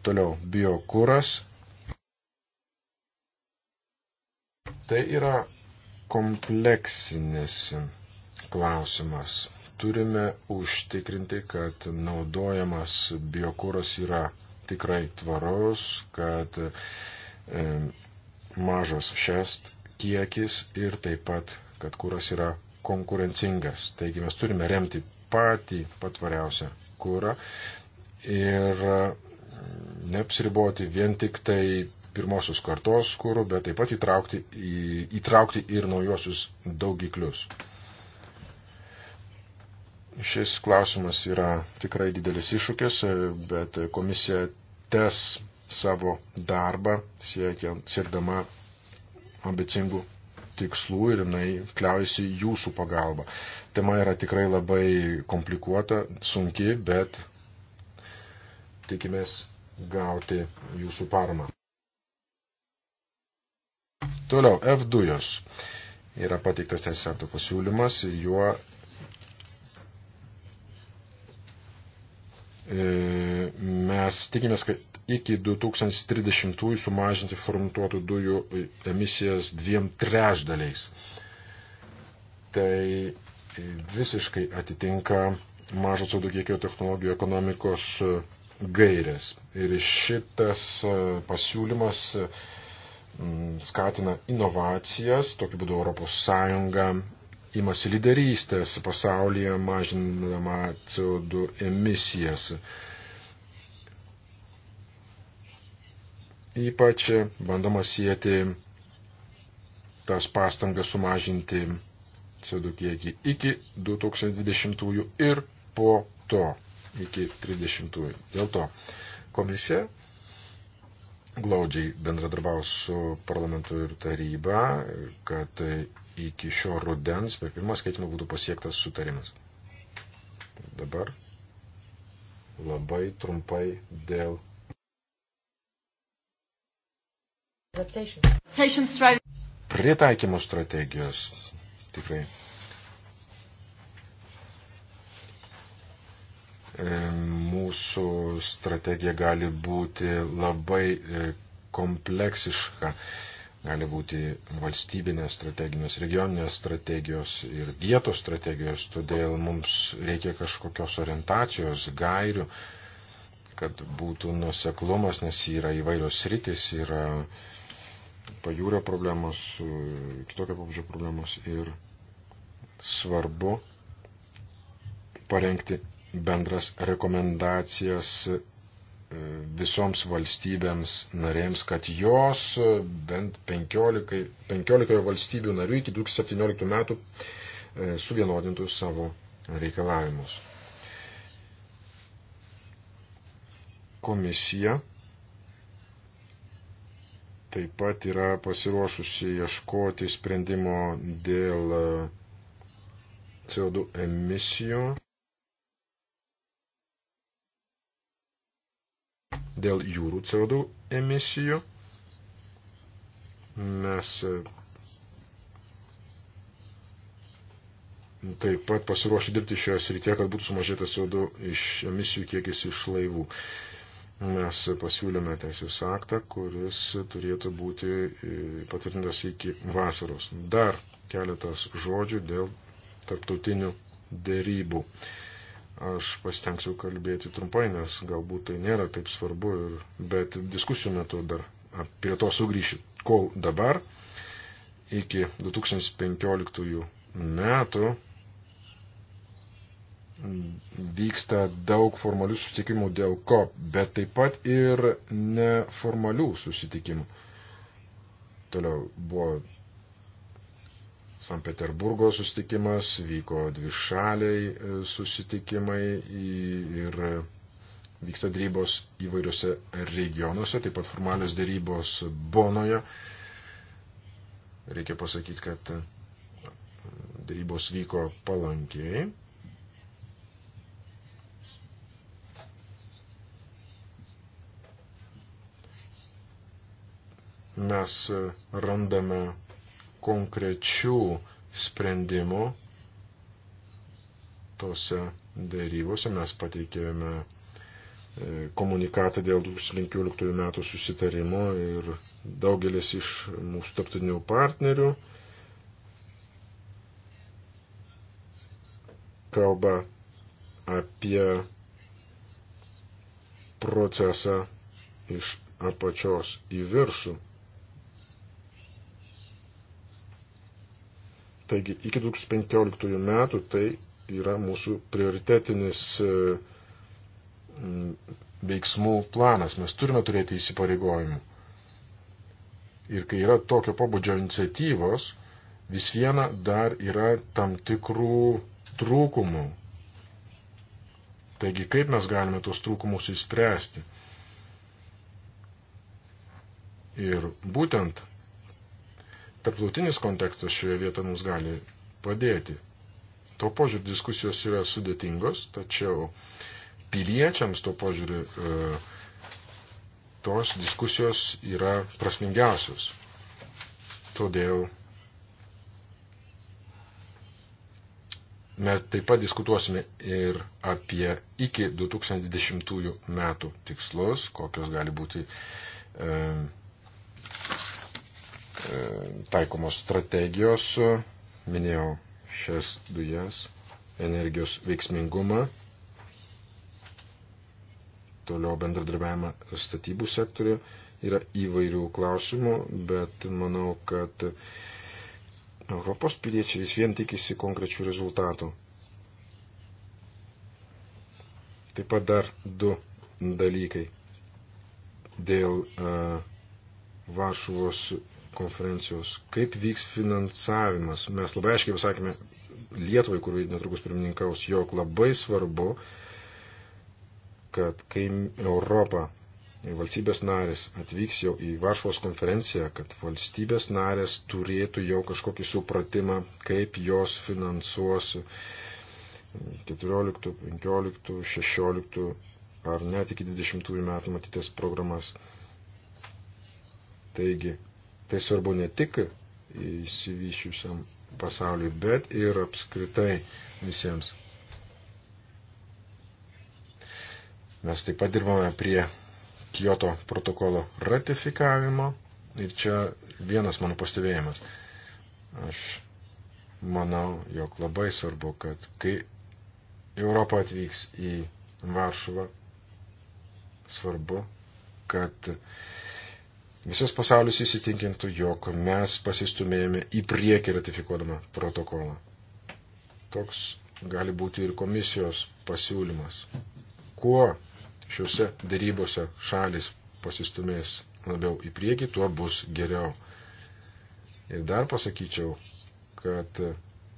Toliau biokūras. Tai yra kompleksinis klausimas. Turime užtikrinti, kad naudojamas biokūras yra tikrai tvarus, kad e, mažas šest kiekis ir taip pat, kad kuras yra konkurencingas. Taigi mes turime remti patį patvariausią kurą ir e, neapsiriboti vien tik tai pirmosios kartos kūrų, bet taip pat įtraukti, į, įtraukti ir naujosius daugiklius. Šis klausimas yra tikrai didelis iššūkis, bet komisija tes savo darbą siekiant, siekdama ambicingų tikslų ir jinai kliaujasi jūsų pagalba. Tema yra tikrai labai komplikuota, sunki, bet tikimės gauti jūsų paramą. Toliau, F dujos. Yra pateiktas teisėto pasiūlymas, juo E, mes tikimės, kad iki 2030 sumažinti formuotų dujų emisijas dviem trešdaliais. Tai visiškai atitinka mažo CO2 kiekio technologijų ekonomikos gairės. Ir šitas e, pasiūlymas skatina inovacijas, tokiu būdu Europos Sąjunga imasi lyderystės pasaulyje mažindama CO2 emisijas. Ypač bandoma sieti tas pastangas sumažinti CO2 kiekį iki 2020 ir po to iki 30. Dėl to komisija glaudžiai bendradarbiaus su parlamentu ir taryba, kad iki šio rudens per pirmą skaitimą būtų pasiektas sutarimas. Dabar labai trumpai dėl. Pritaikymų strategijos. Tikrai. E, mūsų strategija gali būti labai e, kompleksiška gali būti valstybinės strategijos, regioninės strategijos ir vietos strategijos, todėl mums reikia kažkokios orientacijos, gairių, kad būtų nuseklumas, nes yra įvairios sritis, yra pajūrio problemos, kitokio pabudžio problemos ir svarbu parengti bendras rekomendacijas visoms valstybėms narėms, kad jos bent 15, 15 valstybių narių iki 2017 metų e, suvienodintų savo reikalavimus. Komisija taip pat yra pasiruošusi ieškoti sprendimo dėl e, CO2 emisijų. dėl jūrų CO2 emisijų. Mes e, taip pat pasiruošę dirbti šioje srityje, kad būtų sumažėtas CO2 iš emisijų kiekis iš laivų. Mes pasiūlėme teisės aktą, kuris turėtų būti e, patvirtintas iki vasaros. Dar keletas žodžių dėl tarptautinių dėrybų. Aš pasitengsiu kalbėti trumpai, nes galbūt tai nėra taip svarbu, ir, bet diskusijų metu dar prie to sugrįšiu. Kol dabar, iki 2015 metų, vyksta daug formalių susitikimų dėl COP, bet taip pat ir neformalių susitikimų. Toliau buvo Sankt Peterburgo susitikimas, vyko dvi šaliai e, susitikimai ir vyksta dėrybos įvairiose regionuose, taip pat formalios dėrybos Bonoje. Reikia pasakyti, kad dėrybos vyko palankiai. Mes randame konkrečių sprendimų tose dėrybose. Mes pateikėme e, komunikatą dėl 2015 metų susitarimo ir daugelis iš mūsų tarptautinių partnerių kalba apie procesą iš apačios į viršų Taigi iki 2015 metų tai yra mūsų prioritetinis e, veiksmų planas. Mes turime turėti įsipareigojimų. Ir kai yra tokio pobūdžio iniciatyvos, vis viena dar yra tam tikrų trūkumų. Taigi kaip mes galime tos trūkumus įspręsti? Ir būtent tarptautinis kontekstas šioje vietoje mums gali padėti. Tuo požiūriu diskusijos yra sudėtingos, tačiau piliečiams tuo požiūriu e, tos diskusijos yra prasmingiausios. Todėl mes taip pat diskutuosime ir apie iki 2020 metų tikslus, kokios gali būti e, E, taikomos strategijos, minėjau šias dujas, energijos veiksmingumą, toliau bendradarbiavimą statybų sektoriu. Yra įvairių klausimų, bet manau, kad Europos piliečiai vis vien tikisi konkrečių rezultatų. Taip pat dar du dalykai dėl uh, Varšuvos konferencijos, kaip vyks finansavimas. Mes labai aiškiai pasakėme Lietuvai, kuri netrukus pirmininkaus, jog labai svarbu, kad kai Europa ir valstybės narės atvyks jau į Varšuvos konferenciją, kad valstybės narės turėtų jau kažkokį supratimą, kaip jos finansuos 14, 15, 16 ar net iki 20 metų matytės programas. Taigi, Tai svarbu ne tik įsivyšiusiam pasauliui, bet ir apskritai visiems. Mes taip pat dirbame prie Kyoto protokolo ratifikavimo ir čia vienas mano pastebėjimas. Aš manau, jog labai svarbu, kad kai Europa atvyks į Varšuvą, svarbu, kad Visas pasaulis įsitikintų, jog mes pasistumėjome į priekį ratifikuodama protokolą. Toks gali būti ir komisijos pasiūlymas. Kuo šiuose darybose šalis pasistumės labiau į priekį, tuo bus geriau. Ir dar pasakyčiau, kad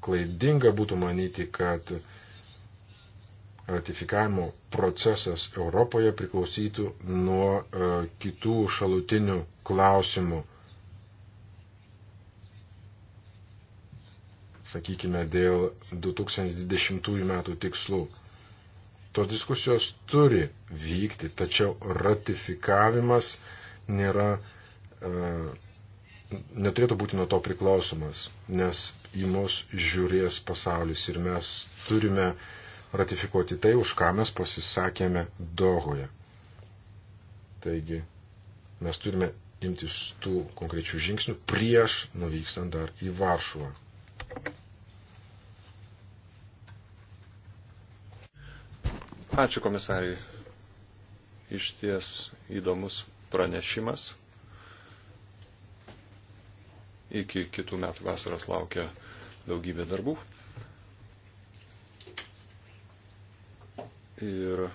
klaidinga būtų manyti, kad ratifikavimo procesas Europoje priklausytų nuo e, kitų šalutinių klausimų. Sakykime, dėl 2020 metų tikslų. Tos diskusijos turi vykti, tačiau ratifikavimas nėra, e, neturėtų būti nuo to priklausomas, nes į mus žiūrės pasaulis ir mes turime e, ratifikuoti tai, už ką mes pasisakėme Dohoje. Taigi, mes turime imtis tų konkrečių žingsnių prieš nuvykstant dar į Varšuvą. Ačiū komisariai. Iš ties įdomus pranešimas. Iki kitų metų vasaros laukia daugybė darbų. Ir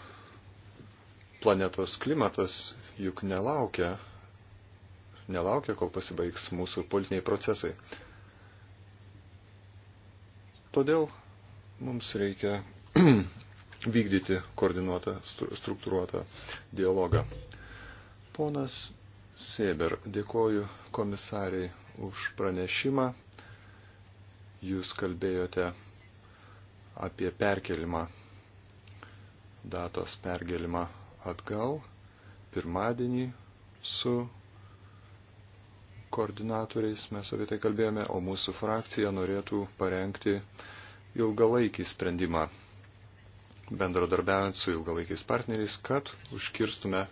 planetos klimatas juk nelaukia, nelaukia, kol pasibaigs mūsų politiniai procesai. Todėl mums reikia vykdyti koordinuotą, struktūruotą dialogą. Ponas Sėber, dėkoju komisariai už pranešimą. Jūs kalbėjote apie perkelimą datos perkelimą atgal pirmadienį su koordinatoriais mes apie tai kalbėjome, o mūsų frakcija norėtų parengti ilgalaikį sprendimą, bendradarbiaujant su ilgalaikiais partneriais, kad užkirstume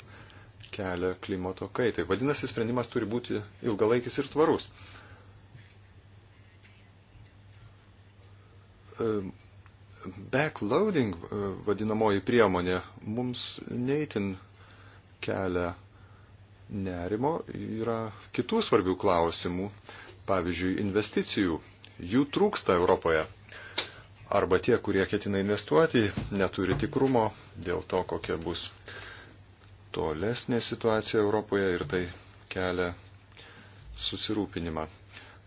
kelią klimato kaitai. Vadinasi, sprendimas turi būti ilgalaikis ir tvarus. Ehm, backloading e, vadinamoji priemonė mums neįtin kelia nerimo. Yra kitų svarbių klausimų, pavyzdžiui, investicijų. Jų trūksta Europoje. Arba tie, kurie ketina investuoti, neturi tikrumo dėl to, kokia bus tolesnė situacija Europoje ir tai kelia susirūpinimą.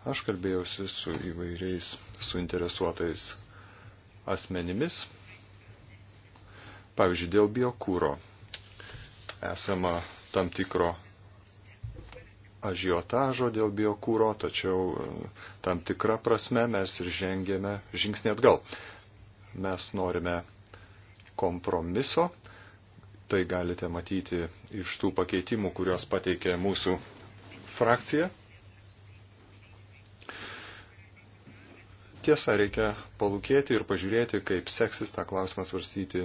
Aš kalbėjausi su įvairiais suinteresuotais asmenimis. Pavyzdžiui, dėl biokūro esama tam tikro ažiotažo dėl biokūro, tačiau e, tam tikrą prasme mes ir žengėme žingsnį atgal. Mes norime kompromiso, tai galite matyti iš tų pakeitimų, kuriuos pateikė mūsų frakcija. Tiesa, reikia palūkėti ir pažiūrėti, kaip seksis tą klausimą svarstyti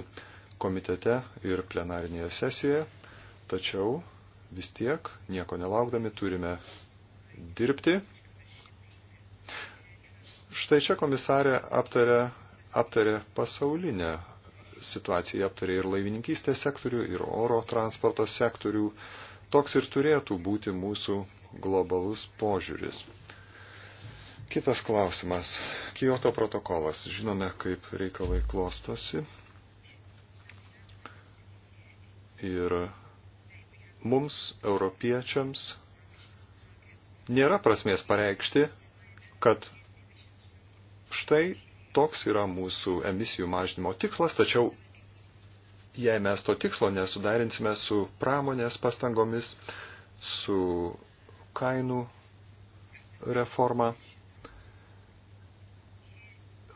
komitete ir plenarinėje sesijoje, tačiau vis tiek, nieko nelaukdami, turime dirbti. Štai čia komisarė aptarė, aptarė pasaulinę situaciją, aptarė ir laivininkystės sektorių, ir oro transporto sektorių. Toks ir turėtų būti mūsų globalus požiūris. Kitas klausimas. Kyoto protokolas. Žinome, kaip reikalai klostosi. Ir mums, europiečiams, nėra prasmės pareikšti, kad štai toks yra mūsų emisijų mažinimo tikslas, tačiau jei mes to tikslo nesudarinsime su pramonės pastangomis, su kainų reforma,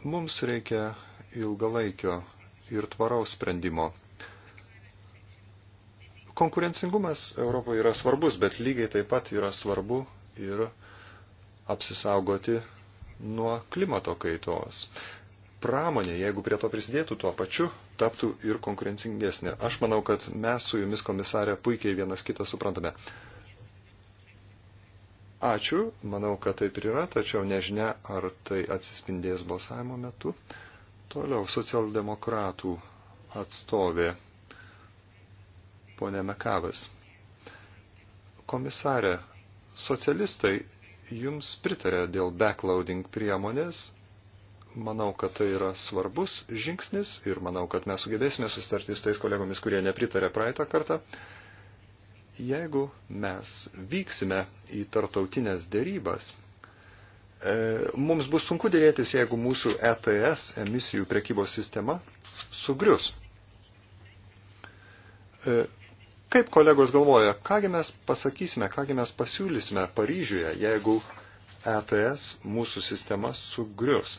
Mums reikia ilgalaikio ir tvaraus sprendimo. Konkurencingumas Europoje yra svarbus, bet lygiai taip pat yra svarbu ir apsisaugoti nuo klimato kaitos. Pramonė, jeigu prie to prisidėtų tuo pačiu, taptų ir konkurencingesnė. Aš manau, kad mes su jumis, komisarė, puikiai vienas kitą suprantame. Ačiū, manau, kad taip ir yra, tačiau nežinia, ar tai atsispindės balsavimo metu. Toliau socialdemokratų atstovė ponė Mekavas. Komisarė, socialistai jums pritarė dėl backloading priemonės. Manau, kad tai yra svarbus žingsnis ir manau, kad mes sugebėsime susitarti su tais kolegomis, kurie nepritarė praeitą kartą. Uh, Jeigu mes vyksime į tartautinės dėrybas, e, mums bus sunku dėrėtis, jeigu mūsų ETS emisijų prekybos sistema sugrius. E, kaip kolegos galvoja, kągi mes pasakysime, kągi mes pasiūlysime Paryžiuje, jeigu ETS mūsų sistema sugrius?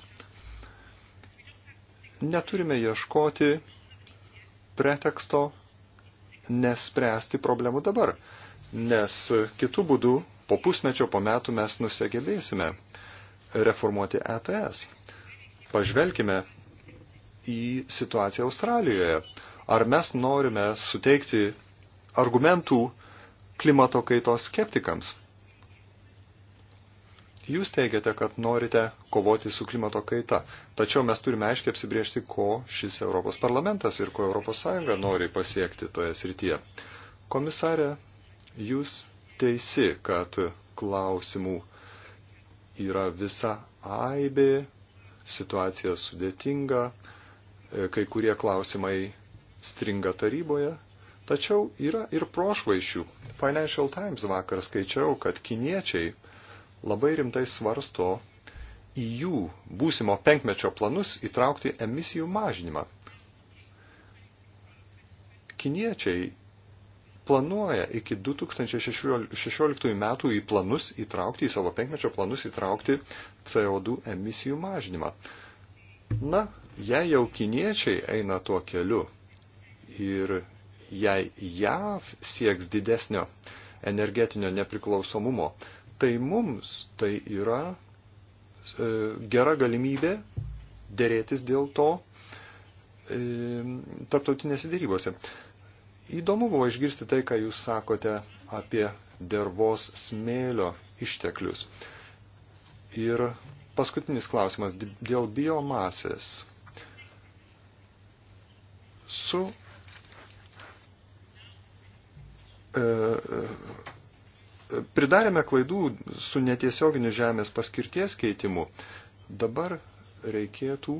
Neturime ieškoti preteksto nespręsti problemų dabar, nes kitų būdų po pusmečio, po metų mes nusegebėsime reformuoti ETS. Pažvelkime į situaciją Australijoje. Ar mes norime suteikti argumentų klimato kaitos skeptikams? Jūs teigiate, kad norite kovoti su klimato kaita, tačiau mes turime aiškiai apsibriežti, ko šis Europos parlamentas ir ko Europos Sąjunga nori pasiekti toje srityje. Komisarė, jūs teisi, kad klausimų yra visa aibė, situacija sudėtinga, kai kurie klausimai stringa taryboje, tačiau yra ir prošvaišių. Financial Times vakar skaičiau, kad kiniečiai labai rimtai svarsto į jų būsimo penkmečio planus įtraukti emisijų mažinimą. Kiniečiai planuoja iki 2016 metų į planus įtraukti, į savo penkmečio planus įtraukti CO2 emisijų mažinimą. Na, jei jau kiniečiai eina tuo keliu ir jei JAV sieks didesnio energetinio nepriklausomumo, tai mums tai yra e, gera galimybė dėrėtis dėl to e, tarptautinėse dėrybose. Įdomu buvo išgirsti tai, ką jūs sakote apie dervos smėlio išteklius. Ir paskutinis klausimas dėl biomasės. Su e, Pridarėme klaidų su netiesioginiu žemės paskirties keitimu. Dabar reikėtų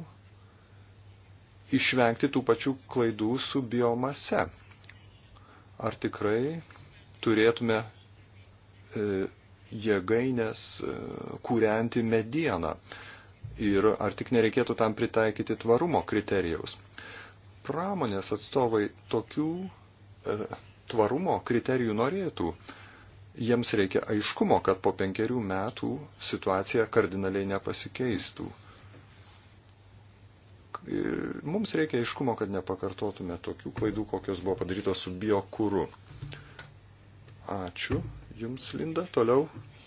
išvengti tų pačių klaidų su biomase. Ar tikrai turėtume e, jėgainės e, kūrenti medieną? Ir ar tik nereikėtų tam pritaikyti tvarumo kriterijaus? Pramonės atstovai tokių e, tvarumo kriterijų norėtų. E, jiems reikia aiškumo, kad po penkerių metų situacija kardinaliai nepasikeistų. Mums reikia aiškumo, kad nepakartotume tokių klaidų, kokios buvo padarytos su biokūru. Ačiū Jums, Linda. Toliau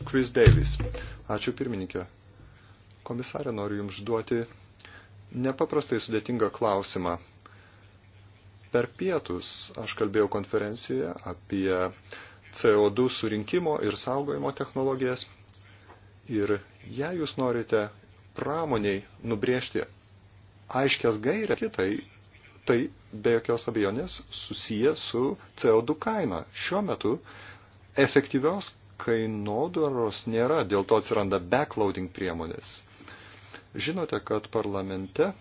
Chris Davis. Ačiū pirmininkė. Komisarė, noriu Jums duoti nepaprastai sudėtingą klausimą. Per pietus aš kalbėjau konferencijoje apie CO2 surinkimo ir saugojimo technologijas. Ir jei jūs norite pramoniai nubrėžti aiškias gairę kitai, tai be jokios abejonės susiję su CO2 kaina. Šiuo metu efektyvios kainodaros nėra, dėl to atsiranda backloading priemonės. Žinote, kad parlamente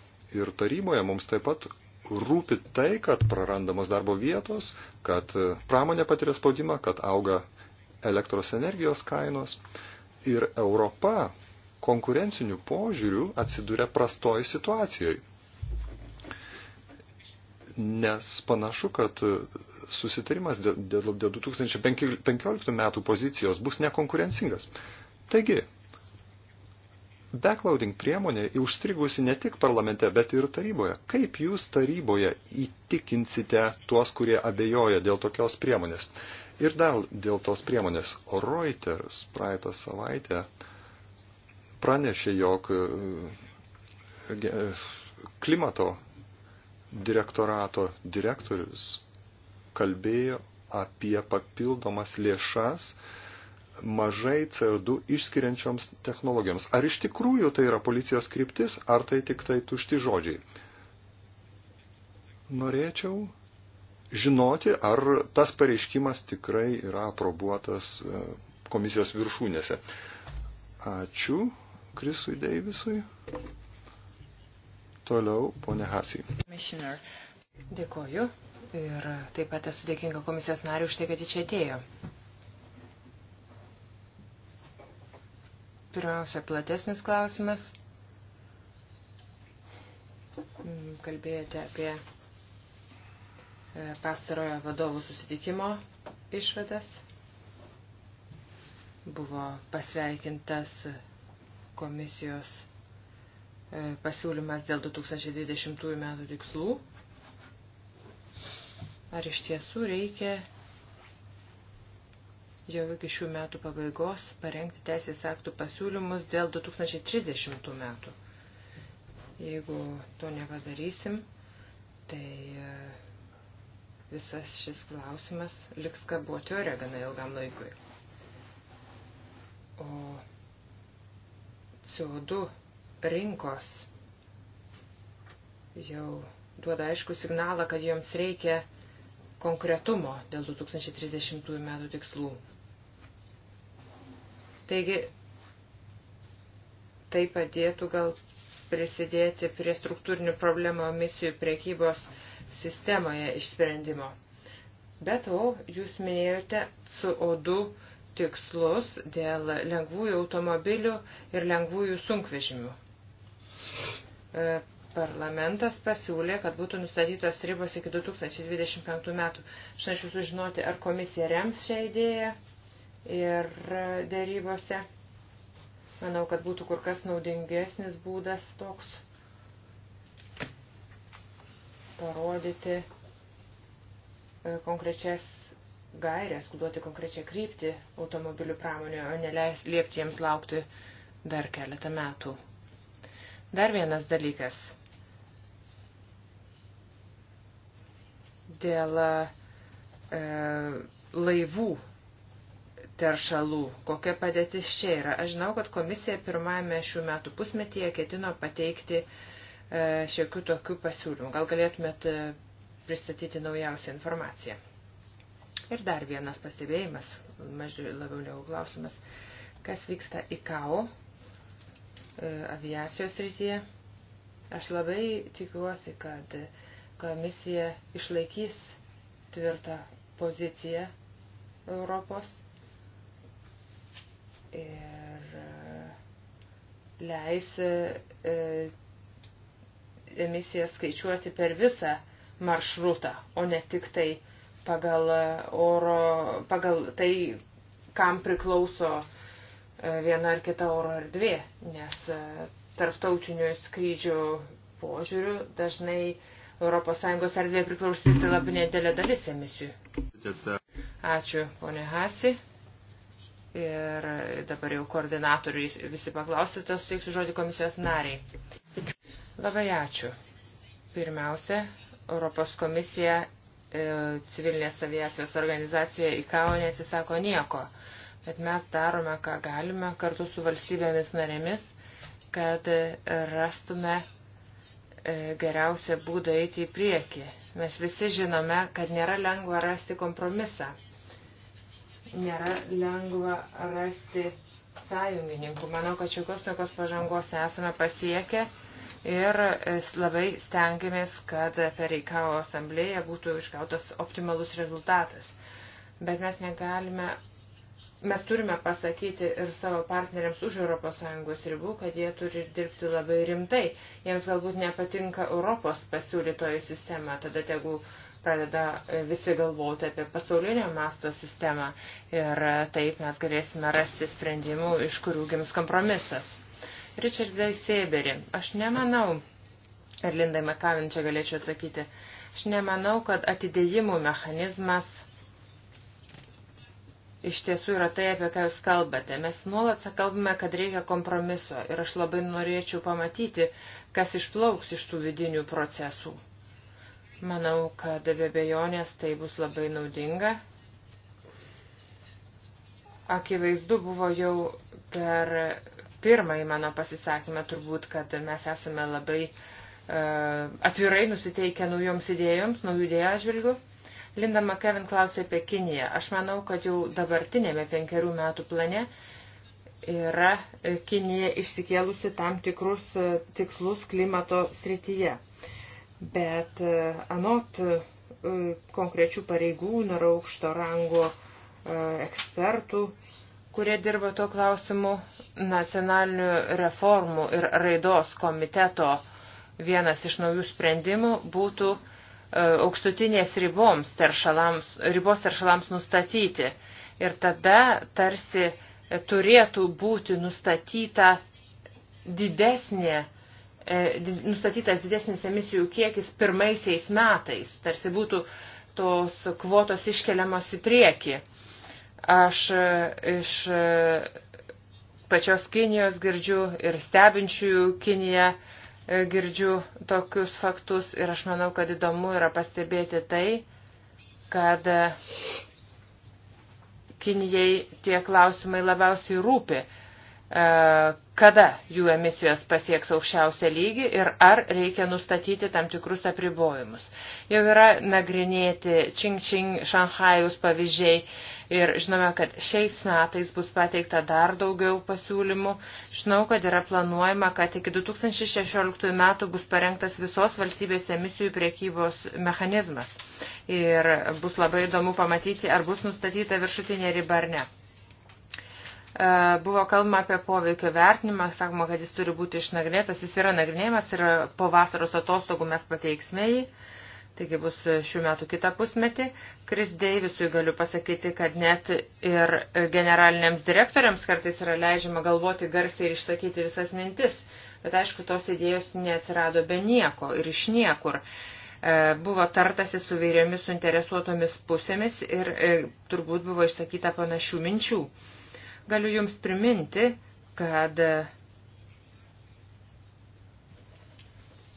ir taryboje mums taip pat rūpi tai, kad prarandamos darbo vietos, kad e, pramonė patiria spaudimą, kad auga elektros energijos kainos ir Europa konkurencinių požiūrių atsiduria prastoj situacijoje. Nes panašu, kad e, susitarimas dėl 2015 metų pozicijos bus nekonkurencingas. Taigi, backloading priemonė užstrigusi ne tik parlamente, bet ir taryboje. Kaip jūs taryboje įtikinsite tuos, kurie abejoja dėl tokios priemonės? Ir dėl, dėl tos priemonės Reuters praeitą savaitę pranešė, jog e, klimato direktorato direktorius kalbėjo apie papildomas lėšas, mažai CO2 išskiriančioms technologijoms. Ar iš tikrųjų tai yra policijos kryptis, ar tai tik tai tušti žodžiai? Norėčiau žinoti, ar tas pareiškimas tikrai yra aprobuotas e, komisijos viršūnėse. Ačiū Krisui Deivisui. Toliau, ponė Hasi. Dėkoju ir taip pat esu dėkinga komisijos nariu už tai, kad jis čia atėjo. Pirmiausia, platesnis klausimas. Mm, kalbėjote apie e, pastarojo vadovų susitikimo išvadas. Buvo pasveikintas komisijos e, pasiūlymas dėl 2020 metų tikslų. Ar iš tiesų reikia jau iki šių metų pabaigos parengti teisės aktų pasiūlymus dėl 2030 metų. Jeigu to nepadarysim, tai e, visas šis klausimas liks kabuoti ore gana ilgam laikui. O CO2 rinkos jau duoda aišku signalą, kad joms reikia konkretumo dėl 2030 metų tikslų. Taigi, tai padėtų gal prisidėti prie struktūrinių problemų emisijų priekybos sistemoje išsprendimo. Bet o, jūs minėjote CO2 tikslus dėl lengvųjų automobilių ir lengvųjų sunkvežimių. E, parlamentas pasiūlė, kad būtų nustatytos ribos iki 2025 metų. Aš norėčiau sužinoti, ar komisija rems šią idėją ir dėrybose. Manau, kad būtų kur kas naudingesnis būdas toks parodyti e, konkrečias gairias, duoti konkrečią kryptį automobilių pramonėje, o neleis liepti jiems laukti dar keletą metų. Dar vienas dalykas – dėl e, laivų teršalų, kokia padėtis čia yra. Aš žinau, kad komisija pirmajame šių metų pusmetyje ketino pateikti e, šiokių tokių pasiūlymų. Gal galėtumėt e, pristatyti naujausią informaciją. Ir dar vienas pastebėjimas, mažiau labiau negu klausimas, kas vyksta ICAO e, aviacijos rytyje. Aš labai tikiuosi, kad e, Komisija išlaikys tvirtą poziciją Europos ir e, leis e, e, emisiją skaičiuoti per visą maršrutą, o ne tik tai pagal oro, pagal tai, kam priklauso viena ar kita oro erdvė, nes tarptautinių skrydžių požiūrių dažnai uh, ES erdvė priklausyti tai labai nedėlė dalis emisijų. Ačiū, ponė Hasi. Ir dabar jau koordinatoriai visi paklausite, suteiksiu žodį komisijos nariai. Labai ačiū. Pirmiausia, Europos komisija e, civilinės aviacijos organizacijoje ICAO nesisako nieko, bet mes darome, ką galime kartu su valstybėmis narėmis, kad rastume E, geriausią būdą eiti į priekį. Mes visi žinome, kad nėra lengva rasti kompromisą. Nėra lengva rasti sąjungininkų. Manau, kad šiokios tokios pažangos esame pasiekę ir e, labai stengiamės, kad per reikalo asamblėją būtų išgautas optimalus rezultatas. Bet mes negalime mes turime pasakyti ir savo partneriams už ES ribų, kad jie turi dirbti labai rimtai. Jiems galbūt nepatinka Europos pasiūlytojų sistema, tada tegu pradeda e, visi galvoti apie pasaulinio masto sistemą ir e, taip mes galėsime rasti sprendimų, iš kurių gims kompromisas. Richardai Seberi, aš nemanau, ir Lindai Makavin čia galėčiau atsakyti, aš nemanau, kad atidėjimų mechanizmas iš tiesų yra tai, apie ką jūs kalbate. Mes nuolat kalbame, kad reikia kompromiso ir aš labai norėčiau pamatyti, kas išplauks iš tų vidinių procesų. Manau, kad be bejonės tai bus labai naudinga. Akivaizdu buvo jau per pirmąjį mano pasisakymą turbūt, kad mes esame labai uh, atvirai nusiteikę naujoms idėjoms, naujų idėjų atžvilgių. Uh, Linda McKevin klausė apie Kiniją. Aš manau, kad jau dabartinėme penkerių metų plane yra e, Kinija išsikėlusi tam tikrus e, tikslus klimato srityje. Bet e, anot konkrečių pareigūnų ar aukšto rango ekspertų, kurie dirba tuo klausimu, nacionalinių reformų ir raidos komiteto vienas iš naujų sprendimų būtų uh, E, aukštutinės riboms teršalams, ribos teršalams nustatyti. Ir tada tarsi turėtų būti nustatyta didesnė, e, nustatytas didesnis emisijų kiekis pirmaisiais metais, tarsi būtų tos kvotos iškeliamos į priekį. Aš e, iš pačios Kinijos girdžiu ir stebinčiųjų Kiniją uh, E, girdžiu tokius faktus ir aš manau, kad įdomu yra pastebėti tai, kad e, Kinijai tie klausimai labiausiai rūpi, e, kada jų emisijos pasieks aukščiausią lygį ir ar reikia nustatyti tam tikrus apribojimus. Jau yra nagrinėti Čing Čing Šanhajus pavyzdžiai, Ir žinome, kad šiais metais bus pateikta dar daugiau pasiūlymų. Žinau, kad yra planuojama, kad iki 2016 metų bus parengtas visos valstybės emisijų priekybos mechanizmas. Ir bus labai įdomu pamatyti, ar bus nustatyta viršutinė riba ar ne e, buvo kalbama apie poveikio vertinimą, sakoma, kad jis turi būti išnagrinėtas, jis yra nagrinėjimas ir po vasaros atostogų mes pateiksime jį taigi bus šių metų kitą pusmetį. Kris Deivisui galiu pasakyti, kad net ir generaliniams direktoriams kartais yra leidžiama galvoti garsiai ir išsakyti visas mintis, bet aišku, tos idėjos neatsirado be nieko ir iš niekur. E, buvo tartasi su vairiomis suinteresuotomis pusėmis ir e, turbūt buvo išsakyta panašių minčių. Galiu Jums priminti, kad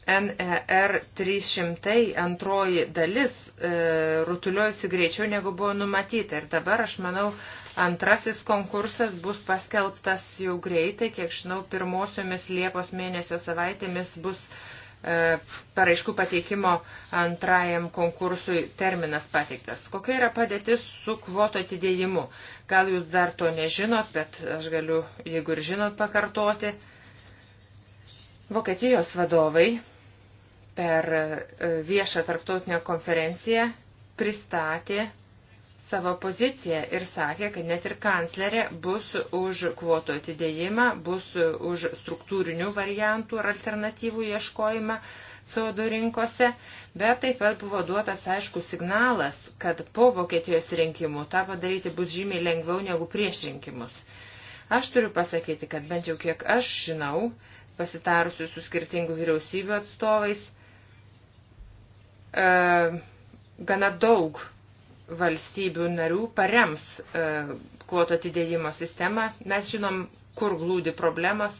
NER 300 antroji dalis e, rutuliuosi greičiau negu buvo numatyta. Ir dabar, aš manau, antrasis konkursas bus paskelbtas jau greitai, kiek žinau, pirmosiomis Liepos mėnesio savaitėmis bus e, paraiškų pateikimo antrajam konkursui terminas pateiktas. Kokia yra padėtis su kvoto atidėjimu? Gal jūs dar to nežinot, bet aš galiu, jeigu ir žinot, pakartoti. Vokietijos vadovai per e, viešą tarptautinę konferenciją pristatė savo poziciją ir sakė, kad net ir kanclerė bus už kvotų atidėjimą, bus už struktūrinių variantų ar alternatyvų ieškojimą CO2 rinkose, bet taip pat buvo duotas aiškus signalas, kad po Vokietijos rinkimų tą padaryti bus žymiai lengviau negu prieš rinkimus. Aš turiu pasakyti, kad bent jau kiek aš žinau, pasitarusiu su skirtingų vyriausybių atstovais, E, gana daug valstybių narių parems e, kvotų atidėjimo sistemą. Mes žinom, kur glūdi problemos.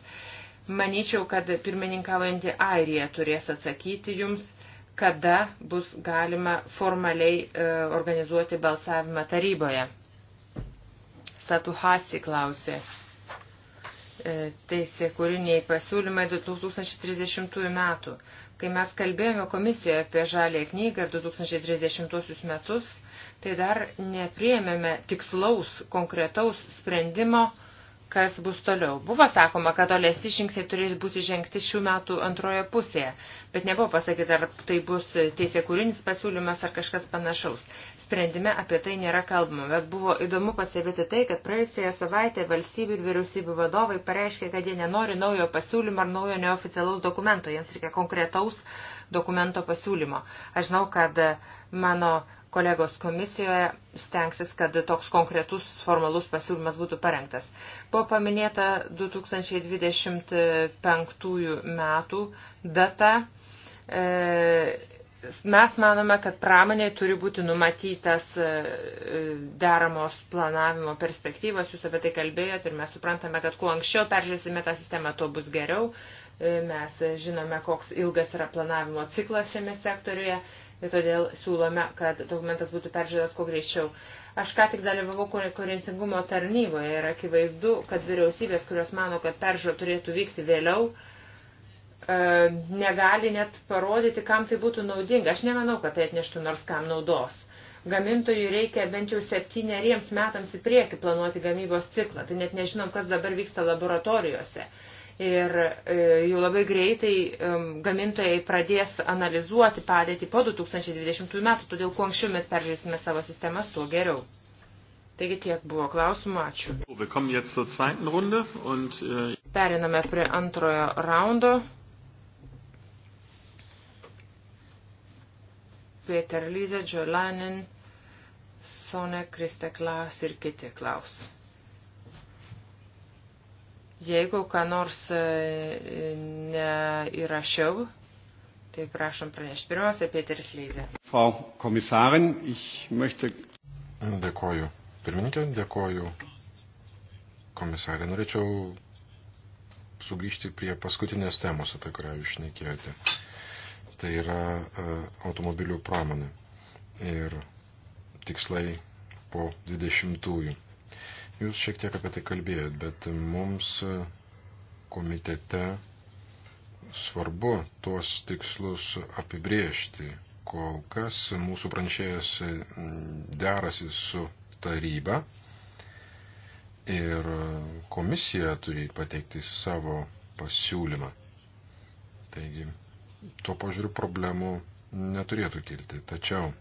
Manyčiau, kad pirmininkaujantį Airiją turės atsakyti jums, kada bus galima formaliai e, organizuoti balsavimą taryboje. Satuhasi klausė. E, teisė kūriniai pasiūlymai 2030 metų. Kai mes kalbėjome komisijoje apie žalę knygą 2030 metus, tai dar nepriemėme tikslaus, konkretaus sprendimo, kas bus toliau. Buvo sakoma, kad tolesni žingsniai turės būti žengti šių metų antroje pusėje, bet nebuvo pasakyta, ar tai bus teisė kūrinis pasiūlymas ar kažkas panašaus sprendime apie tai nėra kalbama, bet buvo įdomu pastebėti tai, kad praėjusioje savaitė valstybių ir vyriausybių vadovai pareiškė, kad jie nenori naujo pasiūlymo ar naujo neoficialaus dokumento, jiems reikia konkretaus dokumento pasiūlymo. Aš žinau, kad mano kolegos komisijoje stengsis, kad toks konkretus formalus pasiūlymas būtų parengtas. Buvo paminėta 2025 metų data. E, Mes manome, kad pramoniai turi būti numatytas e, e, deramos planavimo perspektyvos, jūs apie tai kalbėjot ir mes suprantame, kad kuo anksčiau peržiūrėsime tą sistemą, tuo bus geriau. E, mes žinome, koks ilgas yra planavimo ciklas šiame sektoriuje ir todėl siūlome, kad dokumentas būtų peržiūrėtas kuo greičiau. Aš ką tik dalyvavau konkurencingumo tarnyboje ir akivaizdu, kad vyriausybės, kurios mano, kad peržiūra turėtų vykti vėliau, E, negali net parodyti, kam tai būtų naudinga. Aš nemanau, kad tai atneštų nors kam naudos. Gamintojui reikia bent jau septyneriems metams į priekį planuoti gamybos ciklą. Tai net nežinom, kas dabar vyksta laboratorijose. Ir e, jau labai greitai e, gamintojai pradės analizuoti padėtį po 2020 metų, todėl kuo anksčiau mes peržiūrėsime savo sistemas, tuo geriau. Taigi tiek buvo klausimų, ačiū. Äh, Periname prie antrojo raundo. Pieter Lyze, Džiolanin, Sone Kriste Klaus ir kiti Klaus. Jeigu ką nors e, neįrašiau, tai prašom pranešti. Pirmiausia, Pieteris Lyze. Frau Komisarin, ich möchte. Dėkoju. Pirmininkė, dėkoju komisarė. Norėčiau sugrįžti prie paskutinės temos, apie kurią jūs šnekėjote tai yra e, automobilių pramonė ir tikslai po 20-ųjų. Jūs šiek tiek apie tai kalbėjot, bet mums komitete svarbu tuos tikslus apibriežti. Kol kas mūsų pranešėjas derasi su taryba ir komisija turi pateikti savo pasiūlymą. Taigi tuo požiūriu problemų neturėtų kilti. Tačiau,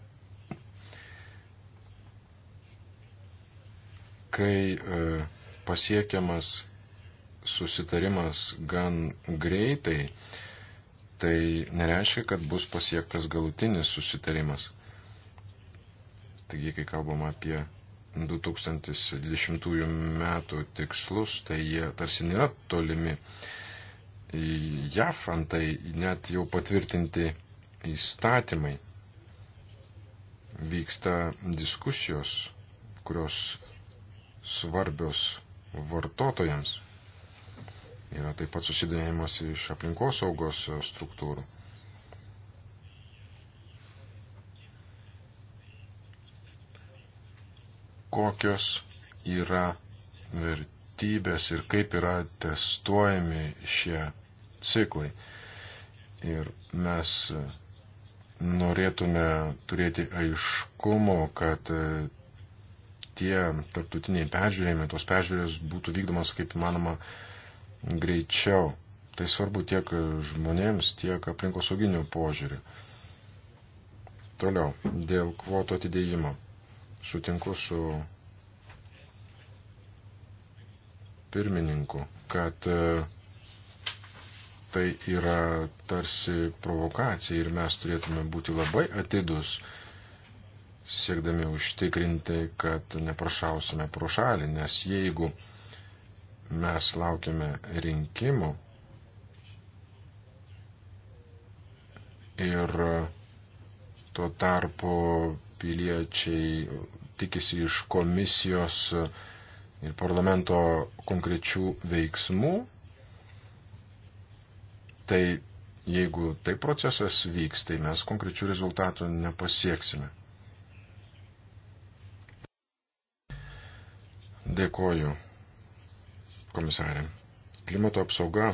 kai e, pasiekiamas susitarimas gan greitai, tai nereiškia, kad bus pasiektas galutinis susitarimas. Taigi, kai kalbam apie 2020 metų tikslus, tai jie tarsi nėra tolimi. JAF antai net jau patvirtinti įstatymai vyksta diskusijos, kurios svarbios vartotojams. Yra taip pat susidėjimas iš aplinkosaugos struktūrų. kokios yra vertybės ir kaip yra testuojami šie ciklai. Ir mes norėtume turėti aiškumo, kad e, tie tarptautiniai peržiūrėjimai, tos peržiūrės būtų vykdomos kaip įmanoma greičiau. Tai svarbu tiek žmonėms, tiek aplinkosauginių požiūrių. Toliau, dėl kvoto atidėjimo. Sutinku su pirmininku, kad uh, tai yra tarsi provokacija ir mes turėtume būti labai atidus, siekdami užtikrinti, kad neprašausime pro šalį, nes jeigu mes laukiame rinkimų ir tuo tarpu piliečiai tikisi iš komisijos ir parlamento konkrečių veiksmų, Tai jeigu tai procesas vyks, tai mes konkrečių rezultatų nepasieksime. Dėkoju, komisarė. Klimato apsauga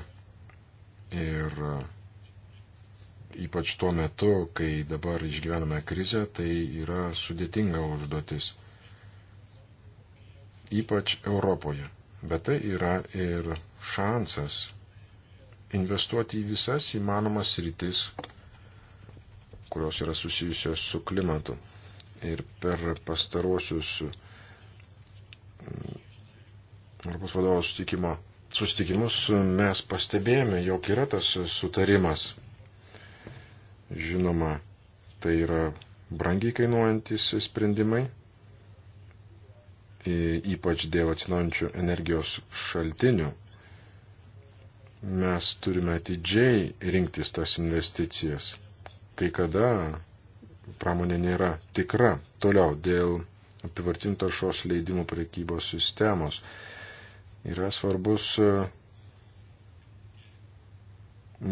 ir ypač tuo metu, kai dabar išgyvename krizę, tai yra sudėtinga užduotis. Ypač Europoje. Bet tai yra ir šansas investuoti į visas įmanomas rytis, kurios yra susijusios su klimatu. Ir per pastaruosius mm, Europos vadovo sustikimo sustikimus mes pastebėjome, jog yra tas sutarimas. Žinoma, tai yra brangiai kainuojantis sprendimai, ypač dėl atsinaujančių energijos šaltinių mes turime atidžiai rinktis tas investicijas. Kai kada pramonė nėra tikra. Toliau, dėl apivartinių taršos leidimų prekybos sistemos yra svarbus e,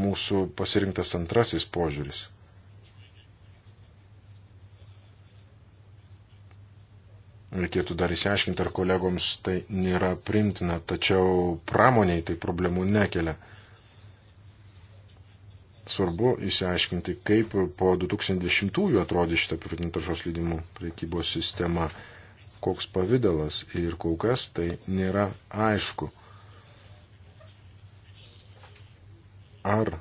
mūsų pasirinktas antrasis požiūris. Reikėtų dar įsiaiškinti, ar kolegoms tai nėra primtina, tačiau pramoniai tai problemų nekelia. Svarbu įsiaiškinti, kaip po 2010-ųjų atrodys šita pirtinių taršos leidimų prekybos sistema, koks pavydalas ir kol kas tai nėra aišku. Ar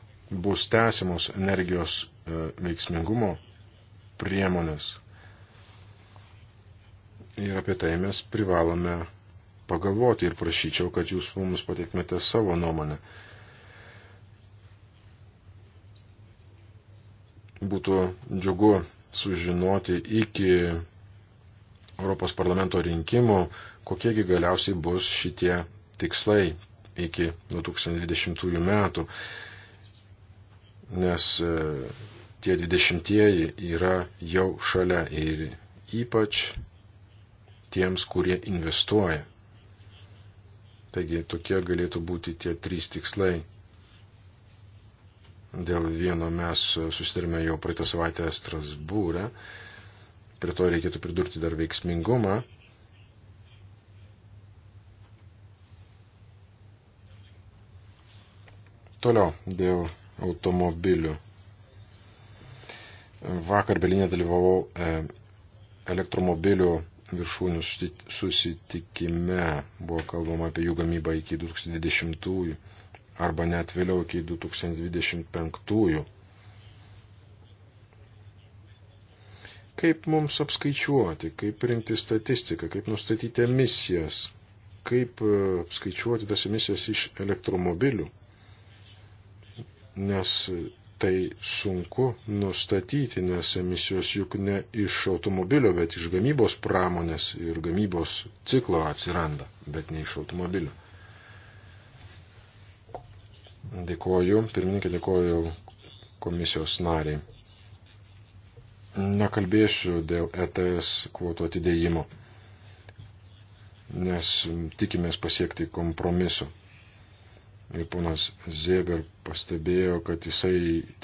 bus tęsimos energijos e, veiksmingumo priemonės, Ir apie tai mes privalome pagalvoti ir prašyčiau, kad jūs mums pateikmėte savo nuomonę. Būtų džiugu sužinoti iki Europos parlamento rinkimų, kokiegi galiausiai bus šitie tikslai iki 2020 metų, nes e, tie 20 yra jau šalia ir ypač tiems, kurie investuoja. Taigi tokie galėtų būti tie trys tikslai. Dėl vieno mes susitarėme jau praeitą savaitę Strasbūrę. Prie to reikėtų pridurti dar veiksmingumą. Toliau dėl automobilių. Vakar Belinė dalyvavau e, elektromobilių viršūnių susitikime buvo kalbama apie jų gamybą iki 2020 arba net vėliau iki 2025. Kaip mums apskaičiuoti, kaip rinkti statistiką, kaip nustatyti emisijas, kaip e, apskaičiuoti tas emisijas iš elektromobilių, nes tai sunku nustatyti, nes emisijos juk ne iš automobilio, bet iš gamybos pramonės ir gamybos ciklo atsiranda, bet ne iš automobilio. Dėkoju, pirmininkė, dėkoju komisijos nariai. Nekalbėsiu dėl ETS kvotų atidėjimo, nes tikimės pasiekti kompromisu. Ir ponas Zėber pastebėjo, kad jisai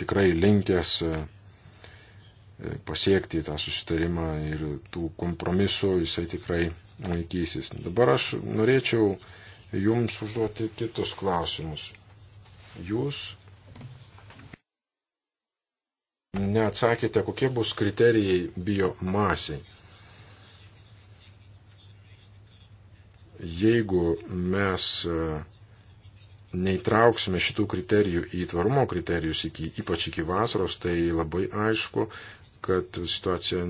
tikrai linkęs e, e, pasiekti tą susitarimą ir tų kompromisų jisai tikrai laikysis. Dabar aš norėčiau jums užduoti kitus klausimus. Jūs neatsakėte, kokie bus kriterijai biomasiai. Jeigu mes e, neįtrauksime šitų kriterijų į tvarumo kriterijus, iki, ypač iki vasaros, tai labai aišku, kad situacija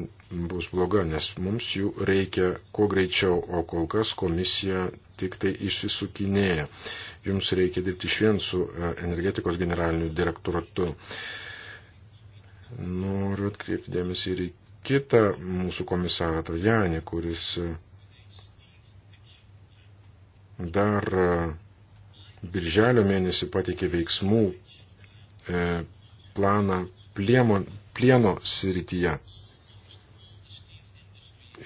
bus bloga, nes mums jų reikia kuo greičiau, o kol kas komisija tik tai išsisukinėja. Jums reikia dirbti iš vien su e, energetikos generaliniu direktoratu. Noriu atkreipti dėmesį ir į kitą mūsų komisarą Trajanį, kuris e, dar e, birželio mėnesį pateikė veiksmų e, planą pliemo, plieno srityje.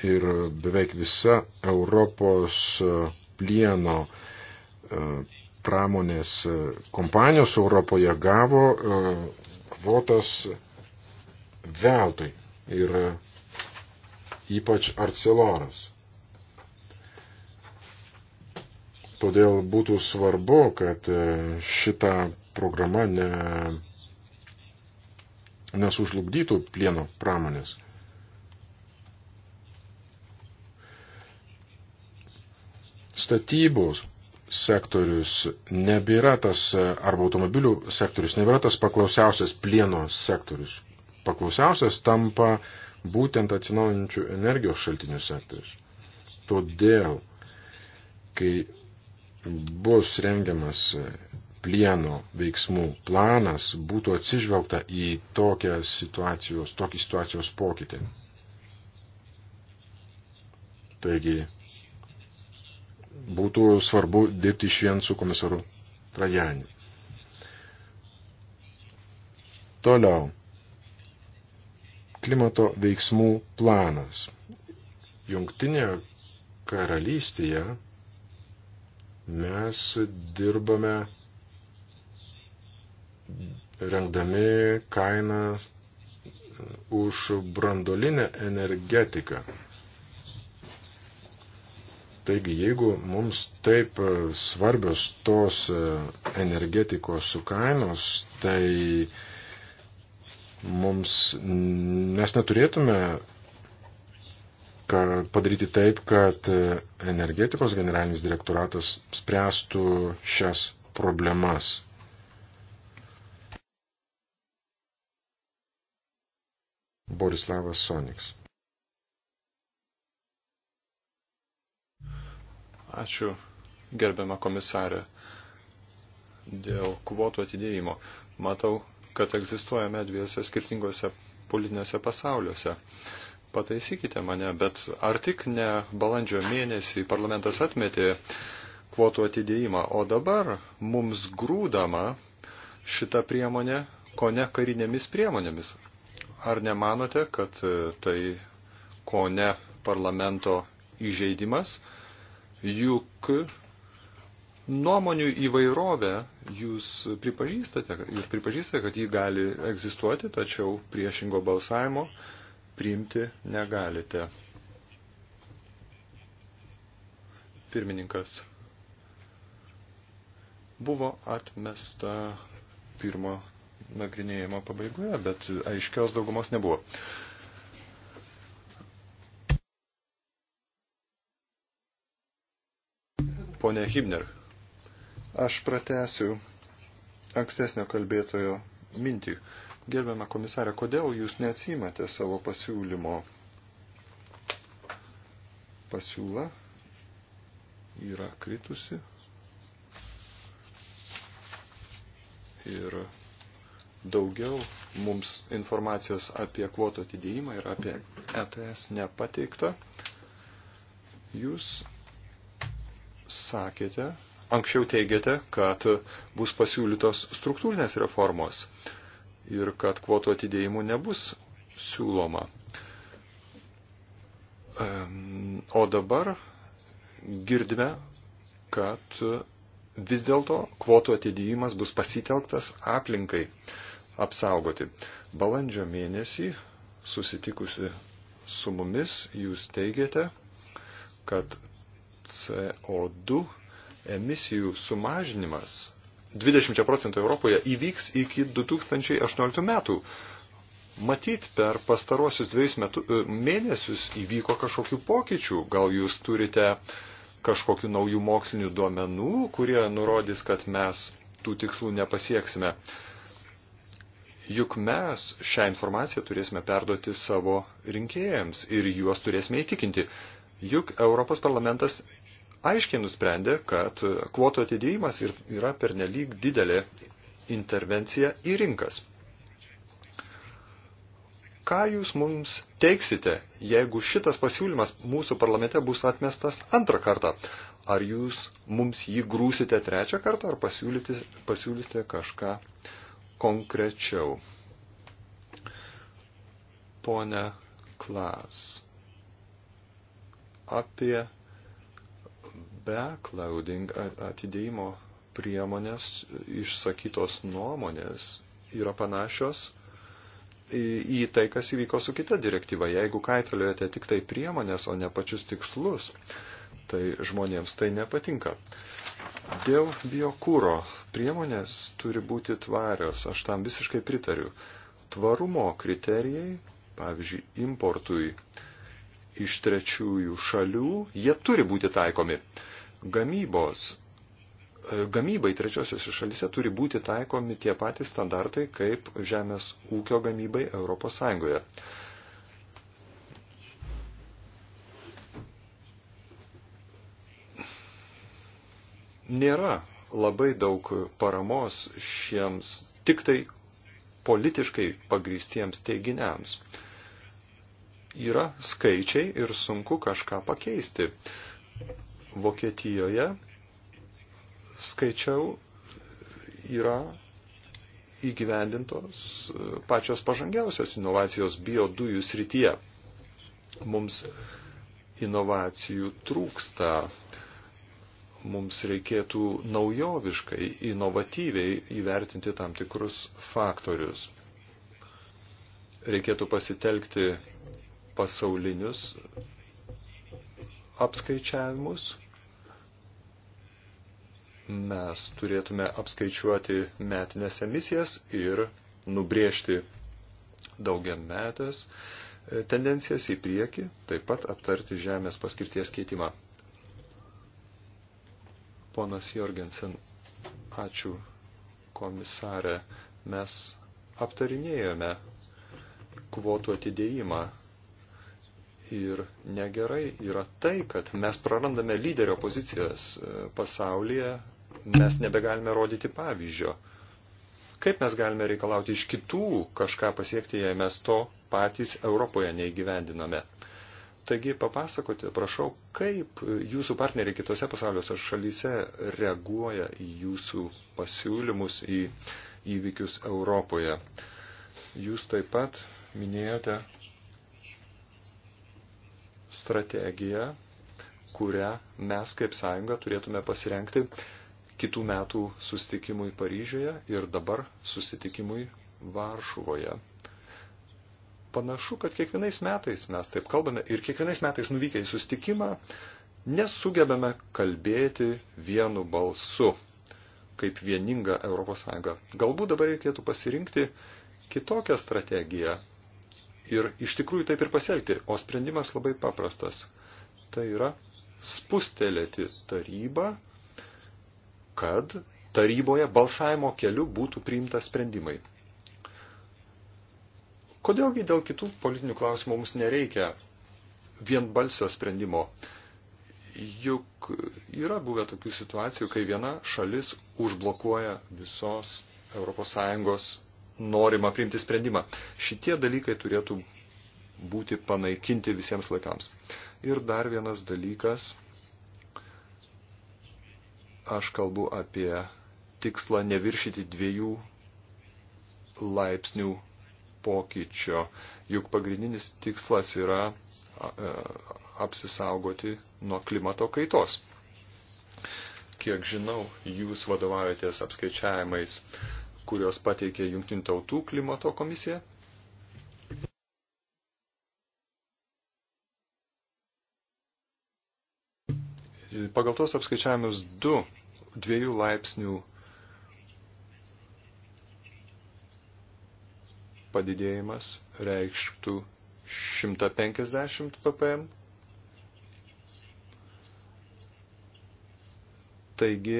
Ir beveik visa Europos e, plieno e, pramonės kompanijos Europoje gavo kvotas veltui ir ypač arceloras. Todėl būtų svarbu, kad e, šita programa ne, nesužlugdytų plieno pramonės. Statybos sektorius nebėra tas, e, arba automobilių sektorius nebėra tas paklausiausias plieno sektorius. Paklausiausias tampa būtent atsinaujinčių energijos šaltinių sektorius. Todėl, kai bus rengiamas plieno veiksmų planas, būtų atsižvelgta į tokią situacijos, tokį situacijos pokytį. Taigi, būtų svarbu dirbti iš vien su komisaru Trajani. Toliau. Klimato veiksmų planas. Jungtinėje karalystėje mes dirbame rengdami kainą už brandolinę energetiką. Taigi, jeigu mums taip svarbios tos energetikos kainos, tai mums mes neturėtume padaryti taip, kad e, energetikos generalinis direktoratas spręstų šias problemas. Borislavas Soniks. Ačiū, gerbiama komisarė. Dėl kvotų atidėjimo matau, kad egzistuojame dviejose skirtingose politinėse pasauliuose pataisykite mane, bet ar tik ne balandžio mėnesį parlamentas atmetė kvotų atidėjimą, o dabar mums grūdama šita priemonė, ko ne karinėmis priemonėmis. Ar nemanote, kad e, tai ko ne parlamento įžeidimas, juk nuomonių įvairovę jūs pripažįstate ir pripažįstate, kad ji gali egzistuoti, tačiau priešingo balsavimo priimti negalite. Pirmininkas. Buvo atmesta pirmo nagrinėjimo pabaigoje, bet aiškios daugumos nebuvo. Pone Hibner, aš pratęsiu ankstesnio kalbėtojo mintį. Gerbiama komisarė, kodėl jūs neatsimate savo pasiūlymo? Pasiūla yra kritusi ir daugiau mums informacijos apie kvotų atidėjimą ir apie ETS nepateikta. Jūs sakėte, anksčiau teigėte, kad bus pasiūlytos struktūrinės reformos ir kad kvotų atidėjimų nebus siūloma. O dabar girdime, kad vis dėlto kvotų atidėjimas bus pasitelktas aplinkai apsaugoti. Balandžio mėnesį susitikusi su mumis jūs teigiate, kad CO2 emisijų sumažinimas 20 procentų Europoje įvyks iki 2018 metų. Matyt, per pastarosius dviejus metu, e, mėnesius įvyko kažkokių pokyčių. Gal jūs turite kažkokių naujų mokslinių duomenų, kurie nurodys, kad mes tų tikslų nepasieksime. Juk mes šią informaciją turėsime perduoti savo rinkėjams ir juos turėsime įtikinti. Juk Europos parlamentas aiškiai nusprendė, kad kvotų atidėjimas yra pernelyg didelė intervencija į rinkas. Ką jūs mums teiksite, jeigu šitas pasiūlymas mūsų parlamente bus atmestas antrą kartą? Ar jūs mums jį grūsite trečią kartą, ar pasiūlysite kažką konkrečiau? Pone Klas, apie backloading atidėjimo priemonės išsakytos nuomonės yra panašios į tai, kas įvyko su kita direktyva. Jeigu kaitaliojate tik tai priemonės, o ne pačius tikslus, tai žmonėms tai nepatinka. Dėl biokūro priemonės turi būti tvarios, aš tam visiškai pritariu. Tvarumo kriterijai, pavyzdžiui, importui iš trečiųjų šalių, jie turi būti taikomi gamybos. E, gamybai trečiosiuose šalise turi būti taikomi tie patys standartai kaip žemės ūkio gamybai Europos Sąjungoje. Nėra labai daug paramos šiems tik tai politiškai pagrįstiems teiginiams. Yra skaičiai ir sunku kažką pakeisti. Vokietijoje, skaičiau, yra įgyvendintos e, pačios pažangiausios inovacijos biodujų srityje. Mums inovacijų trūksta, mums reikėtų naujoviškai, inovatyviai įvertinti tam tikrus faktorius. Reikėtų pasitelkti pasaulinius apskaičiavimus mes turėtume apskaičiuoti metinės emisijas ir nubriežti daugiametės e, tendencijas į priekį, taip pat aptarti žemės paskirties keitimą. Ponas Jorgensen, ačiū komisarė, mes aptarinėjome kvotų atidėjimą ir negerai yra tai, kad mes prarandame lyderio pozicijas e, pasaulyje mes nebegalime rodyti pavyzdžio. Kaip mes galime reikalauti iš kitų kažką pasiekti, jei mes to patys Europoje neįgyvendiname? Taigi papasakoti, prašau, kaip jūsų partneriai kitose pasauliuose šalyse reaguoja į jūsų pasiūlymus, į įvykius Europoje. Jūs taip pat minėjote strategiją, kurią mes kaip sąjunga turėtume pasirenkti kitų metų susitikimui Paryžiuje ir dabar susitikimui Varšuvoje. Panašu, kad kiekvienais metais mes taip kalbame ir kiekvienais metais nuvykę į susitikimą nesugebame kalbėti vienu balsu kaip vieninga ES. Galbūt dabar reikėtų pasirinkti kitokią strategiją ir iš tikrųjų taip ir pasielgti, o sprendimas labai paprastas. Tai yra spustelėti tarybą kad taryboje balsavimo keliu būtų priimta sprendimai. Kodėlgi dėl kitų politinių klausimų mums nereikia vienbalsio sprendimo? Juk yra buvę tokių situacijų, kai viena šalis užblokuoja visos ES norimą priimti sprendimą. Šitie dalykai turėtų būti panaikinti visiems laikams. Ir dar vienas dalykas Aš kalbu apie tikslą neviršyti dviejų laipsnių pokyčio, juk pagrindinis tikslas yra e, apsisaugoti nuo klimato kaitos. Kiek žinau, jūs vadovaujatės apskaičiavimais, kurios pateikė Junktinių tautų klimato komisija Pagal tos apskaičiavimus 2 dviejų laipsnių padidėjimas reikštų 150 ppm. Taigi,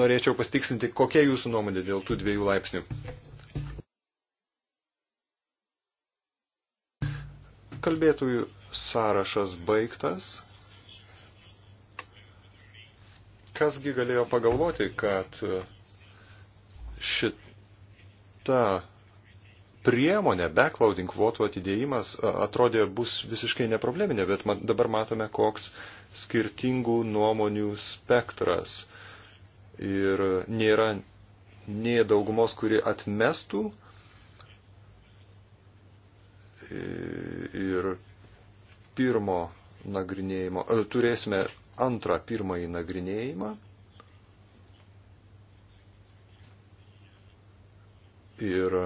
norėčiau pastikslinti, kokia jūsų nuomonė dėl tų dviejų laipsnių. Kalbėtųjų sąrašas baigtas. Kasgi galėjo pagalvoti, kad e, šita priemonė, backloading kvotų atidėjimas e, atrodė bus visiškai neprobleminė, bet dabar matome, koks skirtingų nuomonių spektras. Ir nėra nė daugumos, kuri atmestų e, ir pirmo nagrinėjimo. Turėsime antrą pirmąjį nagrinėjimą ir e,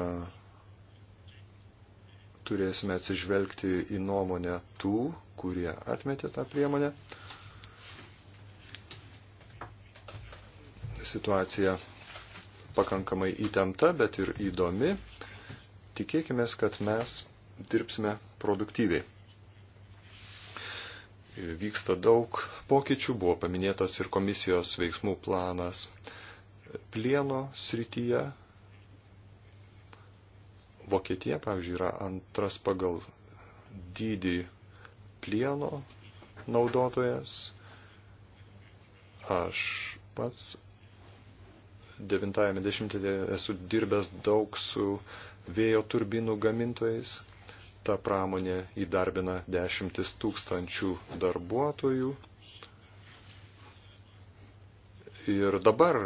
turėsime atsižvelgti į nuomonę tų, kurie atmetė tą priemonę. Situacija pakankamai įtempta, bet ir įdomi. Tikėkime, kad mes dirbsime produktyviai. Vyksta daug pokyčių, buvo paminėtas ir komisijos veiksmų planas plieno srityje. Vokietija, pavyzdžiui, yra antras pagal dydį plieno naudotojas. Aš pats 90-ąją esu dirbęs daug su vėjo turbinų gamintojais ta pramonė įdarbina dešimtis tūkstančių darbuotojų. Ir dabar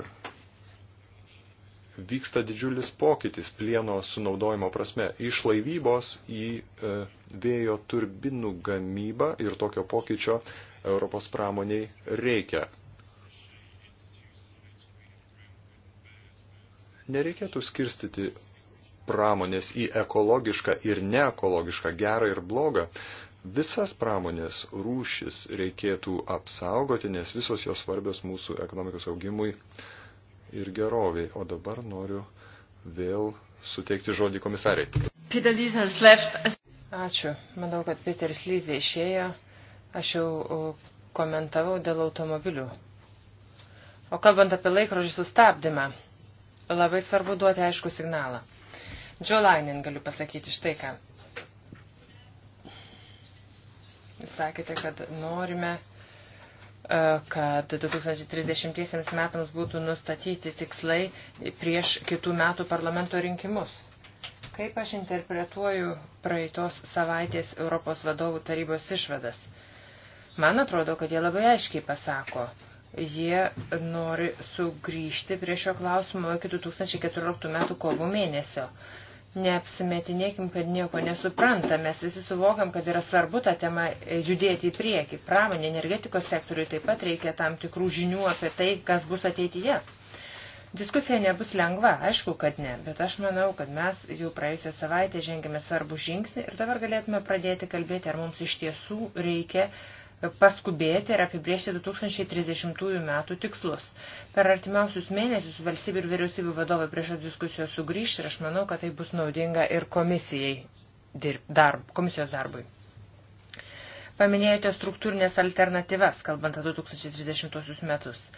vyksta didžiulis pokytis plieno sunaudojimo prasme iš laivybos į e, vėjo turbinų gamybą ir tokio pokyčio Europos pramoniai reikia. Nereikėtų skirstyti pramonės į ekologišką ir neekologišką, gerą ir blogą. Visas pramonės rūšis reikėtų apsaugoti, nes visos jos svarbios mūsų ekonomikos augimui ir geroviai. O dabar noriu vėl suteikti žodį komisariai. Ačiū. Manau, kad Peteris Lyzė išėjo. Aš jau komentavau dėl automobilių. O kalbant apie laikrodžių sustabdymą, labai svarbu duoti aišku signalą. Džolainin galiu pasakyti štai ką. Sakėte, kad norime e, kad 2030 metams būtų nustatyti tikslai prieš kitų metų parlamento rinkimus. Kaip aš interpretuoju praeitos savaitės Europos vadovų tarybos išvadas? Man atrodo, kad jie labai aiškiai pasako. Jie nori sugrįžti prie šio klausimo iki 2014 metų kovo mėnesio. Neapsimetinėkim, kad nieko nesuprantam. Mes visi suvokiam, kad yra svarbu tą temą judėti į priekį. Pramonė, energetikos sektoriui taip pat reikia tam tikrų žinių apie tai, kas bus ateityje. Diskusija nebus lengva, aišku, kad ne, bet aš manau, kad mes jau praėjusią savaitę žengėme svarbų žingsnį ir dabar galėtume pradėti kalbėti, ar mums iš tiesų reikia uh, paskubėti ir apibriežti 2030 metų tikslus. Per artimiausius mėnesius valstybių ir vyriausybių vadovai prie šios diskusijos sugrįš ir aš manau, kad tai bus naudinga ir komisijai, darb, komisijos darbui. Paminėjote struktūrinės alternatyvas, kalbant apie 2030 metus.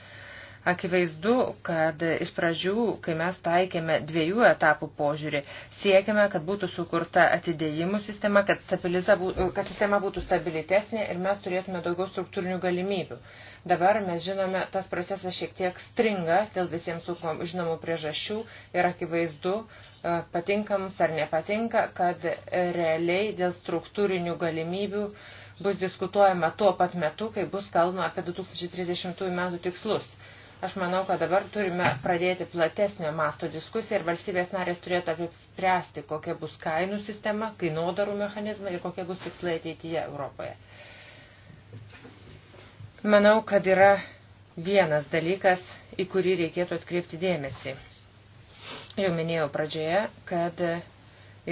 Akivaizdu, kad iš pradžių, kai mes taikėme dviejų etapų požiūrį, siekėme, kad būtų sukurta atidėjimų sistema, kad, kad sistema būtų stabilitesnė ir mes turėtume daugiau struktūrinių galimybių. Dabar mes žinome, tas procesas šiek tiek stringa dėl visiems žinomų priežasčių ir akivaizdu, e, patinka mums ar nepatinka, kad realiai dėl struktūrinių galimybių bus diskutuojama tuo pat metu, kai bus kalbama apie 2030 metų tikslus Aš manau, kad dabar turime pradėti platesnio masto diskusiją ir valstybės narės turėtų apspręsti, kokia bus kainų sistema, kainodarų mechanizmai ir kokie bus tikslai ateityje Europoje. Manau, kad yra vienas dalykas, į kurį reikėtų atkreipti dėmesį. Jau minėjau pradžioje, kad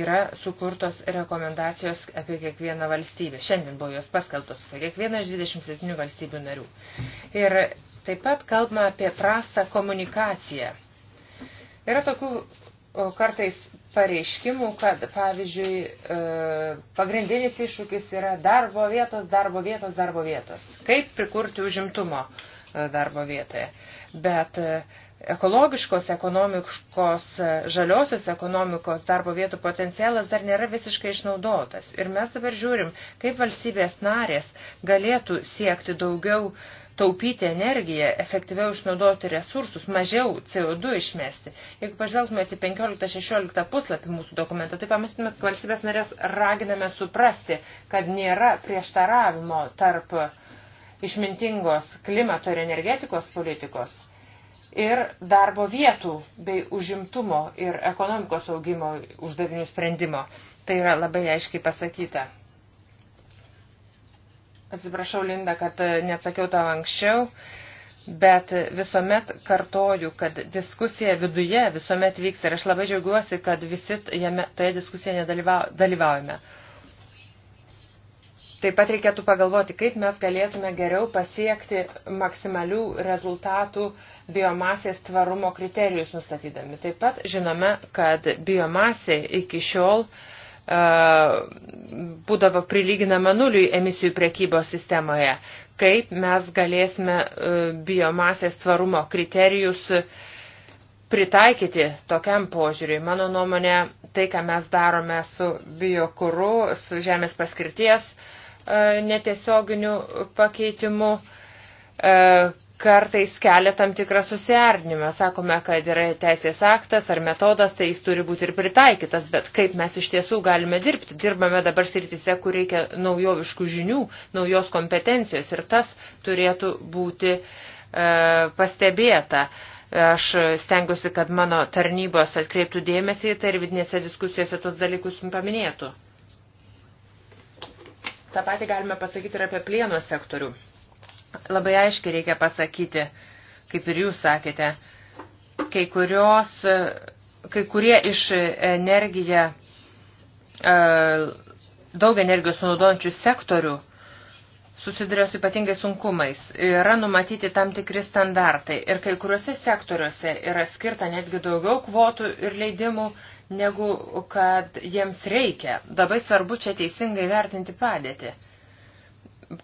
yra sukurtos rekomendacijos apie kiekvieną valstybę. Šiandien buvo jos paskaltos apie kiekvieną iš 27 valstybių narių. Ir Taip pat kalbama apie prastą komunikaciją. Yra tokių kartais pareiškimų, kad, pavyzdžiui, e, pagrindinis iššūkis yra darbo vietos, darbo vietos, darbo vietos. Kaip prikurti užimtumo e, darbo vietoje. Bet e, ekologiškos ekonomikos, žaliosios ekonomikos darbo vietų potencialas dar nėra visiškai išnaudotas. Ir mes dabar žiūrim, kaip valstybės narės galėtų siekti daugiau uh, taupyti energiją, efektyviau išnaudoti resursus, mažiau CO2 išmesti. Jeigu pažvelgtumėte 15-16 puslapį mūsų dokumento, tai pamatytumėt, kad valstybės narės raginame suprasti, kad nėra prieštaravimo tarp išmintingos klimato ir energetikos politikos ir darbo vietų bei užimtumo ir ekonomikos augimo uždavinių sprendimo. Tai yra labai aiškiai pasakyta. Atsiprašau, Linda, kad e, neatsakiau tau anksčiau, bet visuomet kartoju, kad diskusija viduje visuomet vyks ir aš labai džiaugiuosi, kad visi jame, toje diskusijoje dalyvaujame. Taip pat reikėtų pagalvoti, kaip mes galėtume geriau pasiekti maksimalių rezultatų biomasės tvarumo kriterijus nustatydami. Taip pat žinome, kad biomasė iki šiol uh, E, būdavo prilyginama nuliui emisijų prekybos sistemoje. Kaip mes galėsime e, biomasės tvarumo kriterijus pritaikyti tokiam požiūriui. Mano nuomonė, tai, ką mes darome su biokuru, su žemės paskirties e, netiesioginiu pakeitimu, kartais kelia tam tikrą susiarnimą. Sakome, kad yra teisės aktas ar metodas, tai jis turi būti ir pritaikytas, bet kaip mes iš tiesų galime dirbti. Dirbame dabar sritise, kur reikia naujoviškų žinių, naujos kompetencijos ir tas turėtų būti e, pastebėta. Aš stengiuosi, kad mano tarnybos atkreiptų dėmesį į tai ir vidinėse diskusijose tos dalykus paminėtų. Ta pati galime pasakyti ir apie plieno sektorių. Labai aiškiai reikia pasakyti, kaip ir jūs sakėte, kai, kurios, e, kai kurie iš energiją, e, daug energijos sunaudojančių sektorių susiduria su ypatingai sunkumais. Yra numatyti tam tikri standartai ir kai kuriuose sektoriuose yra skirta netgi daugiau kvotų ir leidimų, negu kad jiems reikia. Labai svarbu čia teisingai vertinti padėtį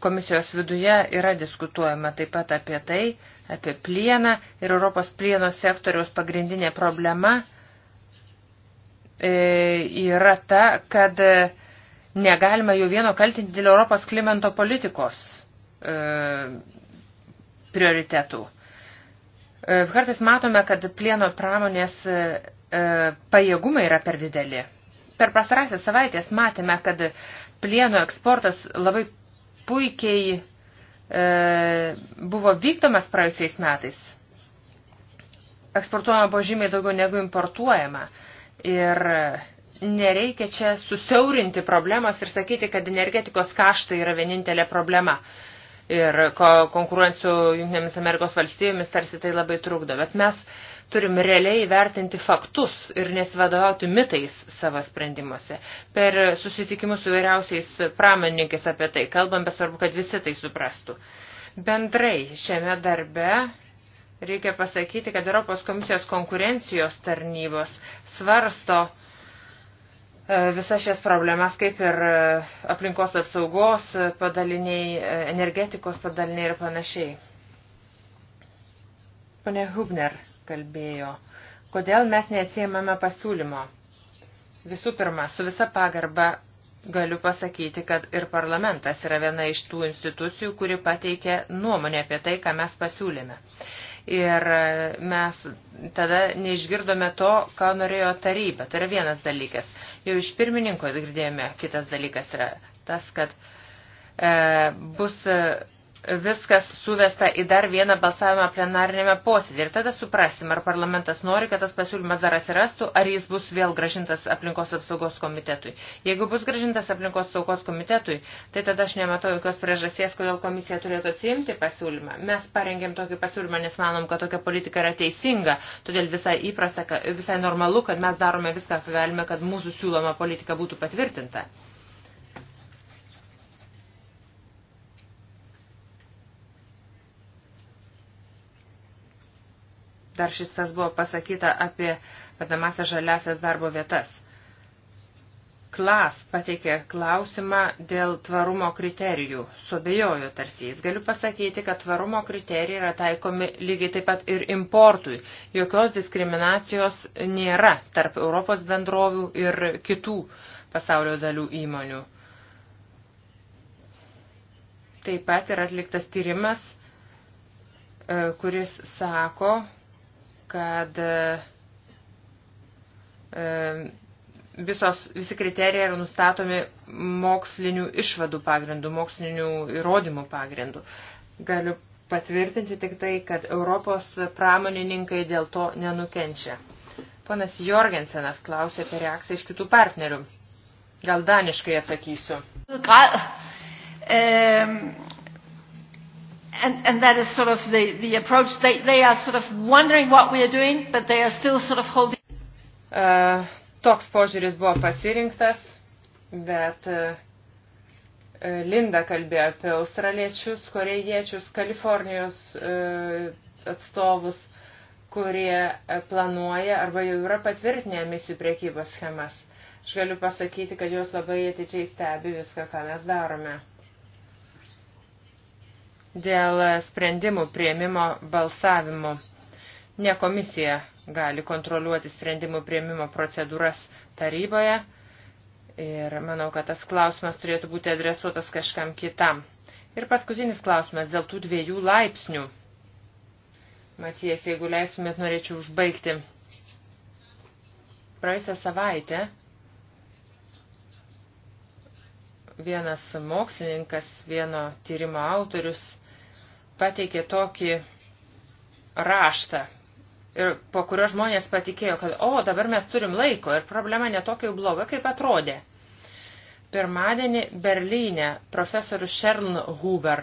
komisijos viduje yra diskutuojama taip pat apie tai, apie plieną ir Europos plieno sektoriaus pagrindinė problema e, yra ta, kad negalima jų vieno kaltinti dėl Europos klimento politikos e, prioritetų. E, kartais matome, kad plieno pramonės pajėgumai yra per dideli. Per pasarąsias savaitės matėme, kad plieno eksportas labai puikiai e, buvo vykdomas praėjusiais metais. Eksportuojama buvo žymiai daugiau negu importuojama. Ir nereikia čia susiaurinti problemos ir sakyti, kad energetikos kaštai yra vienintelė problema. Ir ko, konkuruojant su Junktinėmis Amerikos valstybėmis tarsi tai labai trukdo. Bet mes uh, Turim realiai vertinti faktus ir nesivadovauti mitais savo sprendimuose. Per susitikimus su vairiausiais pramoninkais apie tai kalbam, bet svarbu, kad visi tai suprastų. Bendrai šiame darbe reikia pasakyti, kad Europos komisijos konkurencijos tarnybos svarsto e, visas šias problemas, kaip ir e, aplinkos apsaugos padaliniai, e, energetikos padaliniai ir panašiai. Pane Hubner, kalbėjo. Kodėl mes neatsiemame pasiūlymo? Visų pirma, su visa pagarba galiu pasakyti, kad ir parlamentas yra viena iš tų institucijų, kuri pateikė nuomonę apie tai, ką mes pasiūlėme. Ir e, mes tada neišgirdome to, ką norėjo taryba. Tai yra vienas dalykas. Jau iš pirmininko girdėjome, kitas dalykas yra tas, kad e, bus viskas suvesta į dar vieną balsavimą plenarinėme posėdį. Ir tada suprasim, ar parlamentas nori, kad tas pasiūlymas dar atsirastų, ar jis bus vėl gražintas aplinkos apsaugos komitetui. Jeigu bus gražintas aplinkos apsaugos komitetui, tai tada aš nematau jokios priežasties, kodėl komisija turėtų atsiimti pasiūlymą. Mes parengėm tokį pasiūlymą, nes manom, kad tokia politika yra teisinga, todėl visai įprasta, visai normalu, kad mes darome viską, ką galime, kad mūsų siūloma politika būtų patvirtinta. Dar šis tas buvo pasakyta apie vadamasias žaliasias darbo vietas. Klas pateikė klausimą dėl tvarumo kriterijų. Sobejojo tarsi jais. Galiu pasakyti, kad tvarumo kriterijai yra taikomi lygiai taip pat ir importui. Jokios diskriminacijos nėra tarp Europos bendrovių ir kitų pasaulio dalių įmonių. Taip pat yra atliktas tyrimas, e, kuris sako, kad e, visos, visi kriterijai yra nustatomi mokslinių išvadų pagrindų, mokslinių įrodymų pagrindų. Galiu patvirtinti tik tai, kad Europos pramonininkai dėl to nenukenčia. Ponas Jorgensenas klausė apie reakciją iš kitų partnerių. Gal daniškai atsakysiu. Gal, e, and, and that is sort of the, the approach. They, they are sort of wondering what we are doing, but they are still sort of holding. Uh, toks požiūris buvo pasirinktas, bet uh, uh Linda kalbėjo apie australiečius, korejiečius, Kalifornijos uh, atstovus, kurie uh, planuoja arba jau yra patvirtinę emisijų priekybos schemas. Aš galiu pasakyti, kad jos labai atidžiai stebi viską, ką mes darome dėl sprendimų prieimimo balsavimo. Ne komisija gali kontroliuoti sprendimų prieimimo procedūras taryboje ir manau, kad tas klausimas turėtų būti adresuotas kažkam kitam. Ir paskutinis klausimas dėl tų dviejų laipsnių. Matijas, jeigu leistumėt, norėčiau užbaigti. Praėjusią savaitę vienas mokslininkas, vieno tyrimo autorius pateikė tokį raštą, ir po kurio žmonės patikėjo, kad, o, dabar mes turim laiko ir problema netokia jau bloga, kaip atrodė. Pirmadienį Berlyne profesorius Šern Huber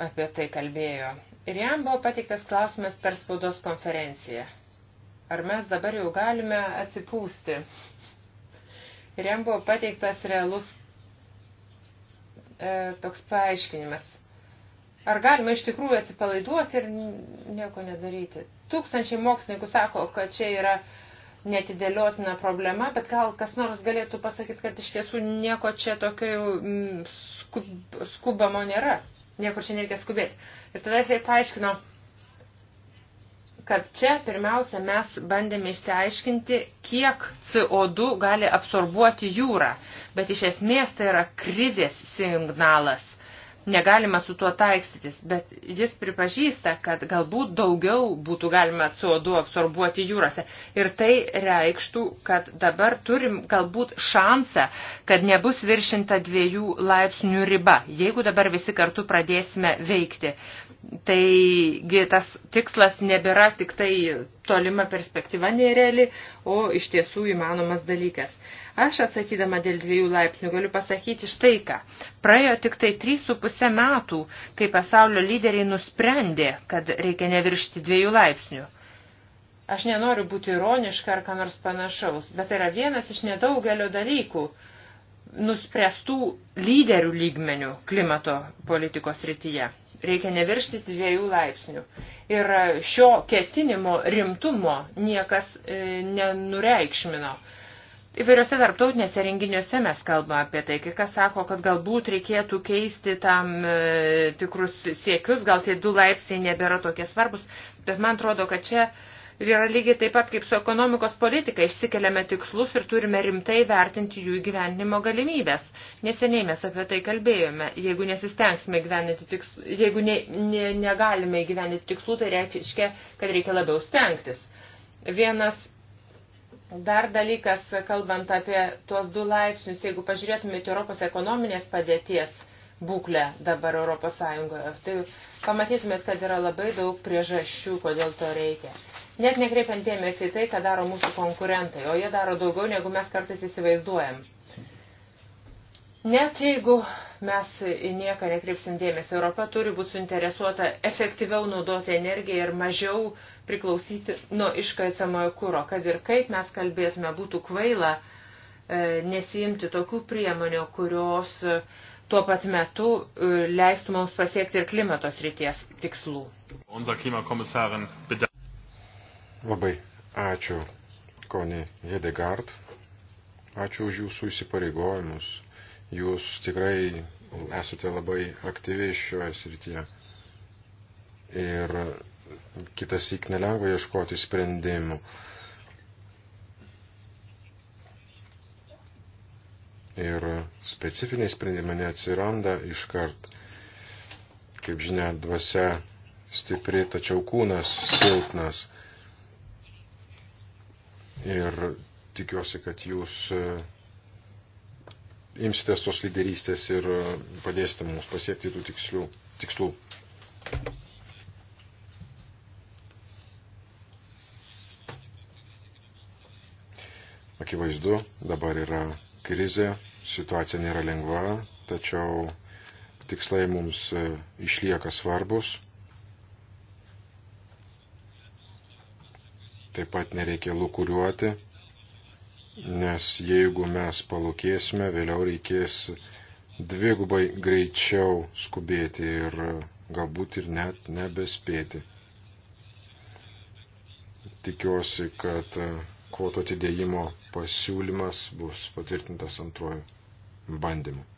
apie tai kalbėjo. Ir jam buvo pateiktas klausimas per spaudos konferenciją. Ar mes dabar jau galime atsipūsti? Ir jam buvo pateiktas realus e, toks paaiškinimas. Ar galima iš tikrųjų atsipalaiduoti ir nieko nedaryti? Tūkstančiai mokslininkų sako, kad čia yra netidėliotina problema, bet gal kas nors galėtų pasakyti, kad iš tiesų nieko čia tokio jau mm, skub, skubamo nėra, niekur čia nereikia skubėti. Ir tada jisai paaiškino, kad čia pirmiausia mes bandėme išsiaiškinti, kiek CO2 gali absorbuoti jūrą, bet iš esmės tai yra krizės signalas negalima su tuo taikstytis, bet jis pripažįsta, kad galbūt daugiau būtų galima CO2 absorbuoti jūrose. Ir tai reikštų, kad dabar turim galbūt šansą, kad nebus viršinta dviejų laipsnių riba, jeigu dabar visi kartu pradėsime veikti. Taigi tas tikslas nebėra tik tai tolima perspektyva nereali, o iš tiesų įmanomas dalykas. Aš atsakydama dėl dviejų laipsnių galiu pasakyti štai ką. Praėjo tik tai 3,5 metų, kai pasaulio lyderiai nusprendė, kad reikia neviršti dviejų laipsnių. Aš nenoriu būti ironiška ar ką nors panašaus, bet tai yra vienas iš nedaugelio dalykų nuspręstų lyderių lygmenių klimato politikos rytyje reikia neviršti dviejų laipsnių. Ir šio ketinimo rimtumo niekas e, nenureikšmino. Įvairiuose tarptautinėse renginiuose mes kalbame apie tai, kai kas sako, kad galbūt reikėtų keisti tam e, tikrus siekius, gal tie du laipsniai nebėra tokie svarbus, bet man atrodo, kad čia yra lygiai taip pat kaip su ekonomikos politika, išsikeliame tikslus ir turime rimtai vertinti jų gyvenimo galimybės. Neseniai mes apie tai kalbėjome, jeigu nesistengsime gyveninti tikslų, jeigu ne, ne, negalime gyveninti tikslų, tai reiškia, kad reikia labiau stengtis. Vienas Dar dalykas, kalbant apie tuos du laipsnius, jeigu pažiūrėtumėte Europos ekonominės padėties būklę dabar Europos Sąjungoje, tai pamatytumėt, kad yra labai daug priežasčių, kodėl to reikia. Net nekreipiant dėmesį į tai, ką daro mūsų konkurentai, o jie daro daugiau, negu mes kartais įsivaizduojam. Net jeigu mes į nieką nekreipsim dėmesį, Europa turi būti suinteresuota efektyviau naudoti energiją ir mažiau uh, priklausyti nuo iškaisamojo kūro. Kad ir kaip mes kalbėtume, būtų kvaila e, nesijimti tokių priemonių, kurios e, tuo pat metu e, leistų mums pasiekti ir klimatos ryties tikslų. Labai ačiū, Koni Hedegard. Ačiū už jūsų įsipareigojimus. Jūs tikrai esate labai aktyvi šioje srityje. Ir kitas įk nelengva ieškoti sprendimų. Ir specifiniai sprendimai neatsiranda iškart. Kaip žinia, dvasia stipri, tačiau kūnas silpnas. Ir tikiuosi, kad jūs e, imsitės tos lyderystės ir e, padėsite mums pasiekti tų tikslių, tikslų. Akivaizdu, dabar yra krizė, situacija nėra lengva, tačiau tikslai mums e, išlieka svarbus. Taip pat nereikia lūkuriuoti, nes jeigu mes palūkėsime, vėliau reikės dvigubai greičiau skubėti ir galbūt ir net nebespėti. Tikiuosi, kad e, kvoto atidėjimo pasiūlymas bus patvirtintas antruoju bandymu.